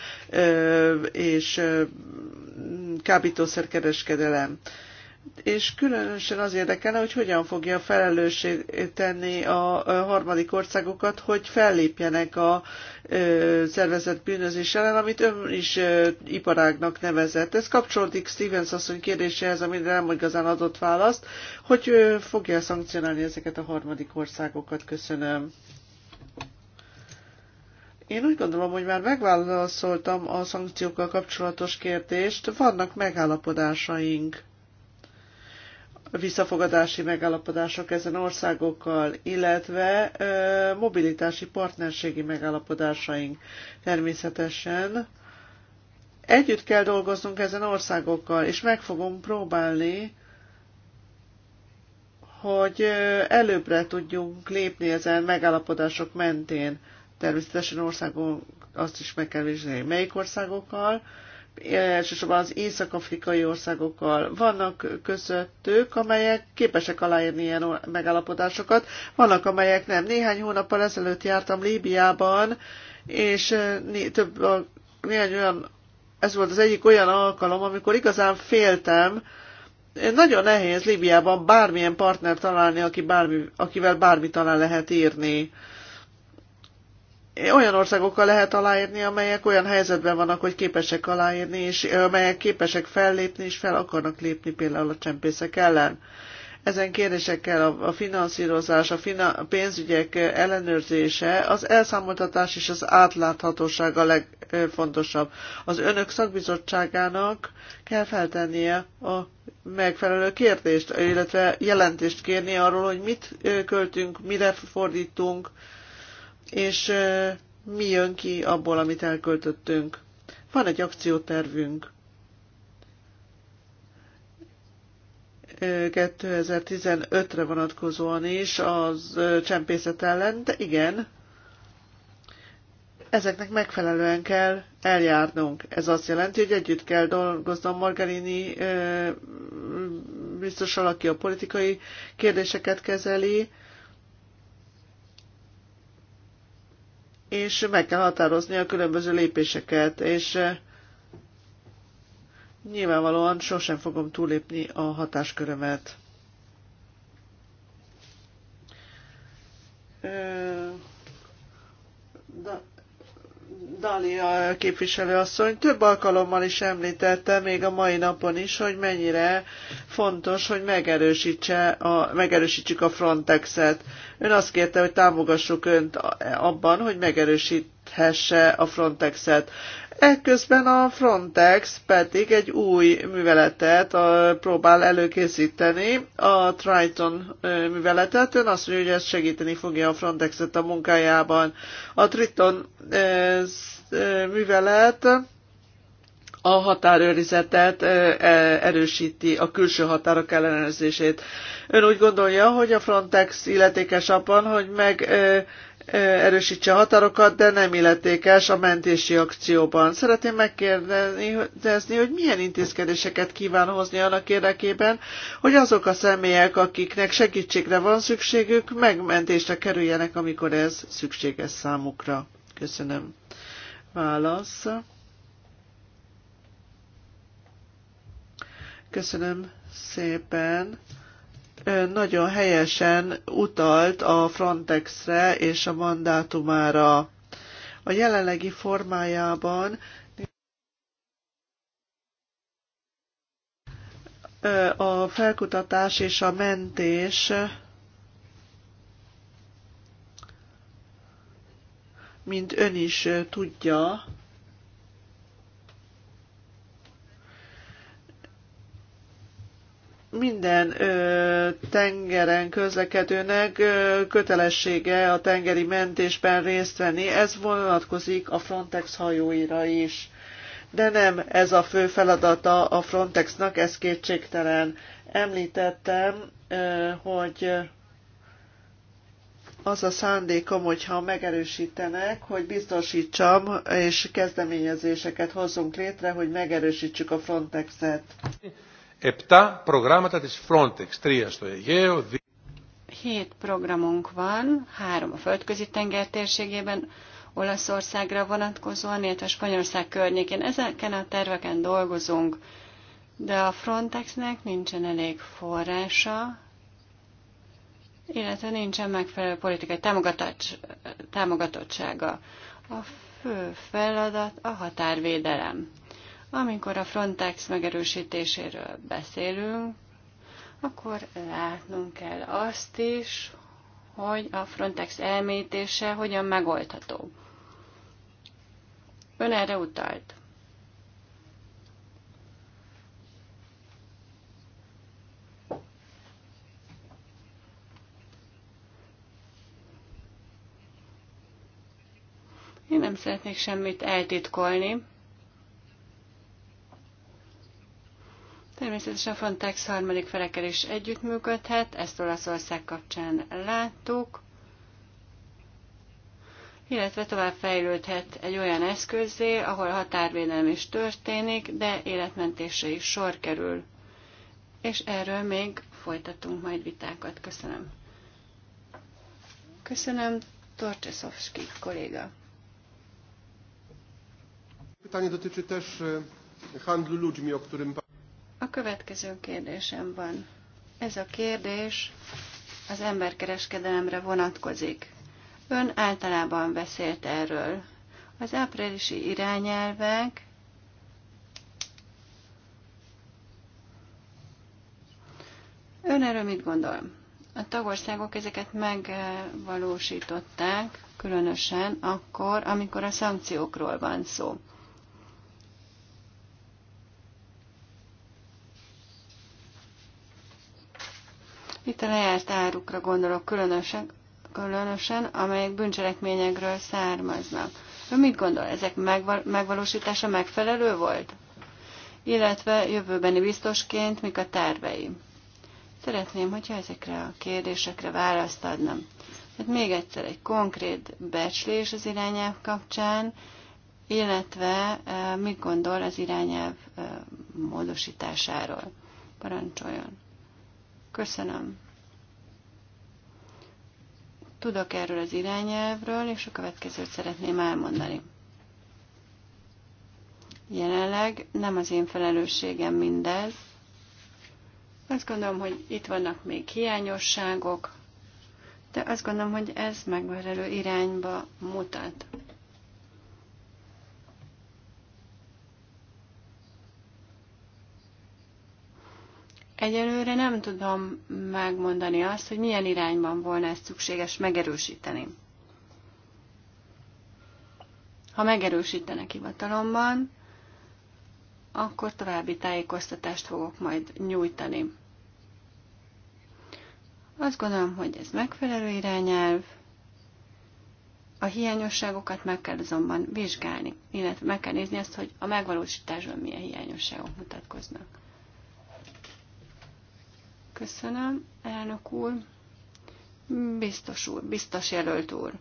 és kábítószerkereskedelem. kereskedelem és különösen az érdekelne, hogy hogyan fogja felelőssé tenni a harmadik országokat, hogy fellépjenek a szervezett bűnözés ellen, amit ön is iparágnak nevezett. Ez kapcsolódik Stevens asszony kérdéséhez, amire nem igazán adott választ, hogy fogja szankcionálni ezeket a harmadik országokat. Köszönöm. Én úgy gondolom, hogy már megválaszoltam a szankciókkal kapcsolatos kérdést, vannak megállapodásaink visszafogadási megállapodások ezen országokkal, illetve mobilitási partnerségi megállapodásaink természetesen. Együtt kell dolgoznunk ezen országokkal, és meg fogom próbálni, hogy előbbre tudjunk lépni ezen megállapodások mentén. Természetesen országon azt is meg kell vizsgálni, melyik országokkal, elsősorban az észak-afrikai országokkal. Vannak közöttük, amelyek képesek aláírni ilyen megállapodásokat, vannak, amelyek nem. Néhány hónappal ezelőtt jártam Líbiában, és eh, több, néhány olyan, ez volt az egyik olyan alkalom, amikor igazán féltem, nagyon nehéz Líbiában bármilyen partner találni, aki bármi, akivel bármit talán lehet írni olyan országokkal lehet aláírni, amelyek olyan helyzetben vannak, hogy képesek aláírni, és amelyek képesek fellépni, és fel akarnak lépni például a csempészek ellen. Ezen kérdésekkel a finanszírozás, a pénzügyek ellenőrzése, az elszámoltatás és az átláthatóság a legfontosabb. Az önök szakbizottságának kell feltennie a megfelelő kérdést, illetve jelentést kérni arról, hogy mit költünk, mire fordítunk, és mi jön ki abból, amit elköltöttünk. Van egy akciótervünk. 2015-re vonatkozóan is az csempészet ellen, de igen, ezeknek megfelelően kell eljárnunk. Ez azt jelenti, hogy együtt kell dolgoznom Margarini biztossal, aki a politikai kérdéseket kezeli, és meg kell határozni a különböző lépéseket, és eh, nyilvánvalóan sosem fogom túlépni a hatáskörömet. Eh, Dalia képviselőasszony több alkalommal is említette, még a mai napon is, hogy mennyire fontos, hogy megerősítse a, megerősítsük a Frontexet. Ön azt kérte, hogy támogassuk önt abban, hogy megerősíthesse a Frontexet. Ekközben a Frontex pedig egy új műveletet próbál előkészíteni, a Triton műveletet. Ön azt mondja, hogy ez segíteni fogja a Frontexet a munkájában. A Triton művelet a határőrizetet e, erősíti, a külső határok ellenőrzését. Ön úgy gondolja, hogy a Frontex illetékes abban, hogy meg erősítse a határokat, de nem illetékes a mentési akcióban. Szeretném megkérdezni, hogy milyen intézkedéseket kíván hozni annak érdekében, hogy azok a személyek, akiknek segítségre van szükségük, megmentésre kerüljenek, amikor ez szükséges számukra. Köszönöm. Válasz. Köszönöm szépen. Ön nagyon helyesen utalt a Frontexre és a mandátumára. A jelenlegi formájában a felkutatás és a mentés mint ön is tudja, minden ö, tengeren közlekedőnek ö, kötelessége a tengeri mentésben részt venni. Ez vonatkozik a Frontex hajóira is. De nem ez a fő feladata a Frontexnak, ez kétségtelen. Említettem, ö, hogy az a szándékom, hogyha megerősítenek, hogy biztosítsam és kezdeményezéseket hozzunk létre, hogy megerősítsük a Frontexet. Epta programata της Frontex, tria στο Αιγαίο, Hét programunk van, három a földközi tenger térségében, Olaszországra vonatkozóan, illetve Spanyolország környékén. Ezeken a terveken dolgozunk, de a Frontexnek nincsen elég forrása, illetve nincsen megfelelő politikai támogatottsága. A fő feladat a határvédelem. Amikor a Frontex megerősítéséről beszélünk, akkor látnunk kell azt is, hogy a Frontex elmétése hogyan megoldható. Ön erre utalt. Én nem szeretnék semmit eltitkolni. Természetesen a Frontex harmadik felekkel is együttműködhet, ezt Olaszország kapcsán láttuk, illetve tovább fejlődhet egy olyan eszközé, ahol határvédelem is történik, de életmentésre is sor kerül. És erről még folytatunk majd vitákat. Köszönöm. Köszönöm, Torcseszovski kolléga pytanie dotyczy też e, handlu ludźmi, o którym... A következő kérdésem van. Ez a kérdés az emberkereskedelemre vonatkozik. Ön általában beszélt erről. Az áprilisi irányelvek Ön erről mit gondol? A tagországok ezeket megvalósították, különösen akkor, amikor a szankciókról van szó. Itt a lejárt árukra gondolok különösen, különösen amelyek bűncselekményekről származnak. Ön mit gondol, ezek megval- megvalósítása megfelelő volt? Illetve jövőbeni biztosként mik a tervei? Szeretném, hogyha ezekre a kérdésekre választ adnám. Hát még egyszer egy konkrét becslés az irányelv kapcsán, illetve e, mit gondol az irányelv e, módosításáról. Parancsoljon! Köszönöm. Tudok erről az irányelvről, és a következőt szeretném elmondani. Jelenleg nem az én felelősségem mindez. Azt gondolom, hogy itt vannak még hiányosságok, de azt gondolom, hogy ez megfelelő irányba mutat. Egyelőre nem tudom megmondani azt, hogy milyen irányban volna ezt szükséges megerősíteni. Ha megerősítenek hivatalomban, akkor további tájékoztatást fogok majd nyújtani. Azt gondolom, hogy ez megfelelő irányelv. A hiányosságokat meg kell azonban vizsgálni, illetve meg kell nézni azt, hogy a megvalósításban milyen hiányosságok mutatkoznak. Köszönöm, elnök úr. Biztos úr, biztos jelölt úr.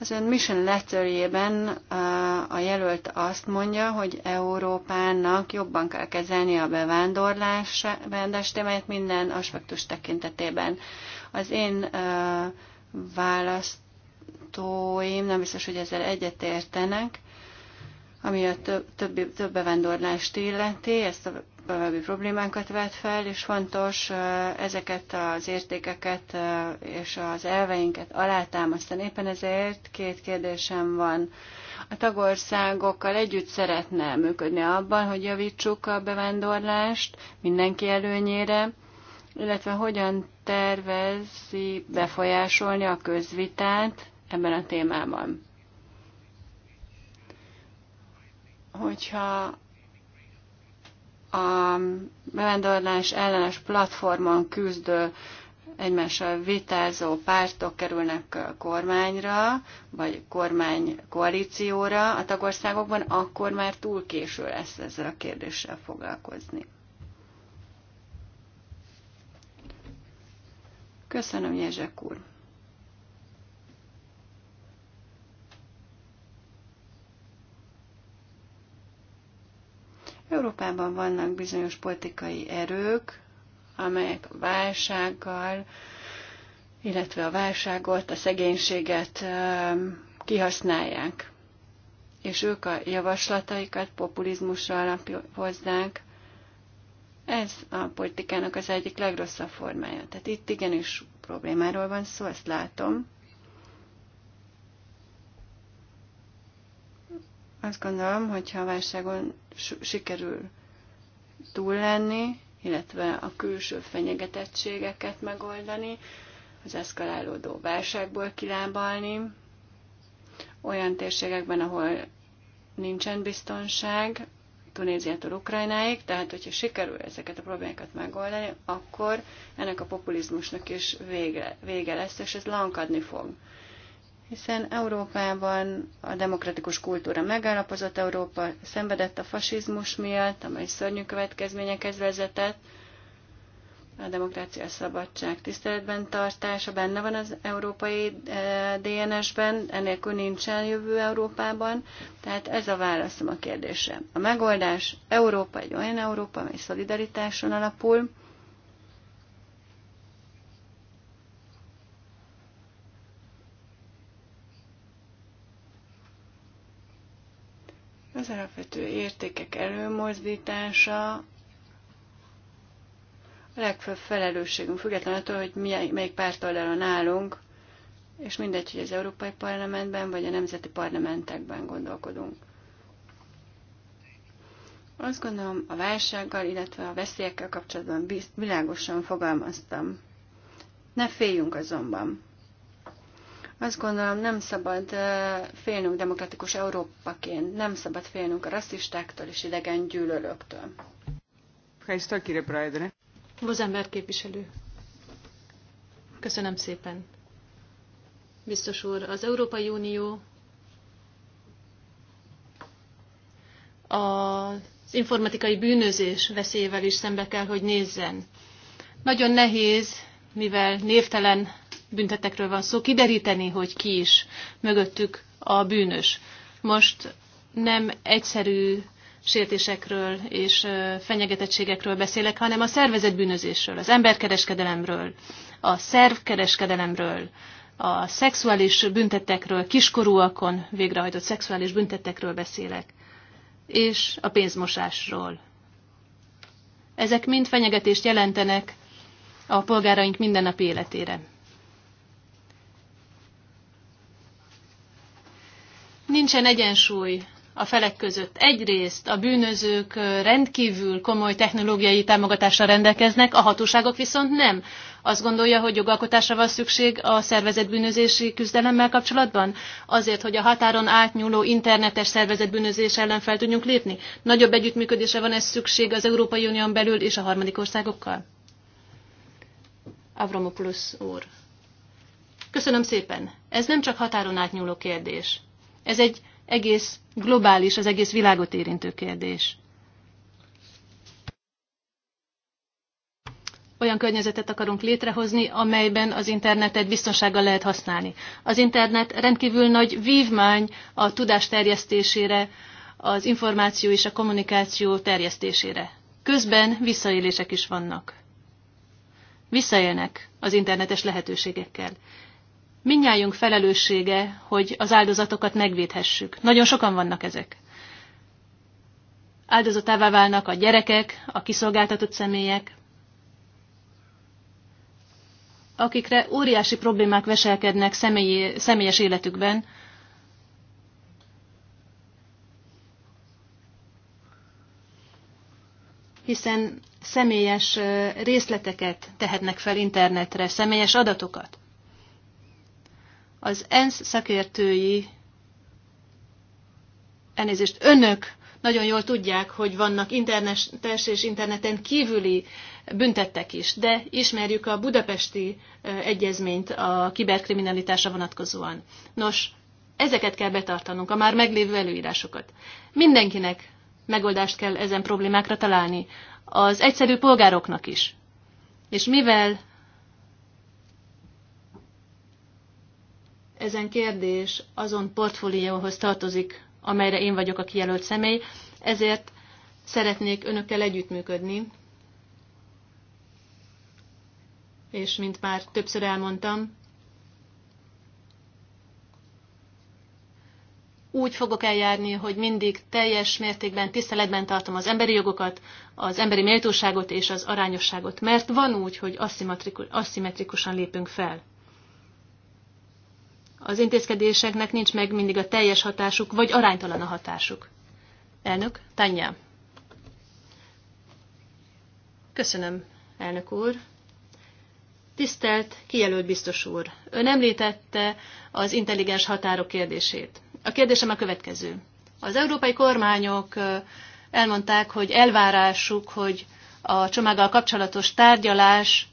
Az ön mission letterjében eh, a jelölt azt mondja, hogy Európának jobban kell kezelni a bevándorlás, bevándorlás témáját minden aspektus tekintetében. Az én eh, választóim nem biztos, hogy ezzel egyetértenek, ami a több, több, több bevándorlást illeti, ezt a további problémánkat vet fel, és fontos ezeket az értékeket és az elveinket alátámasztani. Éppen ezért két kérdésem van. A tagországokkal együtt szeretne működni abban, hogy javítsuk a bevándorlást mindenki előnyére, illetve hogyan tervezi befolyásolni a közvitát ebben a témában. Hogyha a bevándorlás ellenes platformon küzdő egymással vitázó pártok kerülnek kormányra, vagy kormány koalícióra a tagországokban, akkor már túl késő lesz ezzel a kérdéssel foglalkozni. Köszönöm, Jezsek úr! Európában vannak bizonyos politikai erők, amelyek a válsággal, illetve a válságot, a szegénységet kihasználják. És ők a javaslataikat populizmusra alapozzák. Ez a politikának az egyik legrosszabb formája. Tehát itt igenis problémáról van szó, ezt látom. Azt gondolom, hogyha a válságon sikerül túl lenni, illetve a külső fenyegetettségeket megoldani, az eszkalálódó válságból kilábalni, olyan térségekben, ahol nincsen biztonság, Tunéziától Ukrajnáig, tehát hogyha sikerül ezeket a problémákat megoldani, akkor ennek a populizmusnak is vége, vége lesz, és ez lankadni fog hiszen Európában a demokratikus kultúra megállapozott, Európa szenvedett a fasizmus miatt, amely szörnyű következményekhez vezetett, a demokrácia a szabadság tiszteletben tartása benne van az európai eh, DNS-ben, enélkül nincsen jövő Európában, tehát ez a válaszom a kérdésre. A megoldás Európa egy olyan Európa, amely szolidaritáson alapul, Az alapvető értékek előmozdítása a legfőbb felelősségünk, független attól, hogy melyik oldalon állunk, és mindegy, hogy az Európai Parlamentben vagy a nemzeti parlamentekben gondolkodunk. Azt gondolom, a válsággal, illetve a veszélyekkel kapcsolatban világosan fogalmaztam. Ne féljünk azonban. Azt gondolom, nem szabad félnünk demokratikus Európaként, nem szabad félnünk a rasszistáktól és idegen gyűlölőktől. Bozember képviselő. Köszönöm szépen. Biztos úr, az Európai Unió az informatikai bűnözés veszélyével is szembe kell, hogy nézzen. Nagyon nehéz, mivel névtelen büntetekről van szó, kideríteni, hogy ki is mögöttük a bűnös. Most nem egyszerű sértésekről és fenyegetettségekről beszélek, hanem a szervezett bűnözésről, az emberkereskedelemről, a szervkereskedelemről, a szexuális büntetekről, kiskorúakon végrehajtott szexuális büntetekről beszélek, és a pénzmosásról. Ezek mind fenyegetést jelentenek a polgáraink mindennapi életére. Nincsen egyensúly a felek között. Egyrészt a bűnözők rendkívül komoly technológiai támogatásra rendelkeznek, a hatóságok viszont nem. Azt gondolja, hogy jogalkotásra van szükség a szervezetbűnözési küzdelemmel kapcsolatban? Azért, hogy a határon átnyúló internetes szervezetbűnözés ellen fel tudjunk lépni? Nagyobb együttműködésre van ez szükség az Európai Unión belül és a harmadik országokkal? Avramopoulos úr. Köszönöm szépen. Ez nem csak határon átnyúló kérdés ez egy egész globális, az egész világot érintő kérdés. olyan környezetet akarunk létrehozni, amelyben az internetet biztonsággal lehet használni. Az internet rendkívül nagy vívmány a tudás terjesztésére, az információ és a kommunikáció terjesztésére. Közben visszaélések is vannak. Visszaélnek az internetes lehetőségekkel. Mindnyájunk felelőssége, hogy az áldozatokat megvédhessük. Nagyon sokan vannak ezek. Áldozatává válnak a gyerekek, a kiszolgáltatott személyek, akikre óriási problémák veselkednek személyi, személyes életükben, hiszen személyes részleteket tehetnek fel internetre, személyes adatokat az ENSZ szakértői, elnézést, önök nagyon jól tudják, hogy vannak internetes és interneten kívüli büntettek is, de ismerjük a budapesti egyezményt a kiberkriminalitásra vonatkozóan. Nos, ezeket kell betartanunk, a már meglévő előírásokat. Mindenkinek megoldást kell ezen problémákra találni, az egyszerű polgároknak is. És mivel ezen kérdés azon portfólióhoz tartozik, amelyre én vagyok a kijelölt személy, ezért szeretnék önökkel együttműködni, és mint már többször elmondtam, úgy fogok eljárni, hogy mindig teljes mértékben tiszteletben tartom az emberi jogokat, az emberi méltóságot és az arányosságot, mert van úgy, hogy aszimmetrikusan lépünk fel az intézkedéseknek nincs meg mindig a teljes hatásuk, vagy aránytalan a hatásuk. Elnök, Tanya. Köszönöm, elnök úr. Tisztelt kijelölt biztos úr, ön említette az intelligens határok kérdését. A kérdésem a következő. Az európai kormányok elmondták, hogy elvárásuk, hogy a csomaggal kapcsolatos tárgyalás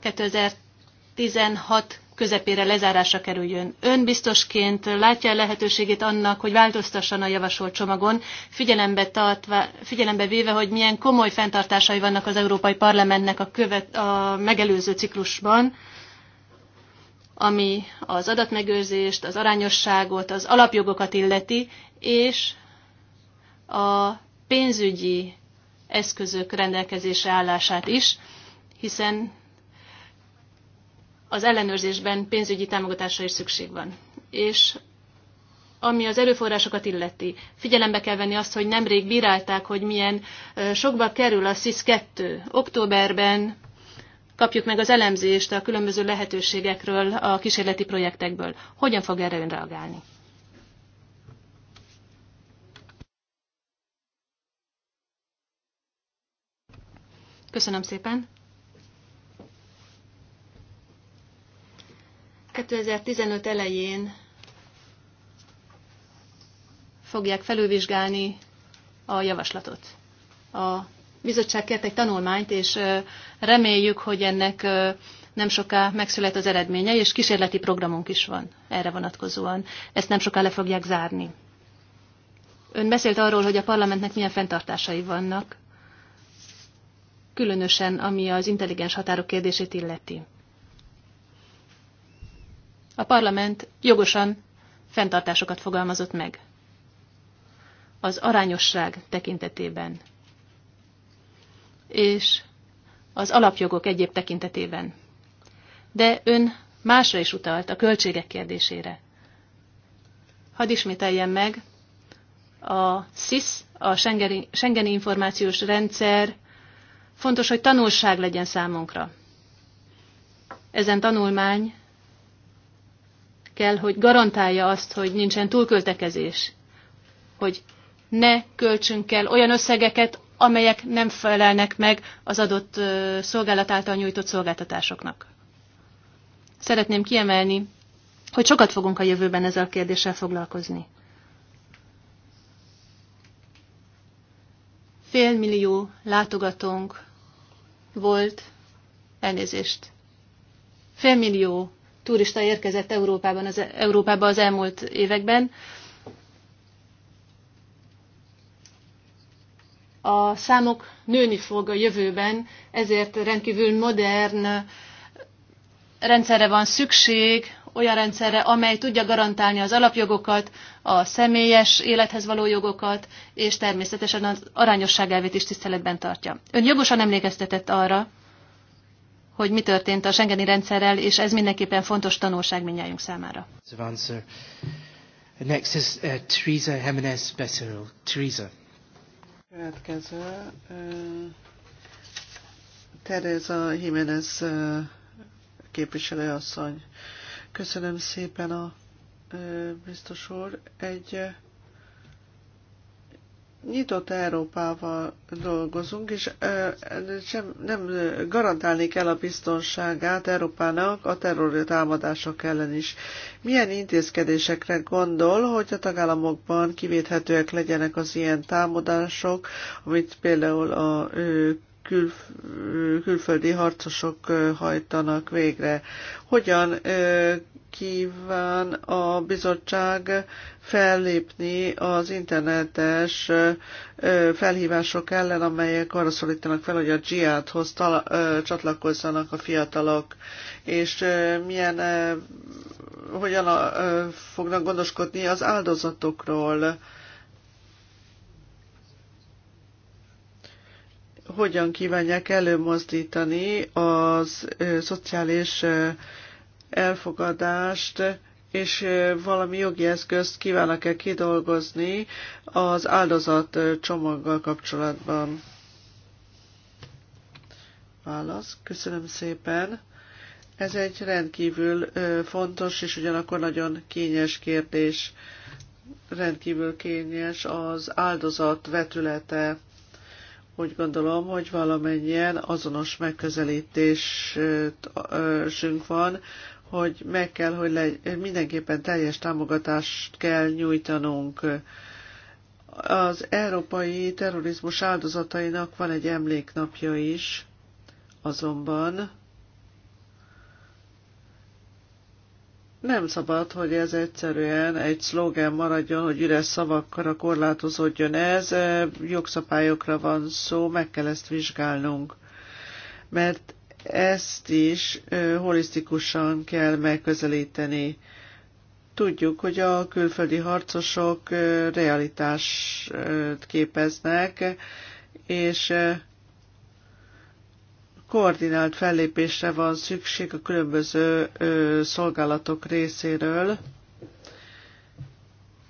2016 közepére lezárásra kerüljön. Ön biztosként látja lehetőségét annak, hogy változtasson a javasolt csomagon, figyelembe, tartva, figyelembe véve, hogy milyen komoly fenntartásai vannak az Európai Parlamentnek a, követ, a megelőző ciklusban, ami az adatmegőrzést, az arányosságot, az alapjogokat illeti, és a pénzügyi eszközök rendelkezésre állását is, hiszen az ellenőrzésben pénzügyi támogatásra is szükség van. És ami az erőforrásokat illeti. Figyelembe kell venni azt, hogy nemrég bírálták, hogy milyen sokba kerül a SZIS-2. Októberben kapjuk meg az elemzést a különböző lehetőségekről a kísérleti projektekből. Hogyan fog erre ön reagálni? Köszönöm szépen. 2015 elején fogják felülvizsgálni a javaslatot. A bizottság kért egy tanulmányt, és reméljük, hogy ennek nem soká megszület az eredménye, és kísérleti programunk is van erre vonatkozóan. Ezt nem soká le fogják zárni. Ön beszélt arról, hogy a parlamentnek milyen fenntartásai vannak, különösen ami az intelligens határok kérdését illeti a parlament jogosan fenntartásokat fogalmazott meg az arányosság tekintetében és az alapjogok egyéb tekintetében. De ön másra is utalt, a költségek kérdésére. Hadd ismételjem meg, a SIS, a Schengeni, Schengeni Információs Rendszer fontos, hogy tanulság legyen számunkra. Ezen tanulmány kell, hogy garantálja azt, hogy nincsen túlköltekezés, hogy ne költsünk el olyan összegeket, amelyek nem felelnek meg az adott szolgálat által nyújtott szolgáltatásoknak. Szeretném kiemelni, hogy sokat fogunk a jövőben ezzel a kérdéssel foglalkozni. Félmillió látogatónk volt, elnézést, félmillió turista érkezett Európában, az, Európába az elmúlt években. A számok nőni fog a jövőben, ezért rendkívül modern rendszerre van szükség, olyan rendszerre, amely tudja garantálni az alapjogokat, a személyes élethez való jogokat, és természetesen az arányosság elvét is tiszteletben tartja. Ön jogosan emlékeztetett arra, hogy mi történt a Schengeni rendszerrel, és ez mindenképpen fontos tanulság mindjárt számára. Next is uh, Teresa Jimenez Becerril. Teresa. Következő. Uh, Teresa Jimenez uh, képviselőasszony. Köszönöm szépen a uh, biztos úr. Egy uh, nyitott Európával dolgozunk, és sem, nem garantálni kell a biztonságát Európának a támadások ellen is. Milyen intézkedésekre gondol, hogy a tagállamokban kivéthetőek legyenek az ilyen támadások, amit például a kül, külföldi harcosok hajtanak végre. Hogyan kíván a bizottság fellépni az internetes felhívások ellen, amelyek arra szólítanak fel, hogy a dzsiádhoz csatlakozzanak a fiatalok, és milyen, hogyan fognak gondoskodni az áldozatokról, hogyan kívánják előmozdítani az szociális elfogadást, és valami jogi eszközt kívánnak-e kidolgozni az áldozat csomaggal kapcsolatban? Válasz. Köszönöm szépen. Ez egy rendkívül fontos és ugyanakkor nagyon kényes kérdés. Rendkívül kényes az áldozat vetülete úgy gondolom, hogy valamennyien azonos megközelítésünk van, hogy meg kell, hogy le, mindenképpen teljes támogatást kell nyújtanunk. Az európai terrorizmus áldozatainak van egy emléknapja is, azonban Nem szabad, hogy ez egyszerűen egy szlogen maradjon, hogy üres szavakkal korlátozódjon ez. Jogszabályokra van szó, meg kell ezt vizsgálnunk. Mert ezt is holisztikusan kell megközelíteni. Tudjuk, hogy a külföldi harcosok realitást képeznek, és koordinált fellépésre van szükség a különböző szolgálatok részéről,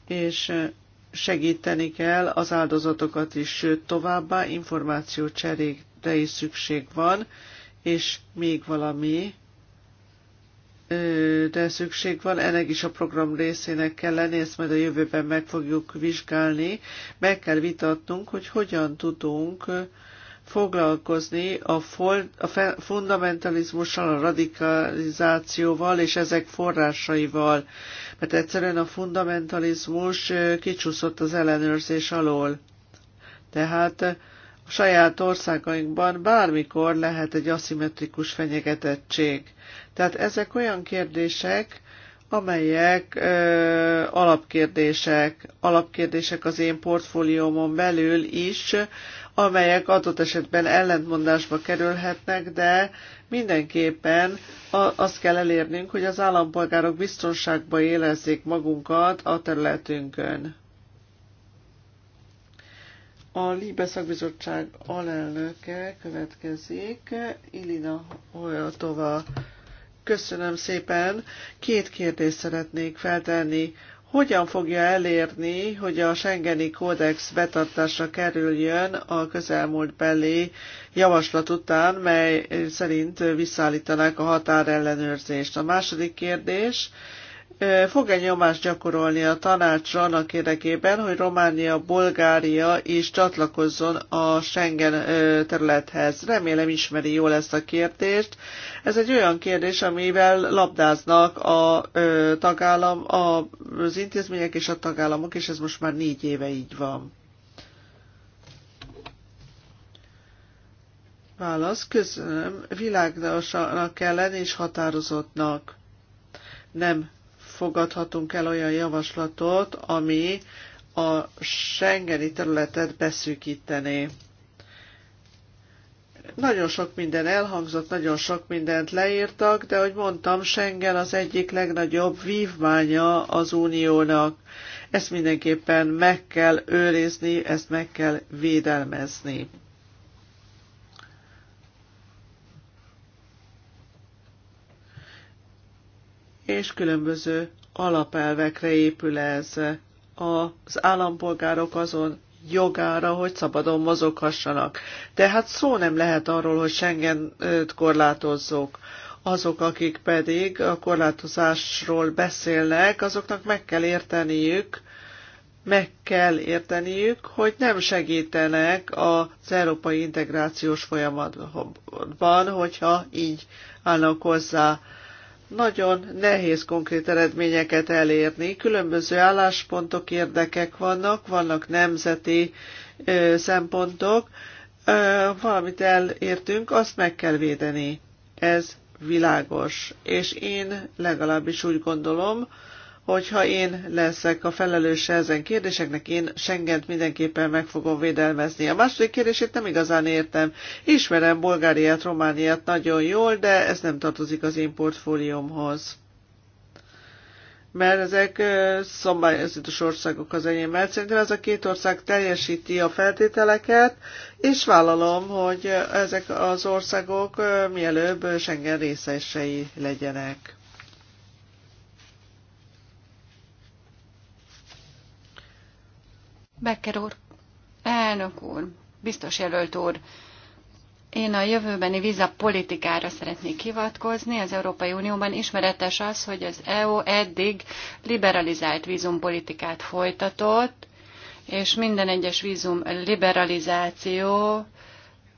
és segíteni kell az áldozatokat is, továbbá információ cserékre is szükség van, és még valami, de szükség van, ennek is a program részének kell lenni, ezt majd a jövőben meg fogjuk vizsgálni. Meg kell vitatnunk, hogy hogyan tudunk foglalkozni a, fol- a fundamentalizmussal, a radikalizációval és ezek forrásaival, mert egyszerűen a fundamentalizmus kicsúszott az ellenőrzés alól. Tehát a saját országainkban bármikor lehet egy aszimmetrikus fenyegetettség. Tehát ezek olyan kérdések, amelyek ö, alapkérdések, alapkérdések az én portfóliómon belül is, amelyek adott esetben ellentmondásba kerülhetnek, de mindenképpen azt kell elérnünk, hogy az állampolgárok biztonságba érezzék magunkat a területünkön. A Libe Szakbizottság alelnöke következik, Ilina Hojatova. Köszönöm szépen. Két kérdést szeretnék feltenni hogyan fogja elérni, hogy a Schengeni Kódex betartásra kerüljön a közelmúlt belé javaslat után, mely szerint visszaállítanák a határellenőrzést. A második kérdés, fog-e nyomást gyakorolni a tanácsra annak érdekében, hogy Románia, Bulgária is csatlakozzon a Schengen területhez? Remélem ismeri jól ezt a kérdést. Ez egy olyan kérdés, amivel labdáznak a tagállam, az intézmények és a tagállamok, és ez most már négy éve így van. Válasz, köszönöm. Világosnak kell lenni és határozottnak. Nem fogadhatunk el olyan javaslatot, ami a Schengeni területet beszűkítené. Nagyon sok minden elhangzott, nagyon sok mindent leírtak, de ahogy mondtam, Schengen az egyik legnagyobb vívmánya az uniónak. Ezt mindenképpen meg kell őrizni, ezt meg kell védelmezni. és különböző alapelvekre épül ez. Az állampolgárok azon jogára, hogy szabadon mozoghassanak. Tehát szó nem lehet arról, hogy Schengen korlátozzuk. Azok, akik pedig a korlátozásról beszélnek, azoknak meg kell érteniük, meg kell érteniük, hogy nem segítenek az európai integrációs folyamatban, hogyha így állnak hozzá nagyon nehéz konkrét eredményeket elérni. Különböző álláspontok, érdekek vannak, vannak nemzeti ö, szempontok. Ö, valamit elértünk, azt meg kell védeni. Ez világos. És én legalábbis úgy gondolom, hogyha én leszek a felelőse ezen kérdéseknek, én Schengent mindenképpen meg fogom védelmezni. A második kérdését nem igazán értem. Ismerem Bulgáriát, Romániát nagyon jól, de ez nem tartozik az én portfóliómhoz. Mert ezek szombályozatos országok az mert Szerintem ez a két ország teljesíti a feltételeket, és vállalom, hogy ezek az országok mielőbb Schengen részesei legyenek. Becker úr, elnök úr, biztos jelölt úr, én a jövőbeni politikára szeretnék hivatkozni. Az Európai Unióban ismeretes az, hogy az EU eddig liberalizált vízumpolitikát folytatott, és minden egyes vízum liberalizáció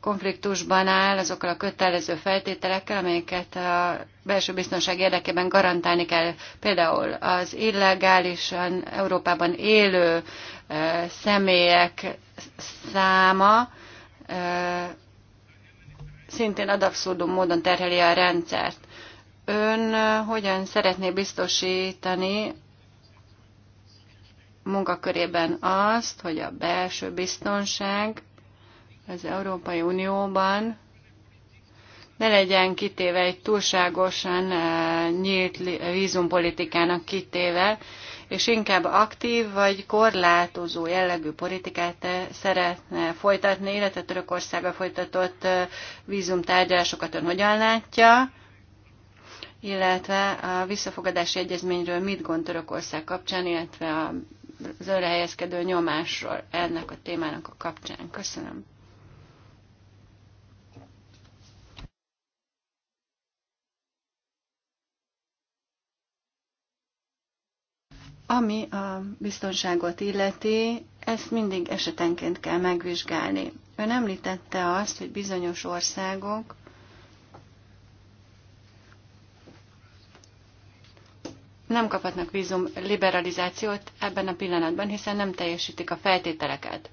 konfliktusban áll azokkal a kötelező feltételekkel, amelyeket a belső biztonság érdekében garantálni kell például az illegálisan Európában élő személyek száma szintén adabszurdum módon terheli a rendszert. Ön hogyan szeretné biztosítani munkakörében azt, hogy a belső biztonság az Európai Unióban ne legyen kitéve egy túlságosan eh, nyílt vízumpolitikának kitéve, és inkább aktív vagy korlátozó jellegű politikát eh, szeretne folytatni, illetve Törökországgal folytatott eh, vízumtárgyalásokat ön hogyan látja, illetve a visszafogadási egyezményről mit gond Törökország kapcsán, illetve az önre helyezkedő nyomásról ennek a témának a kapcsán. Köszönöm. Ami a biztonságot illeti, ezt mindig esetenként kell megvizsgálni. Ön említette azt, hogy bizonyos országok nem kaphatnak vízum liberalizációt ebben a pillanatban, hiszen nem teljesítik a feltételeket.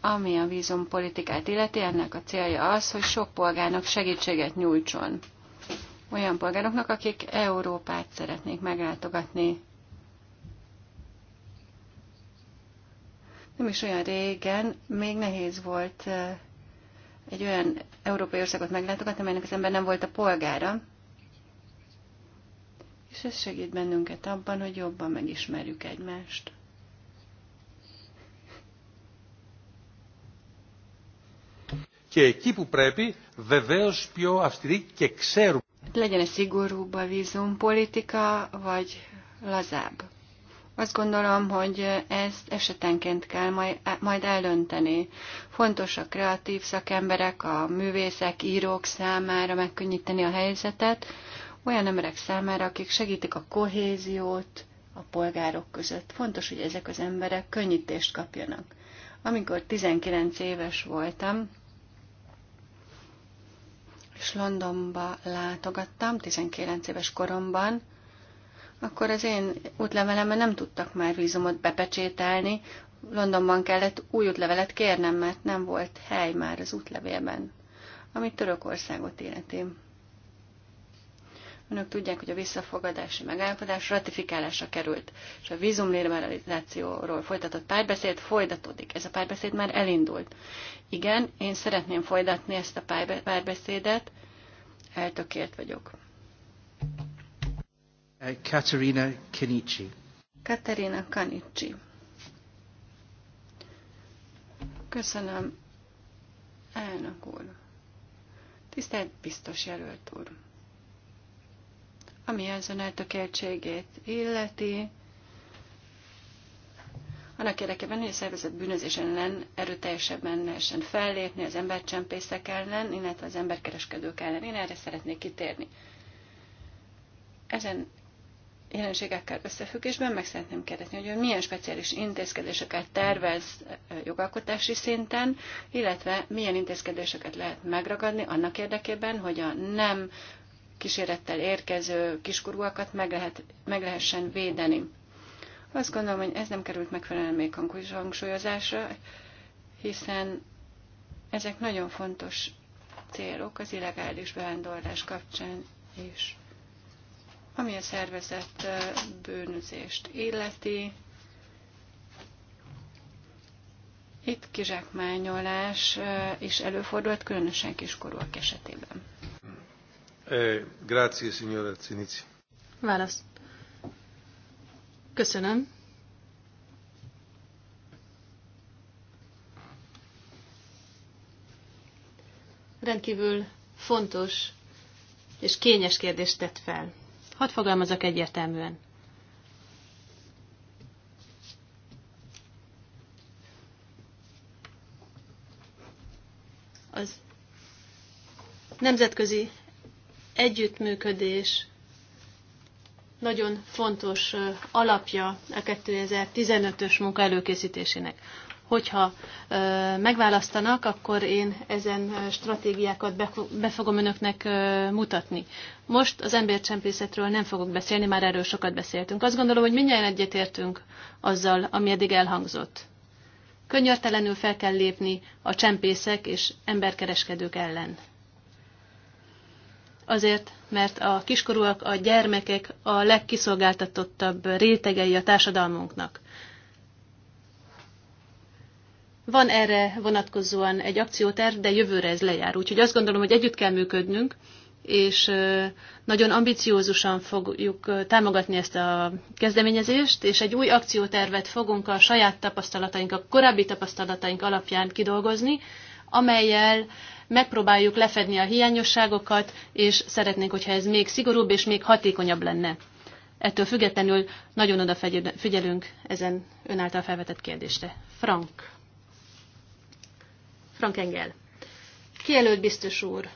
Ami a vízumpolitikát illeti, ennek a célja az, hogy sok polgárnak segítséget nyújtson. Olyan polgároknak, akik Európát szeretnék meglátogatni. Nem is olyan régen még nehéz volt egy olyan európai országot meglátogatni, amelynek az ember nem volt a polgára. És ez segít bennünket abban, hogy jobban megismerjük egymást. Και εκεί που πρέπει, βεβαίως πιο αυστηρή και ξέρουμε. Legyen-e szigorúbb πολιτικά, vízumpolitika, vagy lazább? Azt gondolom, hogy ezt esetenként kell majd eldönteni. Fontos a kreatív szakemberek, a művészek, írók számára megkönnyíteni a helyzetet, olyan emberek számára, akik segítik a kohéziót a polgárok között. Fontos, hogy ezek az emberek könnyítést kapjanak. Amikor 19 éves voltam, és Londonba látogattam 19 éves koromban, akkor az én útlevelemben nem tudtak már vízumot bepecsételni. Londonban kellett új útlevelet kérnem, mert nem volt hely már az útlevélben, ami Törökországot életi. Önök tudják, hogy a visszafogadási megállapodás ratifikálásra került, és a vízumliberalizációról folytatott párbeszéd folytatódik. Ez a párbeszéd már elindult. Igen, én szeretném folytatni ezt a párbeszédet, eltökélt vagyok. Uh, Katerina Kanichi. Katerina Kanichi. Köszönöm, elnök úr. Tisztelt biztos jelölt úr. Ami az ön eltökéltségét illeti, annak érdekében, hogy a szervezet bűnözés ellen erőteljesebben lehessen fellépni az embercsempészek ellen, illetve az emberkereskedők ellen. Én erre szeretnék kitérni. Ezen jelenségekkel összefüggésben meg szeretném kérdezni, hogy milyen speciális intézkedéseket tervez jogalkotási szinten, illetve milyen intézkedéseket lehet megragadni annak érdekében, hogy a nem kísérettel érkező kiskorúakat meg, lehet, meg lehessen védeni. Azt gondolom, hogy ez nem került megfelelően még hangsúlyozásra, hiszen ezek nagyon fontos célok az illegális bevándorlás kapcsán is ami a szervezett bőnözést illeti. Itt kizsákmányolás is előfordult, különösen kiskorúak esetében. Eh, grazie, signora Cinici. Válasz. Köszönöm. Rendkívül fontos és kényes kérdést tett fel. Hadd fogalmazok egyértelműen. Az nemzetközi együttműködés nagyon fontos alapja a 2015-ös munka előkészítésének hogyha megválasztanak, akkor én ezen stratégiákat be fogom önöknek mutatni. Most az embercsempészetről nem fogok beszélni, már erről sokat beszéltünk. Azt gondolom, hogy mindjárt egyetértünk azzal, ami eddig elhangzott. Könnyörtelenül fel kell lépni a csempészek és emberkereskedők ellen. Azért, mert a kiskorúak, a gyermekek a legkiszolgáltatottabb rétegei a társadalmunknak. Van erre vonatkozóan egy akcióterv, de jövőre ez lejár. Úgyhogy azt gondolom, hogy együtt kell működnünk, és nagyon ambiciózusan fogjuk támogatni ezt a kezdeményezést, és egy új akciótervet fogunk a saját tapasztalataink, a korábbi tapasztalataink alapján kidolgozni, amelyel megpróbáljuk lefedni a hiányosságokat, és szeretnénk, hogyha ez még szigorúbb és még hatékonyabb lenne. Ettől függetlenül nagyon odafigyelünk ezen önáltal felvetett kérdésre. Frank. Frank Engel. Kijelölt biztos úr.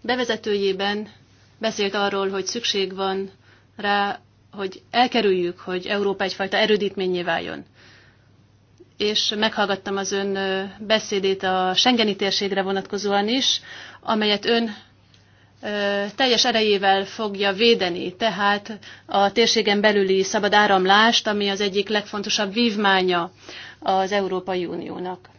Bevezetőjében beszélt arról, hogy szükség van rá, hogy elkerüljük, hogy Európa egyfajta erődítményé váljon. És meghallgattam az ön beszédét a Schengeni térségre vonatkozóan is, amelyet ön teljes erejével fogja védeni, tehát a térségen belüli szabad áramlást, ami az egyik legfontosabb vívmánya az Európai Uniónak.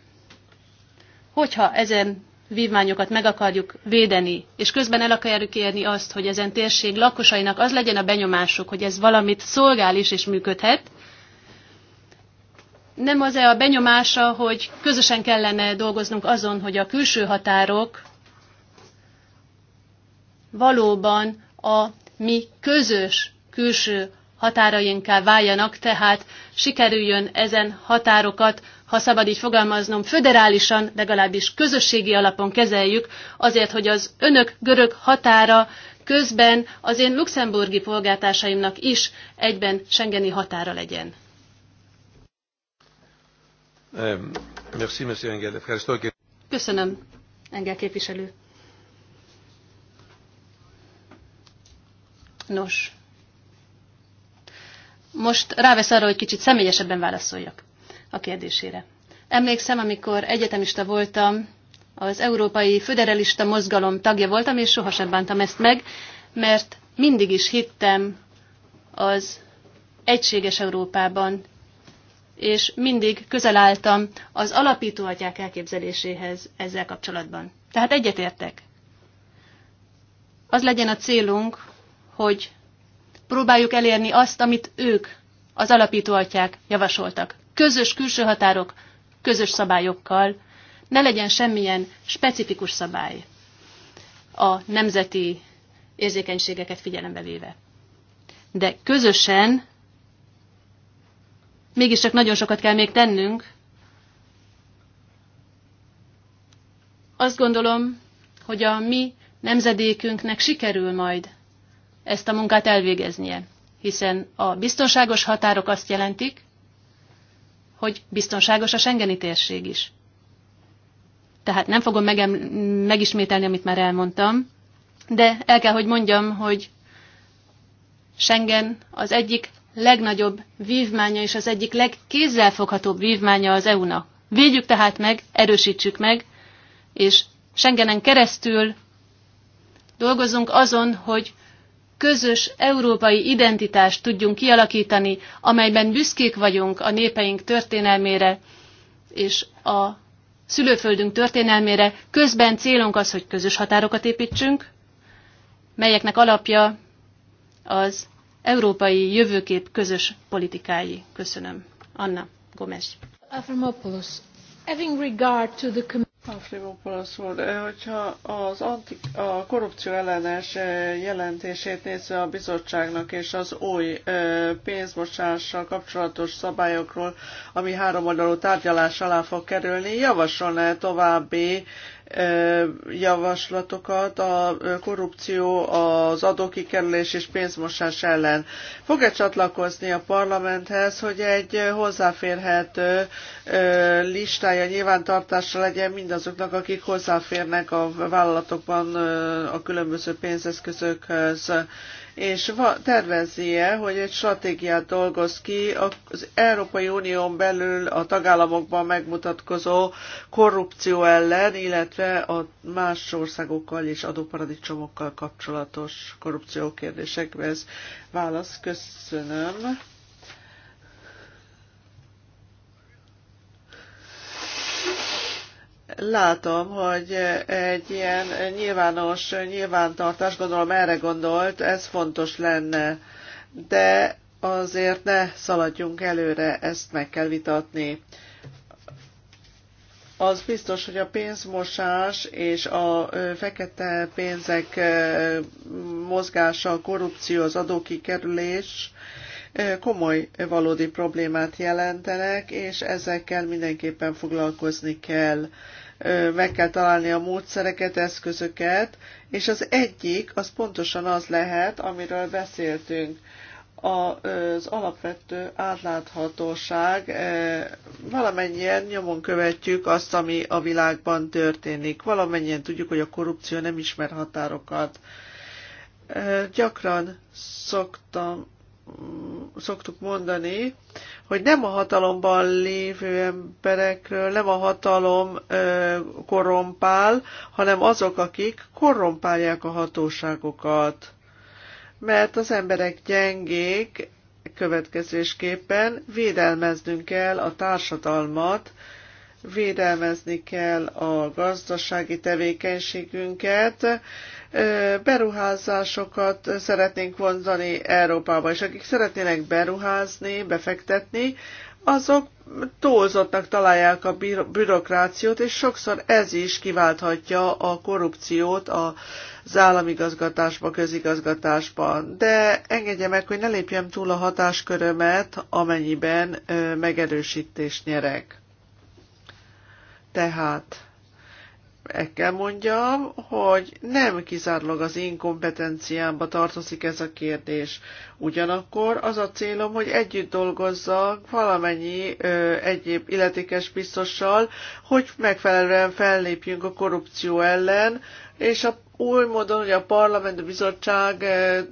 Hogyha ezen vívmányokat meg akarjuk védeni, és közben el akarjuk érni azt, hogy ezen térség lakosainak az legyen a benyomásuk, hogy ez valamit szolgál is és működhet, nem az-e a benyomása, hogy közösen kellene dolgoznunk azon, hogy a külső határok valóban a mi közös külső határainká váljanak, tehát sikerüljön ezen határokat ha szabad így fogalmaznom, föderálisan, legalábbis közösségi alapon kezeljük, azért, hogy az önök görög határa közben az én luxemburgi polgártársaimnak is egyben Schengeni határa legyen. Köszönöm, Engel képviselő. Nos, most rávesz arra, hogy kicsit személyesebben válaszoljak a kérdésére. Emlékszem, amikor egyetemista voltam, az Európai Föderalista Mozgalom tagja voltam, és sohasem bántam ezt meg, mert mindig is hittem az egységes Európában, és mindig közel álltam az alapító atyák elképzeléséhez ezzel kapcsolatban. Tehát egyetértek. Az legyen a célunk, hogy próbáljuk elérni azt, amit ők, az alapító atyák javasoltak közös külső határok, közös szabályokkal, ne legyen semmilyen specifikus szabály a nemzeti érzékenységeket figyelembe véve. De közösen mégiscsak nagyon sokat kell még tennünk. Azt gondolom, hogy a mi nemzedékünknek sikerül majd ezt a munkát elvégeznie, hiszen a biztonságos határok azt jelentik, hogy biztonságos a Schengeni térség is. Tehát nem fogom megem- megismételni, amit már elmondtam, de el kell, hogy mondjam, hogy Schengen az egyik legnagyobb vívmánya és az egyik legkézzelfoghatóbb vívmánya az EU-nak. Védjük tehát meg, erősítsük meg, és Schengenen keresztül dolgozunk azon, hogy közös európai identitást tudjunk kialakítani, amelyben büszkék vagyunk a népeink történelmére és a szülőföldünk történelmére. Közben célunk az, hogy közös határokat építsünk, melyeknek alapja az európai jövőkép közös politikái. Köszönöm. Anna Gomes. having regard to the Afrimopoulos úr, hogyha az anti, a korrupció ellenes jelentését nézve a bizottságnak és az új pénzmosással kapcsolatos szabályokról, ami háromoldalú tárgyalás alá fog kerülni, javasolna -e további javaslatokat a korrupció, az adókikerülés és pénzmosás ellen. Fog-e csatlakozni a parlamenthez, hogy egy hozzáférhető listája nyilvántartásra legyen mindazoknak, akik hozzáférnek a vállalatokban a különböző pénzeszközökhöz, és tervezi-e, hogy egy stratégiát dolgoz ki az Európai Unión belül a tagállamokban megmutatkozó korrupció ellen, illetve a más országokkal és adóparadicsomokkal kapcsolatos korrupció kérdésekben. válasz. Köszönöm. Látom, hogy egy ilyen nyilvános nyilvántartás, gondolom erre gondolt, ez fontos lenne, de azért ne szaladjunk előre, ezt meg kell vitatni. Az biztos, hogy a pénzmosás és a fekete pénzek mozgása, a korrupció, az adókikerülés, komoly valódi problémát jelentenek, és ezekkel mindenképpen foglalkozni kell. Meg kell találni a módszereket, eszközöket, és az egyik, az pontosan az lehet, amiről beszéltünk, az alapvető átláthatóság, valamennyien nyomon követjük azt, ami a világban történik, valamennyien tudjuk, hogy a korrupció nem ismer határokat. Gyakran szoktam szoktuk mondani, hogy nem a hatalomban lévő emberekről, nem a hatalom ö, korrompál, hanem azok, akik korrompálják a hatóságokat. Mert az emberek gyengék, következésképpen védelmeznünk kell a társadalmat, védelmezni kell a gazdasági tevékenységünket, beruházásokat szeretnénk vonzani Európába, és akik szeretnének beruházni, befektetni, azok túlzottnak találják a bürokrációt, és sokszor ez is kiválthatja a korrupciót az államigazgatásba, közigazgatásban. De engedje meg, hogy ne lépjem túl a hatáskörömet, amennyiben megerősítést nyerek. Tehát meg kell mondjam, hogy nem kizárólag az én kompetenciámba tartozik ez a kérdés. Ugyanakkor az a célom, hogy együtt dolgozzak valamennyi ö, egyéb illetékes biztossal, hogy megfelelően fellépjünk a korrupció ellen, és a új módon, hogy a parlament, a bizottság eh,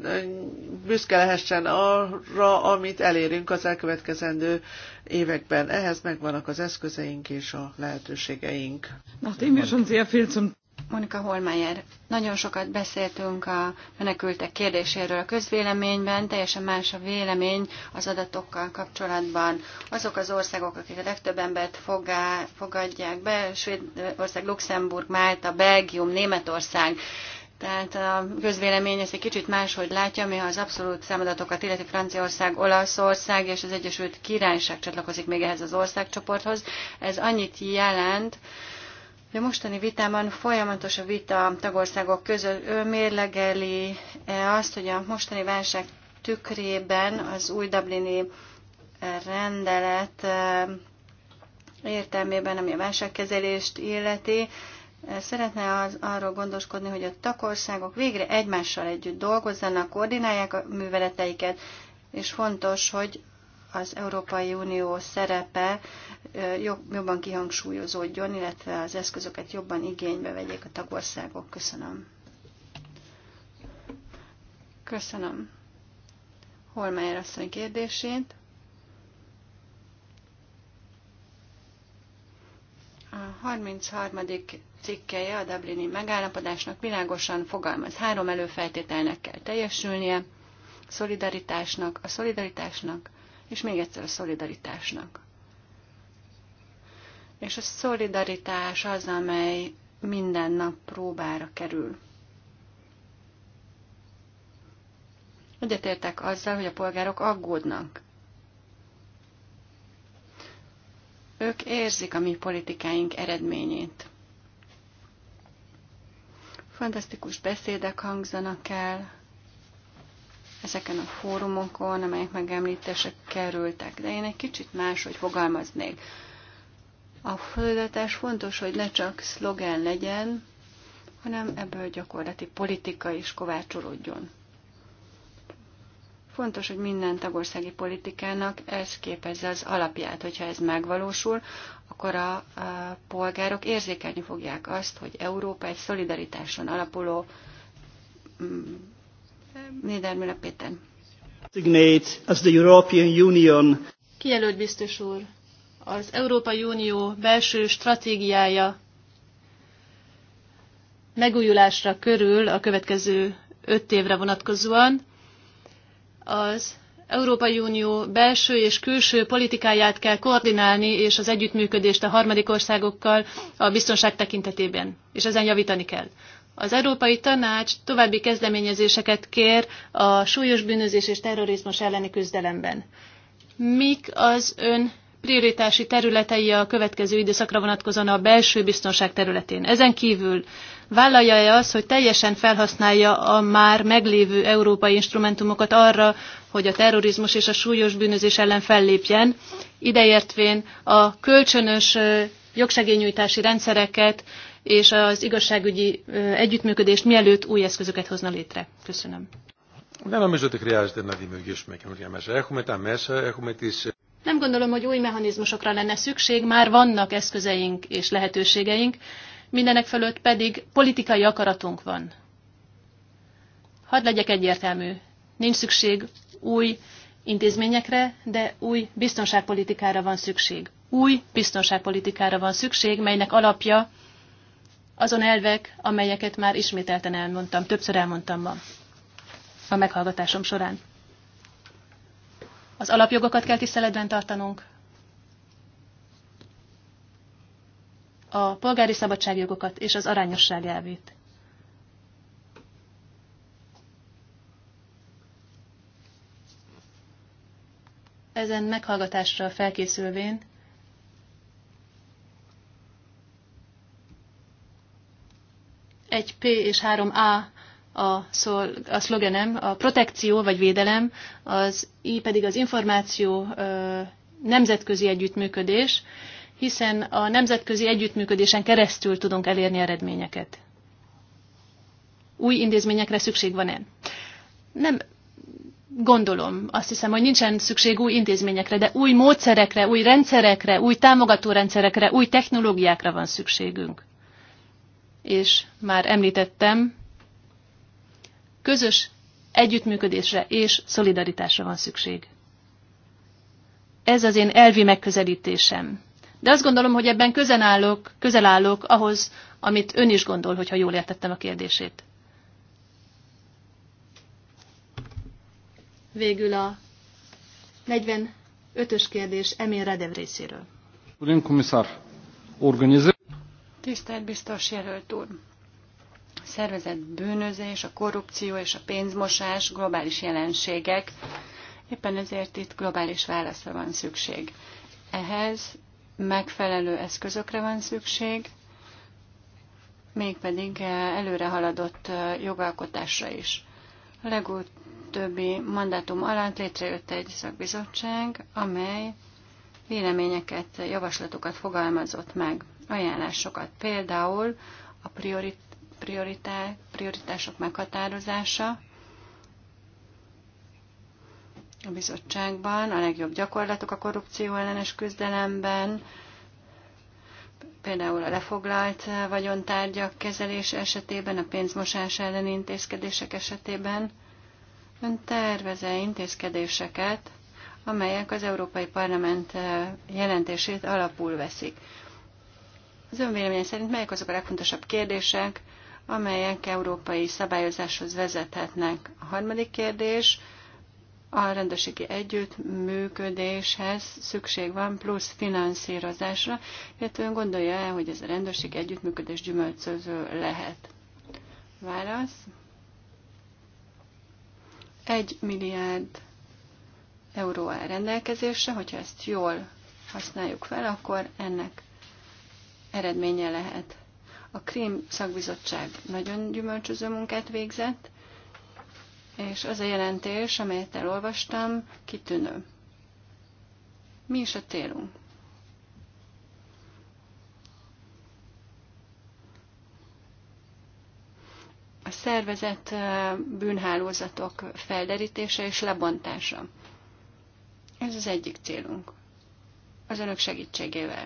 büszke lehessen arra, amit elérünk az elkövetkezendő években. Ehhez megvannak az eszközeink és a lehetőségeink. Nachdem wir schon sehr viel zum Monika Holmeyer, nagyon sokat beszéltünk a menekültek kérdéséről a közvéleményben, teljesen más a vélemény az adatokkal kapcsolatban. Azok az országok, akik a legtöbb embert fogá, fogadják be, Svédország, Luxemburg, Málta, Belgium, Németország, tehát a közvélemény ezt egy kicsit máshogy látja, mi az abszolút számadatokat illeti Franciaország, Olaszország és az Egyesült Királyság csatlakozik még ehhez az országcsoporthoz. Ez annyit jelent, a mostani vitában folyamatos a vita a tagországok között. Ő mérlegeli e, azt, hogy a mostani válság tükrében az új Dublini e, rendelet e, értelmében, ami a válságkezelést illeti, szeretne az, arról gondoskodni, hogy a tagországok végre egymással együtt dolgozzanak, koordinálják a műveleteiket, és fontos, hogy az Európai Unió szerepe jobban kihangsúlyozódjon, illetve az eszközöket jobban igénybe vegyék a tagországok. Köszönöm. Köszönöm Holmeyer asszony kérdését. A 33. cikkeje a Dublini megállapodásnak világosan fogalmaz. Három előfeltételnek kell teljesülnie. Szolidaritásnak, a szolidaritásnak, és még egyszer a szolidaritásnak. És a szolidaritás az, amely minden nap próbára kerül. Egyetértek azzal, hogy a polgárok aggódnak. Ők érzik a mi politikáink eredményét. Fantasztikus beszédek hangzanak el, ezeken a fórumokon, amelyek megemlítések kerültek. De én egy kicsit máshogy fogalmaznék. A földetés fontos, hogy ne csak szlogen legyen, hanem ebből gyakorlati politika is kovácsolódjon. Fontos, hogy minden tagországi politikának ez képezze az alapját. Hogyha ez megvalósul, akkor a, a polgárok érzékelni fogják azt, hogy Európa egy szolidaritáson alapuló mm, Niedermüller Péter. As the European Union. Kijelölt biztos úr, az Európai Unió belső stratégiája megújulásra körül a következő öt évre vonatkozóan az Európai Unió belső és külső politikáját kell koordinálni, és az együttműködést a harmadik országokkal a biztonság tekintetében, és ezen javítani kell. Az Európai Tanács további kezdeményezéseket kér a súlyos bűnözés és terrorizmus elleni küzdelemben. Mik az ön prioritási területei a következő időszakra vonatkozóan a belső biztonság területén? Ezen kívül vállalja-e az, hogy teljesen felhasználja a már meglévő európai instrumentumokat arra, hogy a terrorizmus és a súlyos bűnözés ellen fellépjen, ideértvén a kölcsönös jogsegényújtási rendszereket, és az igazságügyi együttműködést mielőtt új eszközöket hozna létre. Köszönöm. Nem gondolom, hogy új mechanizmusokra lenne szükség, már vannak eszközeink és lehetőségeink, mindenek fölött pedig politikai akaratunk van. Hadd legyek egyértelmű, nincs szükség új intézményekre, de új biztonságpolitikára van szükség. Új biztonságpolitikára van szükség, melynek alapja azon elvek, amelyeket már ismételten elmondtam, többször elmondtam ma a meghallgatásom során. Az alapjogokat kell tiszteletben tartanunk, a polgári szabadságjogokat és az arányosság elvét. Ezen meghallgatásra felkészülvén 1P és 3A a, szol, a szlogenem, a protekció vagy védelem, az I pedig az információ nemzetközi együttműködés, hiszen a nemzetközi együttműködésen keresztül tudunk elérni eredményeket. Új intézményekre szükség van-e? Nem gondolom. Azt hiszem, hogy nincsen szükség új intézményekre, de új módszerekre, új rendszerekre, új támogatórendszerekre, új technológiákra van szükségünk és már említettem, közös együttműködésre és szolidaritásra van szükség. Ez az én elvi megközelítésem. De azt gondolom, hogy ebben közel állok, közel állok ahhoz, amit ön is gondol, hogyha jól értettem a kérdését. Végül a 45-ös kérdés Emil Redev részéről. Urim komisár, organizál... Tisztelt biztos jelölt úr! A szervezett bűnözés, a korrupció és a pénzmosás globális jelenségek, éppen ezért itt globális válaszra van szükség. Ehhez megfelelő eszközökre van szükség, mégpedig előre haladott jogalkotásra is. A legutóbbi mandátum alatt létrejött egy szakbizottság, amely véleményeket, javaslatokat fogalmazott meg ajánlásokat. Például a prioritá, prioritások meghatározása a bizottságban, a legjobb gyakorlatok a korrupció ellenes küzdelemben, például a lefoglalt vagyontárgyak kezelése esetében, a pénzmosás elleni intézkedések esetében. Ön terveze intézkedéseket, amelyek az Európai Parlament eh, jelentését alapul veszik. Az önvéleménye szerint melyek azok a legfontosabb kérdések, amelyek európai szabályozáshoz vezethetnek? A harmadik kérdés, a rendőrségi együttműködéshez szükség van plusz finanszírozásra, illetve ön gondolja el, hogy ez a rendőrségi együttműködés gyümölcöző lehet? Válasz. Egy milliárd euró áll rendelkezésre, hogyha ezt jól használjuk fel, akkor ennek eredménye lehet. A Krím szakbizottság nagyon gyümölcsöző munkát végzett, és az a jelentés, amelyet elolvastam, kitűnő. Mi is a célunk? A szervezet bűnhálózatok felderítése és lebontása. Ez az egyik célunk. Az önök segítségével.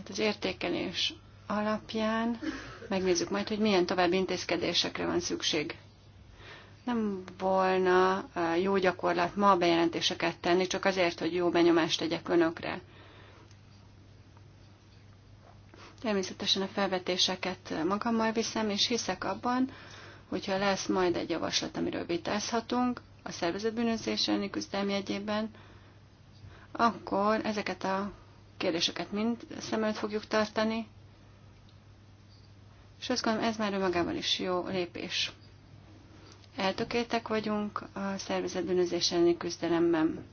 Hát az értékelés alapján megnézzük majd, hogy milyen további intézkedésekre van szükség. Nem volna jó gyakorlat ma bejelentéseket tenni, csak azért, hogy jó benyomást tegyek önökre. Természetesen a felvetéseket magammal viszem, és hiszek abban, hogyha lesz majd egy javaslat, amiről vitázhatunk a szervezetbűnözés elleni küzdelmi egyében, akkor ezeket a kérdéseket mind szem előtt fogjuk tartani, és azt gondolom, ez már önmagában is jó lépés. Eltökéltek vagyunk a szervezet bűnözés elleni küzdelemben.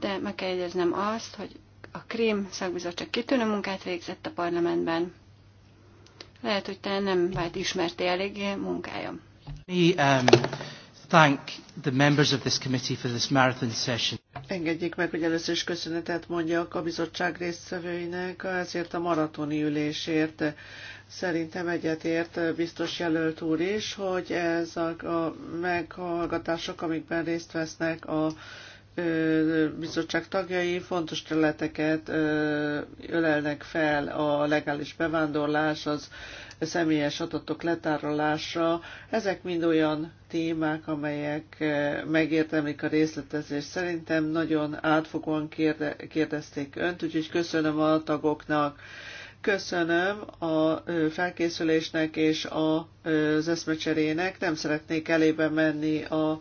De meg kell jegyeznem azt, hogy a Krím szakbizottság kitűnő munkát végzett a parlamentben. Lehet, hogy te nem vált ismerté eléggé munkája. um, thank the members of this committee for this marathon session. Engedjék meg, hogy először is köszönetet mondjak a bizottság résztvevőinek ezért a maratoni ülésért. Szerintem egyetért biztos jelölt úr is, hogy ez a, a meghallgatások, amikben részt vesznek a bizottság tagjai fontos területeket ölelnek fel, a legális bevándorlás, az személyes adatok letárolása, ezek mind olyan témák, amelyek eh, megértemlik a részletezést. Szerintem nagyon átfogóan kérdezték önt, úgyhogy köszönöm a tagoknak. Köszönöm a felkészülésnek és az eszmecserének. Nem szeretnék elébe menni a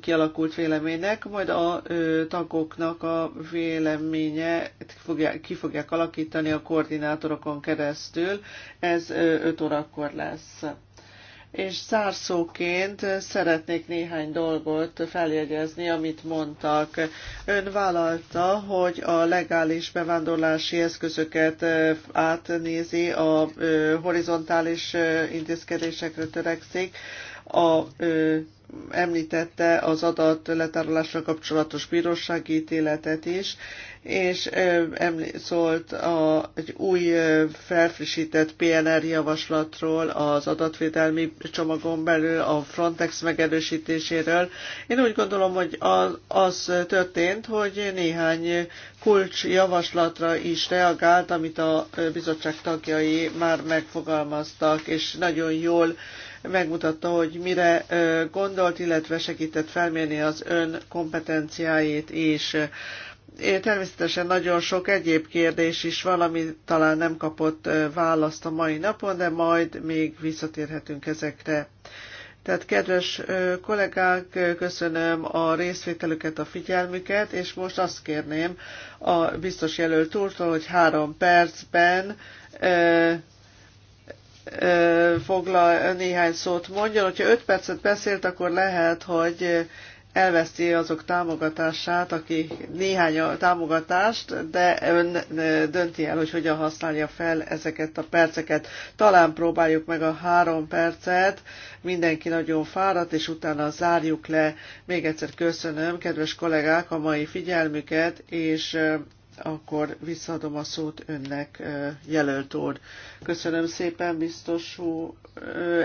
kialakult véleménynek, majd a tagoknak a véleménye ki fogják alakítani a koordinátorokon keresztül. Ez 5 órakor lesz. És zárszóként szeretnék néhány dolgot feljegyezni, amit mondtak. Ön vállalta, hogy a legális bevándorlási eszközöket átnézi, a horizontális intézkedésekre törekszik a ö, említette az adat letárolásra kapcsolatos bírósági ítéletet is, és említ, szólt a, egy új felfrissített PNR javaslatról az adatvédelmi csomagon belül, a Frontex megerősítéséről. Én úgy gondolom, hogy az, az történt, hogy néhány kulcs javaslatra is reagált, amit a bizottság tagjai már megfogalmaztak, és nagyon jól megmutatta, hogy mire gondolt, illetve segített felmérni az ön kompetenciáit és Természetesen nagyon sok egyéb kérdés is valami talán nem kapott választ a mai napon, de majd még visszatérhetünk ezekre. Tehát kedves kollégák, köszönöm a részvételüket, a figyelmüket, és most azt kérném a biztos jelölt úrtól, hogy három percben foglal, néhány szót mondjon. Hogyha öt percet beszélt, akkor lehet, hogy elveszti azok támogatását, aki néhány támogatást, de ön dönti el, hogy hogyan használja fel ezeket a perceket. Talán próbáljuk meg a három percet, mindenki nagyon fáradt, és utána zárjuk le. Még egyszer köszönöm, kedves kollégák, a mai figyelmüket, és akkor visszaadom a szót önnek, jelölt úr. Köszönöm szépen, biztos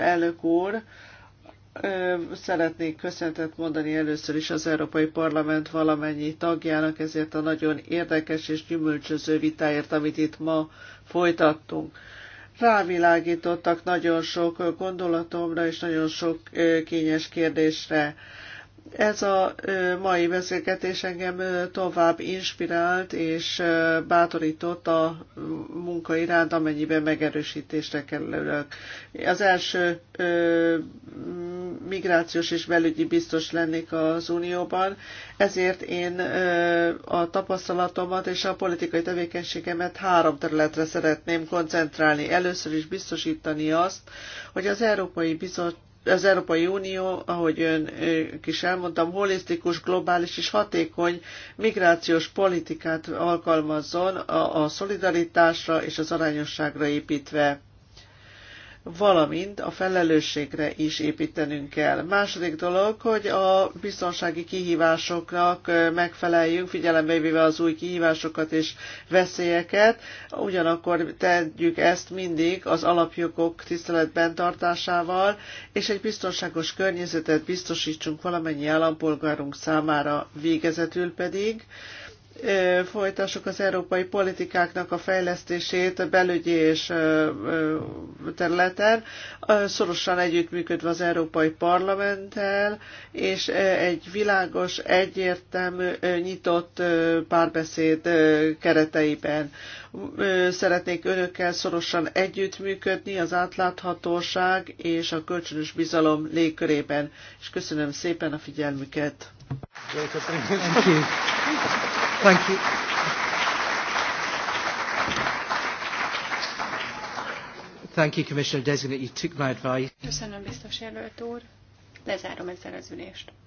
elnök úr. Szeretnék köszöntet mondani először is az Európai Parlament valamennyi tagjának ezért a nagyon érdekes és gyümölcsöző vitáért, amit itt ma folytattunk. Rávilágítottak nagyon sok gondolatomra és nagyon sok kényes kérdésre. Ez a mai beszélgetés engem tovább inspirált és bátorított a munka iránt, amennyiben megerősítésre kerülök. Az első migrációs és belügyi biztos lennék az Unióban, ezért én a tapasztalatomat és a politikai tevékenységemet három területre szeretném koncentrálni. Először is biztosítani azt, hogy az Európai Bizottság az Európai Unió, ahogy ön is elmondtam, holisztikus, globális és hatékony migrációs politikát alkalmazzon a, a szolidaritásra és az arányosságra építve valamint a felelősségre is építenünk kell. Második dolog, hogy a biztonsági kihívásoknak megfeleljünk, figyelembe véve az új kihívásokat és veszélyeket, ugyanakkor tegyük ezt mindig az alapjogok tiszteletben tartásával, és egy biztonságos környezetet biztosítsunk valamennyi állampolgárunk számára végezetül pedig, folytassuk az európai politikáknak a fejlesztését a belügyi és területen, szorosan együttműködve az Európai Parlamenttel, és egy világos, egyértelmű, nyitott párbeszéd kereteiben. Szeretnék önökkel szorosan együttműködni az átláthatóság és a kölcsönös bizalom légkörében. És köszönöm szépen a figyelmüket. Thank you. Thank you. Thank you, Commissioner Designate. You took my advice. Köszönöm, biztos jelölt úr. Lezárom ezzel az ülést.